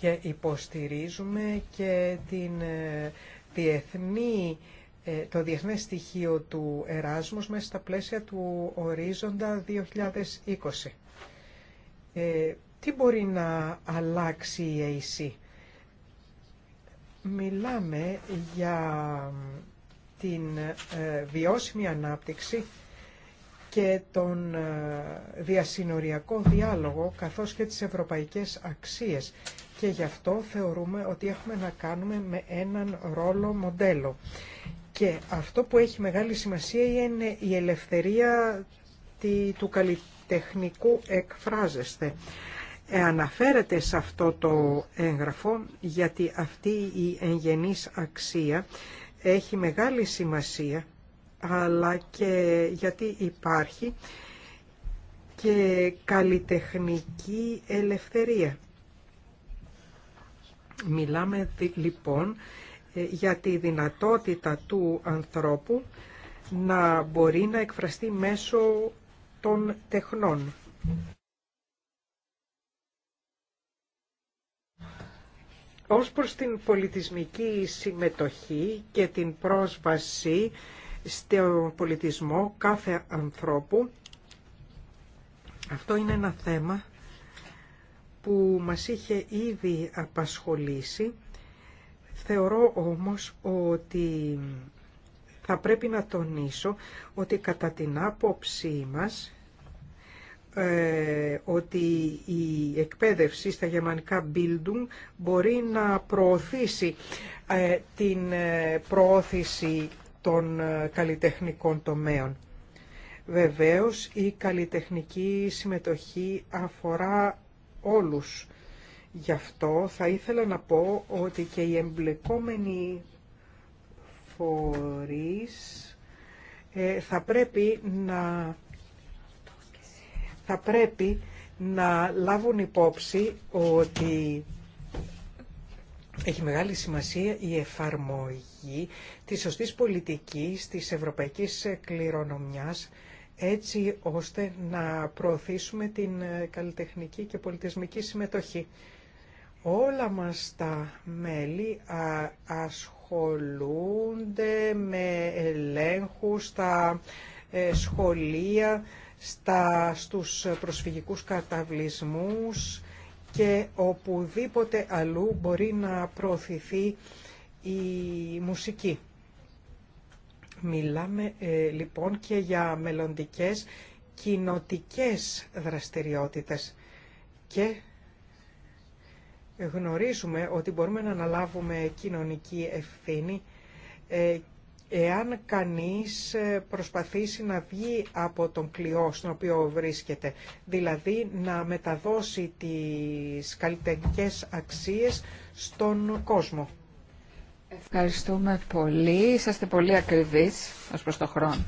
και υποστηρίζουμε και την ε, διεθνή ε, το διεθνές στοιχείο του Εράσμους μέσα στα πλαίσια του ορίζοντα 2020. Ε, τι μπορεί να αλλάξει η Μιλάμε για την ε, βιώσιμη ανάπτυξη και τον ε, διασυνοριακό διάλογο καθώς και τις ευρωπαϊκές αξίες. Και γι' αυτό θεωρούμε ότι έχουμε να κάνουμε με έναν ρόλο μοντέλο και αυτό που έχει μεγάλη σημασία είναι η ελευθερία του καλλιτεχνικού εκφράζεστε. Ε, αναφέρεται σε αυτό το έγγραφο γιατί αυτή η εγγενής αξία έχει μεγάλη σημασία αλλά και γιατί υπάρχει και καλλιτεχνική ελευθερία. Μιλάμε λοιπόν ε, για τη δυνατότητα του ανθρώπου να μπορεί να εκφραστεί μέσω των τεχνών. Ως προς την πολιτισμική συμμετοχή και την πρόσβαση στο πολιτισμό κάθε ανθρώπου, αυτό είναι ένα θέμα που μας είχε ήδη απασχολήσει Θεωρώ όμως ότι θα πρέπει να τονίσω ότι κατά την άποψή μας ε, ότι η εκπαίδευση στα γερμανικά Bildung μπορεί να προωθήσει ε, την ε, προώθηση των καλλιτεχνικών τομέων. Βεβαίως η καλλιτεχνική συμμετοχή αφορά όλους Γι' αυτό θα ήθελα να πω ότι και οι εμπλεκόμενοι φορείς ε, θα πρέπει να θα πρέπει να λάβουν υπόψη ότι έχει μεγάλη σημασία η εφαρμογή της σωστής πολιτικής της ευρωπαϊκής κληρονομιάς έτσι ώστε να προωθήσουμε την ε, καλλιτεχνική και πολιτισμική συμμετοχή όλα μας τα μέλη α, ασχολούνται με ελέγχους στα ε, σχολεία, στα, στους προσφυγικούς καταβλισμούς και οπουδήποτε αλλού μπορεί να προωθηθεί η μουσική. Μιλάμε ε, λοιπόν και για μελλοντικές κοινοτικές δραστηριότητες και γνωρίζουμε ότι μπορούμε να αναλάβουμε κοινωνική ευθύνη ε, εάν κανείς ε, προσπαθήσει να βγει από τον κλειό στον οποίο βρίσκεται, δηλαδή να μεταδώσει τις καλλιτεχνικές αξίες στον κόσμο. Ευχαριστούμε πολύ. Είσαστε πολύ ακριβείς ως προς το χρόνο.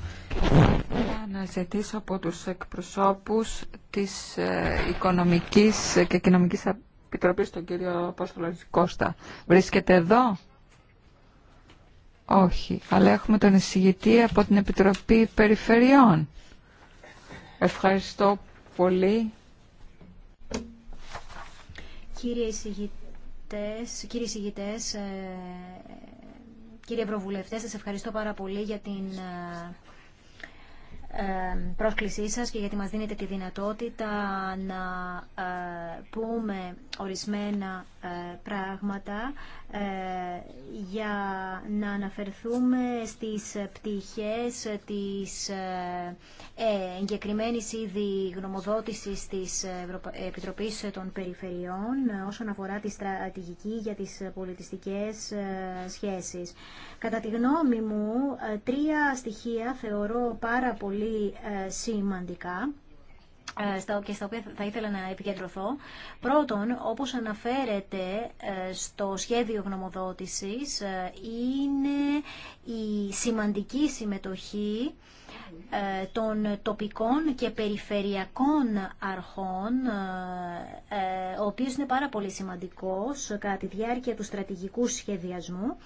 Θα αναζητήσω από τους εκπροσώπους της ε, Οικονομικής και Κοινωνικής Επιτροπή στον κύριο Απόστολο Κώστα. Βρίσκεται εδώ? Όχι, αλλά έχουμε τον εισηγητή από την Επιτροπή Περιφερειών. Ευχαριστώ πολύ. Κύριε εισηγητές, κύριοι εισηγητές, ε, κύριοι ευρωβουλευτές, σας ευχαριστώ πάρα πολύ για την ε, πρόσκλησή σας και γιατί μας δίνετε τη δυνατότητα να ε, πούμε ορισμένα ε, πράγματα ε, για να αναφερθούμε στις πτυχές της εγκεκριμένης ήδη γνωμοδότησης της Επιτροπής των Περιφερειών όσον αφορά τη στρατηγική για τις πολιτιστικές σχέσεις. Κατά τη γνώμη μου, τρία στοιχεία θεωρώ πάρα πολύ πολύ ε, σημαντικά ε, και στα οποία θα ήθελα να επικεντρωθώ. Πρώτον, όπως αναφέρεται ε, στο σχέδιο γνωμοδότησης, είναι η σημαντική συμμετοχή των τοπικών και περιφερειακών αρχών, ο οποίος είναι πάρα πολύ σημαντικός κατά τη διάρκεια του στρατηγικού σχεδιασμού,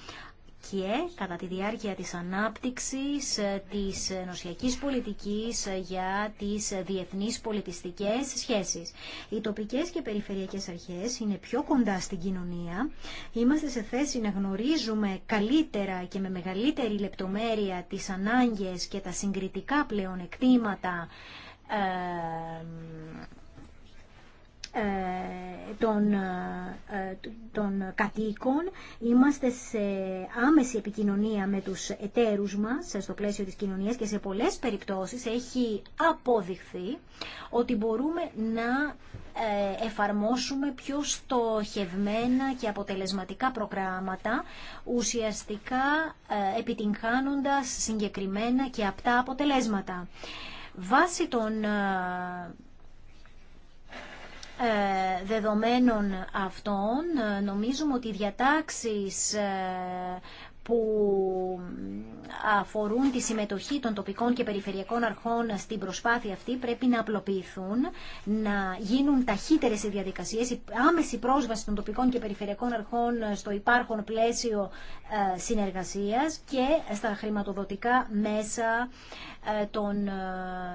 και κατά τη διάρκεια της ανάπτυξης ε, της νοσιακής πολιτικής ε, για τις ε, διεθνείς πολιτιστικές σχέσεις. Οι τοπικές και περιφερειακές αρχές είναι πιο κοντά στην κοινωνία. Είμαστε σε θέση να γνωρίζουμε καλύτερα και με μεγαλύτερη λεπτομέρεια τις ανάγκες και τα συγκριτικά πλεονεκτήματα ε, ε, ε, των, κατοίκων. Είμαστε σε άμεση επικοινωνία με τους εταίρους μας στο πλαίσιο της κοινωνίας και σε πολλές περιπτώσεις έχει αποδειχθεί ότι μπορούμε να εφαρμόσουμε πιο στοχευμένα και αποτελεσματικά προγράμματα ουσιαστικά επιτυγχάνοντας συγκεκριμένα και απτά αποτελέσματα. Βάσει των ε, δεδομένων αυτών ε, νομίζουμε ότι οι διατάξεις ε, που αφορούν τη συμμετοχή των τοπικών και περιφερειακών αρχών στην προσπάθεια αυτή πρέπει να απλοποιηθούν, να γίνουν ταχύτερε οι διαδικασίε, η άμεση πρόσβαση των τοπικών και περιφερειακών αρχών στο υπάρχον πλαίσιο ε, συνεργασία και στα χρηματοδοτικά μέσα ε, των ε,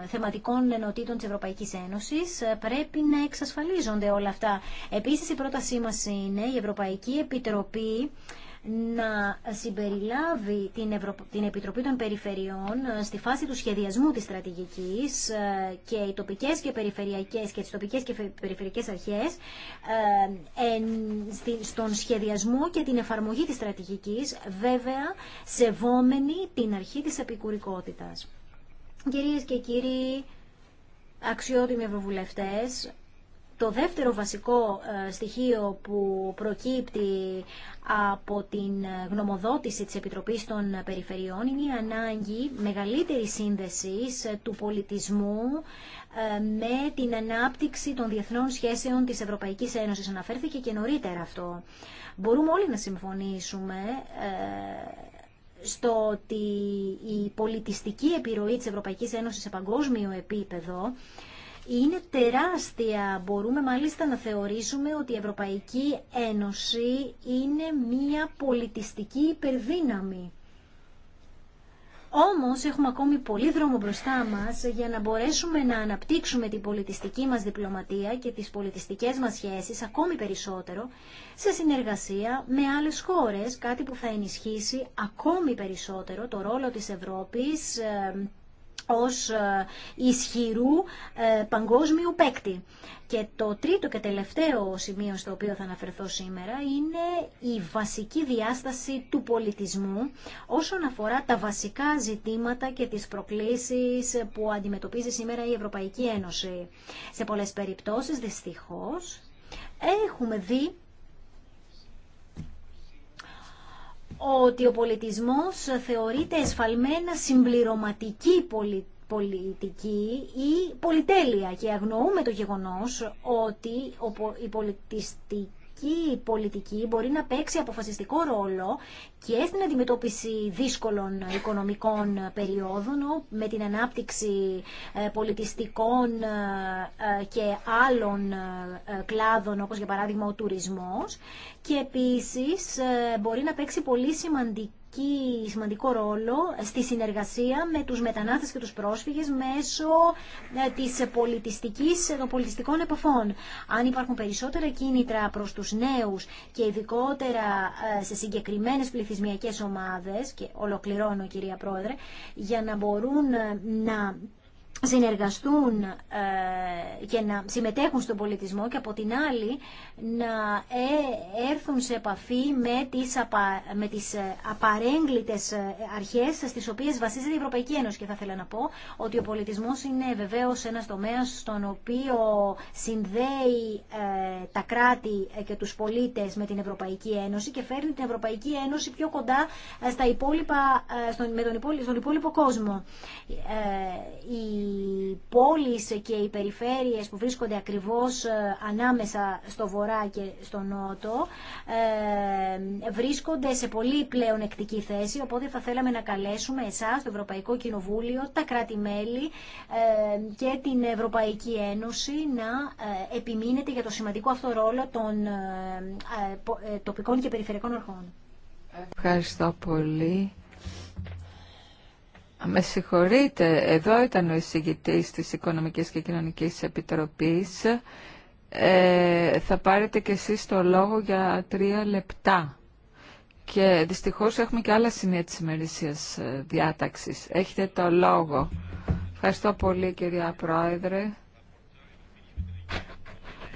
θεματικών ενωτήτων τη Ευρωπαϊκή Ένωση. Πρέπει να εξασφαλίζονται όλα αυτά. Επίση, η πρότασή μα είναι η Ευρωπαϊκή Επιτροπή να συμπεριλάβει την, την Επιτροπή των Περιφερειών ε, στη φάση του σχεδιασμού της στρατηγικής ε, και οι τοπικές και περιφερειακές και τις τοπικές και περιφερειακές αρχές ε, στον σχεδιασμό και την εφαρμογή της στρατηγικής βέβαια σεβόμενη την αρχή της επικουρικότητας. Κυρίες και κύριοι, αξιότιμοι ευρωβουλευτές, το δεύτερο βασικό ε, στοιχείο που προκύπτει από την γνωμοδότηση της Επιτροπής των Περιφερειών είναι η ανάγκη μεγαλύτερης σύνδεσης ε, του πολιτισμού ε, με την ανάπτυξη των διεθνών σχέσεων της Ευρωπαϊκής Ένωσης. Αναφέρθηκε και νωρίτερα αυτό. Μπορούμε όλοι να συμφωνήσουμε στο ότι η πολιτιστική επιρροή της Ευρωπαϊκής Ένωσης σε παγκόσμιο επίπεδο είναι τεράστια. Μπορούμε μάλιστα να θεωρήσουμε ότι η Ευρωπαϊκή Ένωση είναι μία πολιτιστική υπερδύναμη. Όμως έχουμε ακόμη πολύ δρόμο μπροστά μας για να μπορέσουμε να αναπτύξουμε την πολιτιστική μας διπλωματία και τις πολιτιστικές μας σχέσεις ακόμη περισσότερο σε συνεργασία με άλλες χώρες, κάτι που θα ενισχύσει ακόμη περισσότερο το ρόλο της Ευρώπης ε, ως ε, ισχυρού ε, παγκόσμιου παίκτη. Και το τρίτο και τελευταίο σημείο στο οποίο θα αναφερθώ σήμερα είναι η βασική διάσταση του πολιτισμού όσον αφορά τα βασικά ζητήματα και τις προκλήσεις που αντιμετωπίζει σήμερα η Ευρωπαϊκή Ένωση. Σε πολλές περιπτώσεις, δυστυχώς, έχουμε δει ότι ο πολιτισμός θεωρείται εσφαλμένα συμπληρωματική πολιτική πολιτική ή πολυτέλεια και αγνοούμε η πολιτιστική η πολιτική μπορεί να παίξει αποφασιστικό ρόλο και στην αντιμετώπιση δύσκολων οικονομικών περιόδων με την ανάπτυξη ε, πολιτιστικών ε, ε, και άλλων κλάδων όπως για παράδειγμα ο τουρισμός και επίσης μπορεί να παίξει πολύ σημαντικό σημαντικό ρόλο στη συνεργασία με τους μετανάστες και τους πρόσφυγες μέσω ε, της πολιτιστικής, ε, των πολιτιστικών επαφών. Αν υπάρχουν περισσότερα κίνητρα προς τους νέους και ειδικότερα ε, σε συγκεκριμένες πληθυσμιακές ομάδες, και ολοκληρώνω κυρία Πρόεδρε, για να μπορούν να συνεργαστούν ε, και να συμμετέχουν στον πολιτισμό και από την άλλη να ε, έρθουν σε επαφή με τις, απα, με τις ε, απαρέγκλητες αρχές στις οποίες βασίζεται η Ευρωπαϊκή Ένωση. Και θα ήθελα να πω ότι ο πολιτισμός είναι βεβαίως ένας τομέας στον οποίο συνδέει τα κράτη και τους πολίτες με την Ευρωπαϊκή Ένωση και φέρνει την Ευρωπαϊκή Ένωση πιο κοντά στον, με τον υπόλοιπο, στον κόσμο. η πόλεις και οι περιφέρειες που βρίσκονται ακριβώς ε, ανάμεσα στο βορρά και στο νότο ε, βρίσκονται σε πολύ πλέον εκτική θέση, οπότε θα θέλαμε να καλέσουμε εσάς, το Ευρωπαϊκό Κοινοβούλιο, τα κράτη-μέλη ε, και την Ευρωπαϊκή Ένωση να επιμείνετε για το σημαντικό αυτό ρόλο των τοπικών και περιφερειακών αρχών. Ευχαριστώ πολύ. Με συγχωρείτε, εδώ ήταν ο εισηγητής της Οικονομικής και Κοινωνικής Επιτροπής. Ε, θα πάρετε κι εσείς το λόγο για τρία λεπτά. Και δυστυχώς έχουμε και άλλα σημεία της ημερήσιας ε, διάταξης. Έχετε το λόγο. Ευχαριστώ πολύ κυρία Πρόεδρε.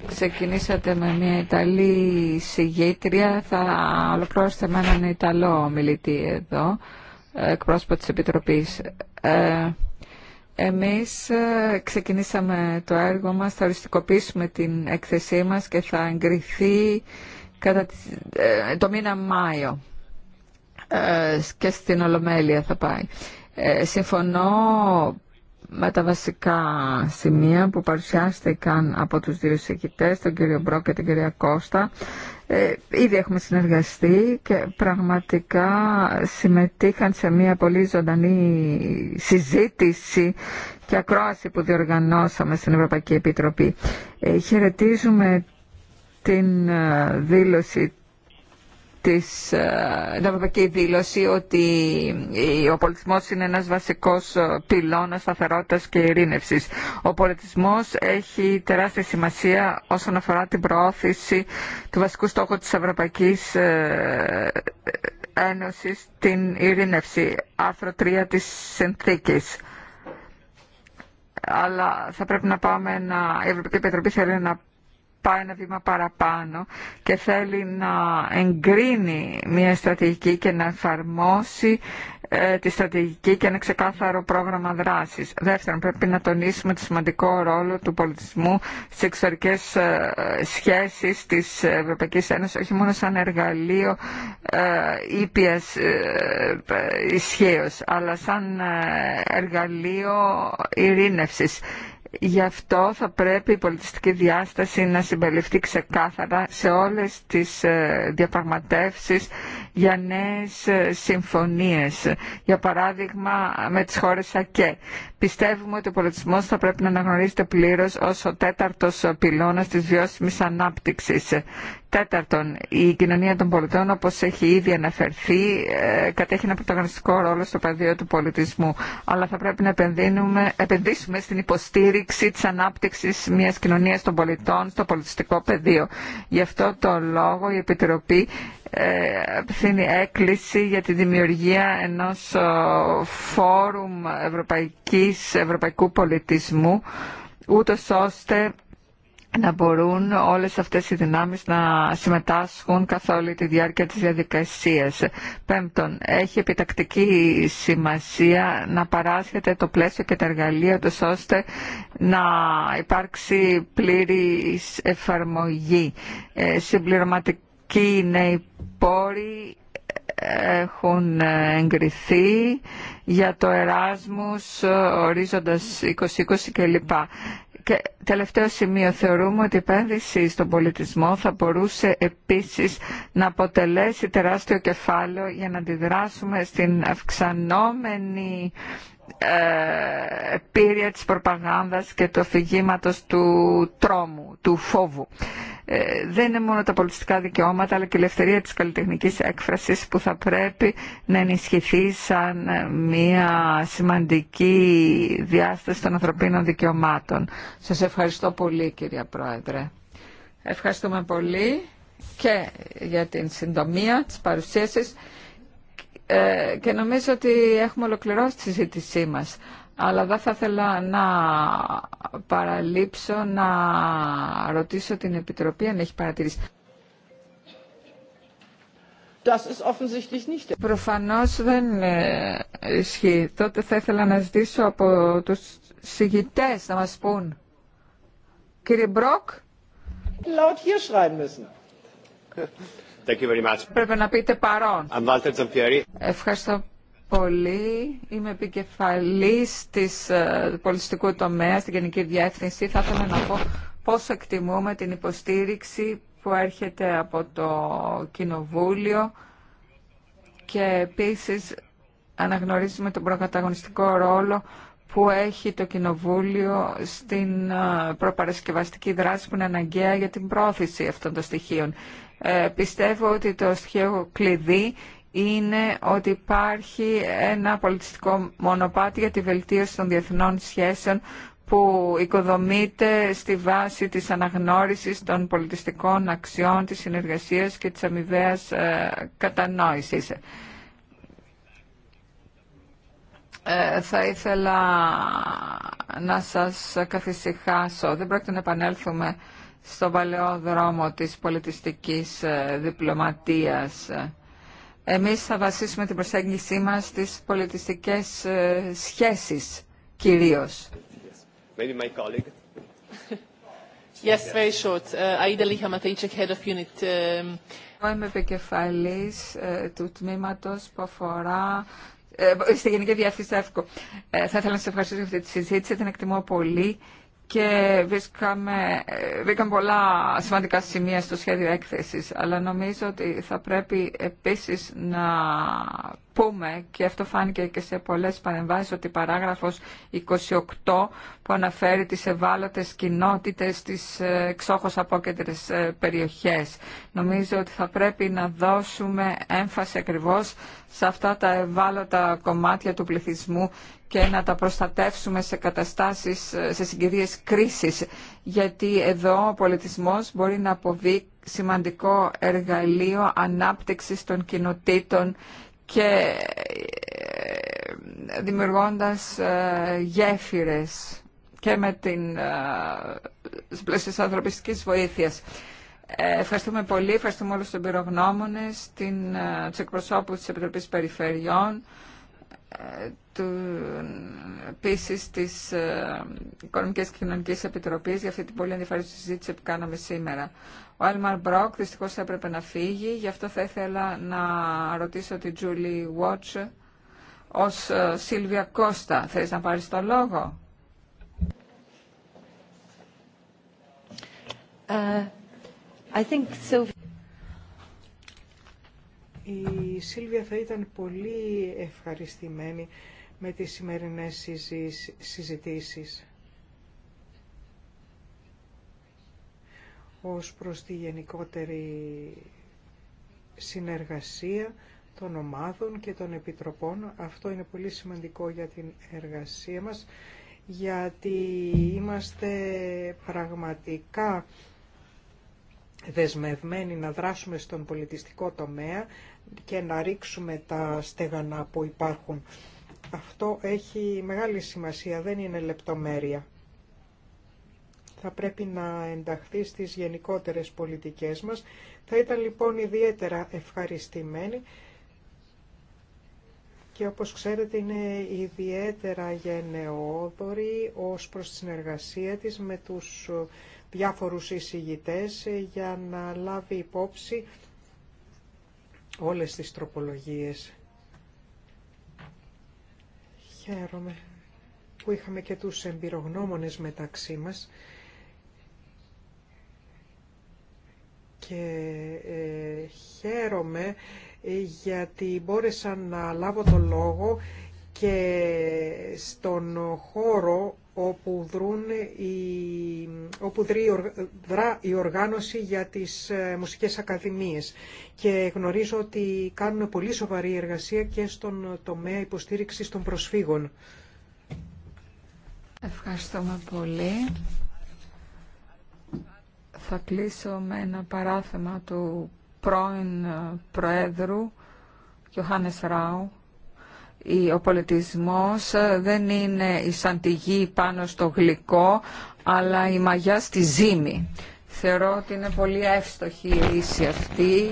Ξεκινήσατε με μια Ιταλή συγγήτρια. Θα ολοκληρώσετε με έναν Ιταλό μιλητή εδώ εκπρόσωπο της Επιτροπής. Ε, εμείς ε, ξεκινήσαμε το έργο μας, θα οριστικοποιήσουμε την έκθεσή μας και θα εγκριθεί κατά ε, το μήνα Μάιο και στην Ολομέλεια θα πάει. συμφωνώ με τα βασικά σημεία που παρουσιάστηκαν από τους δύο συγκητές, τον κύριο Μπρό και την κυρία Κώστα. Ε, ήδη έχουμε συνεργαστεί και πραγματικά συμμετείχαν σε μια πολύ ζωντανή συζήτηση και ακρόαση που διοργανώσαμε στην Ευρωπαϊκή Επιτροπή. Ε, χαιρετίζουμε την ε, δήλωση της, ε, την Ευρωπαϊκή Δήλωση ότι ο πολιτισμός είναι ένας βασικός ε, πυλώνας σταθερότητας και ειρήνευσης. Ο πολιτισμός έχει τεράστια σημασία όσον αφορά την προώθηση του βασικού στόχου της Ευρωπαϊκής ε, Ένωσης, την ειρήνευση, άρθρο 3 της Συνθήκης αλλά θα πρέπει να πάμε να... Η Ευρωπαϊκή Επιτροπή θέλει να πάει ένα βήμα παραπάνω και θέλει να εγκρίνει μια στρατηγική και να εφαρμόσει ε, τη στρατηγική και ένα ξεκάθαρο πρόγραμμα δράσης. Δεύτερον, πρέπει να τονίσουμε το σημαντικό ρόλο του πολιτισμού στις εξωτερικές ε, σχέσεις της Ευρωπαϊκής Ένωσης, όχι μόνο σαν εργαλείο ε, ήπιας ε, ε, ισχύω, αλλά σαν εργαλείο ειρήνευσης Γι' αυτό θα πρέπει η πολιτιστική διάσταση να συμπεριληφθεί ξεκάθαρα σε όλες τις ε, διαπραγματεύσεις για νέες ε, συμφωνίες. Για παράδειγμα με τις χώρες ΑΚΕ. Πιστεύουμε ότι ο πολιτισμός θα πρέπει να αναγνωρίζεται πλήρως ως ο τέταρτος πυλώνας της βιώσιμης ανάπτυξης Τέταρτον, η κοινωνία των πολιτών, όπως έχει ήδη αναφερθεί, ε, κατέχει ένα πρωταγωνιστικό ρόλο στο πεδίο του πολιτισμού. Αλλά θα πρέπει να επενδύσουμε στην υποστήριξη της ανάπτυξης μιας κοινωνίας των πολιτών στο πολιτιστικό πεδίο. Γι' αυτό το λόγο η Επιτροπή ε, απευθύνει έκκληση για τη δημιουργία ενός φόρουμ ευρωπαϊκού πολιτισμού, ούτως ώστε να μπορούν όλες αυτές οι δυνάμεις να συμμετάσχουν καθ' όλη τη διάρκεια της διαδικασίας. Πέμπτον, έχει επιτακτική σημασία να παράσχεται το πλαίσιο και τα εργαλεία του ώστε να υπάρξει πλήρη εφαρμογή. Ε, συμπληρωματικοί νέοι πόροι έχουν εγκριθεί για το Εράσμους ορίζοντας 2020 κλπ. Και τελευταίο σημείο θεωρούμε ότι η επένδυση στον πολιτισμό θα μπορούσε επίσης να αποτελέσει τεράστιο κεφάλαιο για να αντιδράσουμε στην αυξανόμενη ε, πύρια της προπαγάνδας και του αφηγήματος του τρόμου, του φόβου. Ε, δεν είναι μόνο τα πολιτιστικά δικαιώματα αλλά και η ελευθερία της καλλιτεχνικής έκφρασης που θα πρέπει να ενισχυθεί σαν ε, μια σημαντική διάσταση των ανθρωπίνων δικαιωμάτων. Σας ευχαριστώ πολύ κυρία Πρόεδρε. Ευχαριστούμε πολύ και για την συντομία της παρουσίασης ε, και νομίζω ότι έχουμε ολοκληρώσει τη συζήτησή μας αλλά δεν θα ήθελα να παραλείψω να ρωτήσω την Επιτροπή αν έχει παρατηρήσει. Das Προφανώς δεν ε, ισχύει. Τότε θα ήθελα να ζητήσω από τους συγητές να μας πούν. Κύριε Μπρόκ. Πρέπει να πείτε παρόν. Ευχαριστώ πολύ. Είμαι επικεφαλή της, ε, πολιτιστικού τομέα στην Γενική Διεύθυνση. Θα ήθελα να πω πόσο εκτιμούμε την υποστήριξη που έρχεται από το Κοινοβούλιο και επίσης αναγνωρίζουμε τον προκαταγωνιστικό ρόλο που έχει το Κοινοβούλιο στην ε, προπαρασκευαστική δράση που είναι αναγκαία για την πρόθεση αυτών των στοιχείων. Ε, πιστεύω ότι το στοιχείο κλειδί είναι ότι υπάρχει ένα πολιτιστικό μονοπάτι για τη βελτίωση των διεθνών σχέσεων που οικοδομείται στη βάση της αναγνώρισης των πολιτιστικών αξιών, της συνεργασίας και της αμοιβαίας ε, κατανόησης. Ε, θα ήθελα να σας καθησυχάσω. Δεν πρόκειται να επανέλθουμε στον παλαιό δρόμο της πολιτιστικής ε, διπλωματίας. Εμείς θα βασίσουμε την προσέγγισή μας στις πολιτιστικές ε, σχέσεις κυρίως. Maybe my colleague. yes, very short. Uh, head of unit. Um, Εγώ είμαι επικεφαλής ε, του τμήματος που αφορά ε, στη Γενική Διεύθυνση ΕΦΚΟ. θα ήθελα να σας ευχαριστήσω για αυτή τη συζήτηση, την εκτιμώ πολύ και βρίσκαμε, βρήκαμε πολλά σημαντικά σημεία στο σχέδιο έκθεσης, αλλά νομίζω ότι θα πρέπει επίσης να πούμε, και αυτό φάνηκε και σε πολλές παρεμβάσεις, ότι παράγραφος 28 που αναφέρει τις ευάλωτες κοινότητες, στις ε, εξόχως απόκεντρες ε, περιοχές. Νομίζω ότι θα πρέπει να δώσουμε έμφαση ακριβώς σε αυτά τα ευάλωτα κομμάτια του πληθυσμού και να τα προστατεύσουμε σε καταστάσεις, ε, σε συγκυρίες κρίσης, γιατί εδώ ο πολιτισμός μπορεί να αποβεί σημαντικό εργαλείο ανάπτυξης των κοινοτήτων και ε, δημιουργώντας ε, γέφυρες και με την ε, πλαίσια της ανθρωπιστικής βοήθειας. Ευχαριστούμε πολύ, ευχαριστούμε όλους τους εμπειρογνώμονες, την, τους εκπροσώπους της Επιτροπής Περιφερειών, του, επίσης της Οικονομικής και Κοινωνικής Επιτροπής για αυτή την πολύ ενδιαφέρουσα συζήτηση που κάναμε σήμερα. Ο Έλμαρ Μπρόκ δυστυχώ, έπρεπε να φύγει, γι' αυτό θα ήθελα να ρωτήσω την Τζούλι Βότς ω ε, Σίλβια Κώστα. Θε να πάρει το λόγο? Uh, I think so. Η Σίλβια θα ήταν πολύ ευχαριστημένη με τις σημερινές συζητήσεις. ως προς τη γενικότερη συνεργασία των ομάδων και των επιτροπών. Αυτό είναι πολύ σημαντικό για την εργασία μας, γιατί είμαστε πραγματικά δεσμευμένοι να δράσουμε στον πολιτιστικό τομέα και να ρίξουμε τα στεγανά που υπάρχουν. Αυτό έχει μεγάλη σημασία, δεν είναι λεπτομέρεια θα πρέπει να ενταχθεί στις γενικότερες πολιτικές μας. Θα ήταν λοιπόν ιδιαίτερα ευχαριστημένη και όπως ξέρετε είναι ιδιαίτερα γενναιόδορη ως προς τη συνεργασία της με τους διάφορους εισηγητές για να λάβει υπόψη όλες τις τροπολογίες. Χαίρομαι που είχαμε και τους εμπειρογνώμονες μεταξύ μας και ε, χαίρομαι ε, γιατί μπόρεσα να λάβω το λόγο και στον χώρο όπου, δρούν όπου δρά η οργάνωση για τις ε, μουσικές ακαδημίες. Και γνωρίζω ότι κάνουν πολύ σοβαρή εργασία και στον τομέα υποστήριξης των προσφύγων. Ευχαριστούμε πολύ θα κλείσω με ένα παράθεμα του πρώην ε, Προέδρου Ιωάννης Ράου. Ο πολιτισμός ε, δεν είναι η σαντιγή πάνω στο γλυκό, αλλά η μαγιά στη ζύμη. Θεωρώ ότι είναι πολύ εύστοχη η λύση αυτή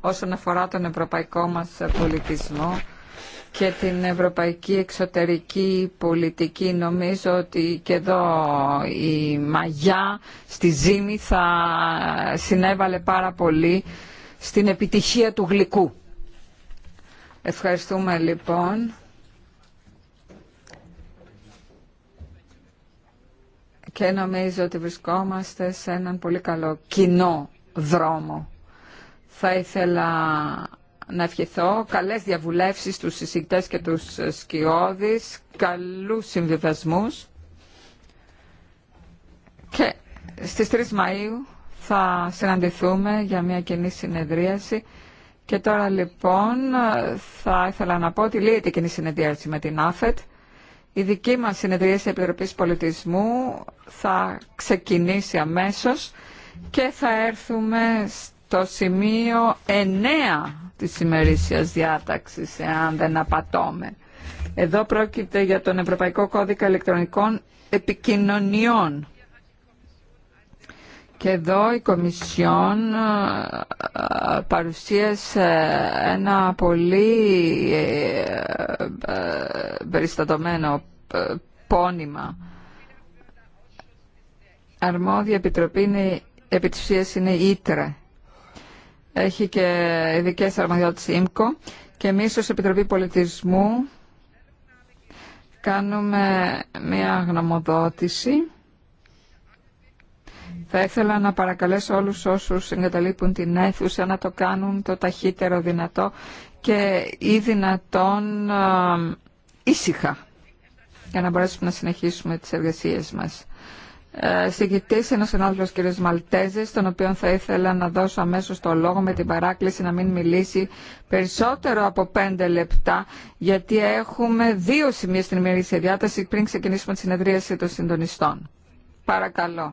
όσον αφορά τον ευρωπαϊκό μας ε, πολιτισμό και την ευρωπαϊκή εξωτερική πολιτική. Νομίζω ότι και εδώ η μαγιά στη ζήμη θα συνέβαλε πάρα πολύ στην επιτυχία του γλυκού. Ευχαριστούμε λοιπόν. Και νομίζω ότι βρισκόμαστε σε έναν πολύ καλό κοινό δρόμο. Θα ήθελα να ευχηθώ καλές διαβουλεύσεις στους συζητητές και τους σκιώδεις, καλούς συμβιβασμούς και στις 3 Μαΐου θα συναντηθούμε για μια κοινή συνεδρίαση και τώρα λοιπόν θα ήθελα να πω ότι λύεται η κοινή συνεδρίαση με την ΑΦΕΤ. Η δική μας συνεδρίαση Επιτροπής Πολιτισμού θα ξεκινήσει αμέσως και θα έρθουμε στο σημείο 9 της ημερήσιας διάταξης, εάν δεν απατώμε. Εδώ πρόκειται για τον Ευρωπαϊκό Κώδικα Ελεκτρονικών Επικοινωνιών. Και εδώ η Κομισιόν ε, παρουσίασε ένα πολύ ε, ε, περιστατωμένο πόνημα. Αρμόδια επιτροπή είναι, επί είναι έχει και ειδικέ αρμοδιότητες ΙΜΚΟ και εμεί, ω Επιτροπή Πολιτισμού κάνουμε μια γνωμοδότηση. Θα ήθελα να παρακαλέσω όλους όσους εγκαταλείπουν την αίθουσα να το κάνουν το ταχύτερο δυνατό και ή δυνατόν ε, ήσυχα για να μπορέσουμε να συνεχίσουμε τις εργασίες μας. Συγκριτής, είναι ο συνάδελφος κ. Μαλτέζης, τον οποίο θα ήθελα να δώσω αμέσως το λόγο με την παράκληση να μην μιλήσει περισσότερο από πέντε λεπτά, γιατί έχουμε δύο σημεία στην ημερήσια διάταση πριν ξεκινήσουμε τη συνεδρίαση των συντονιστών. Παρακαλώ.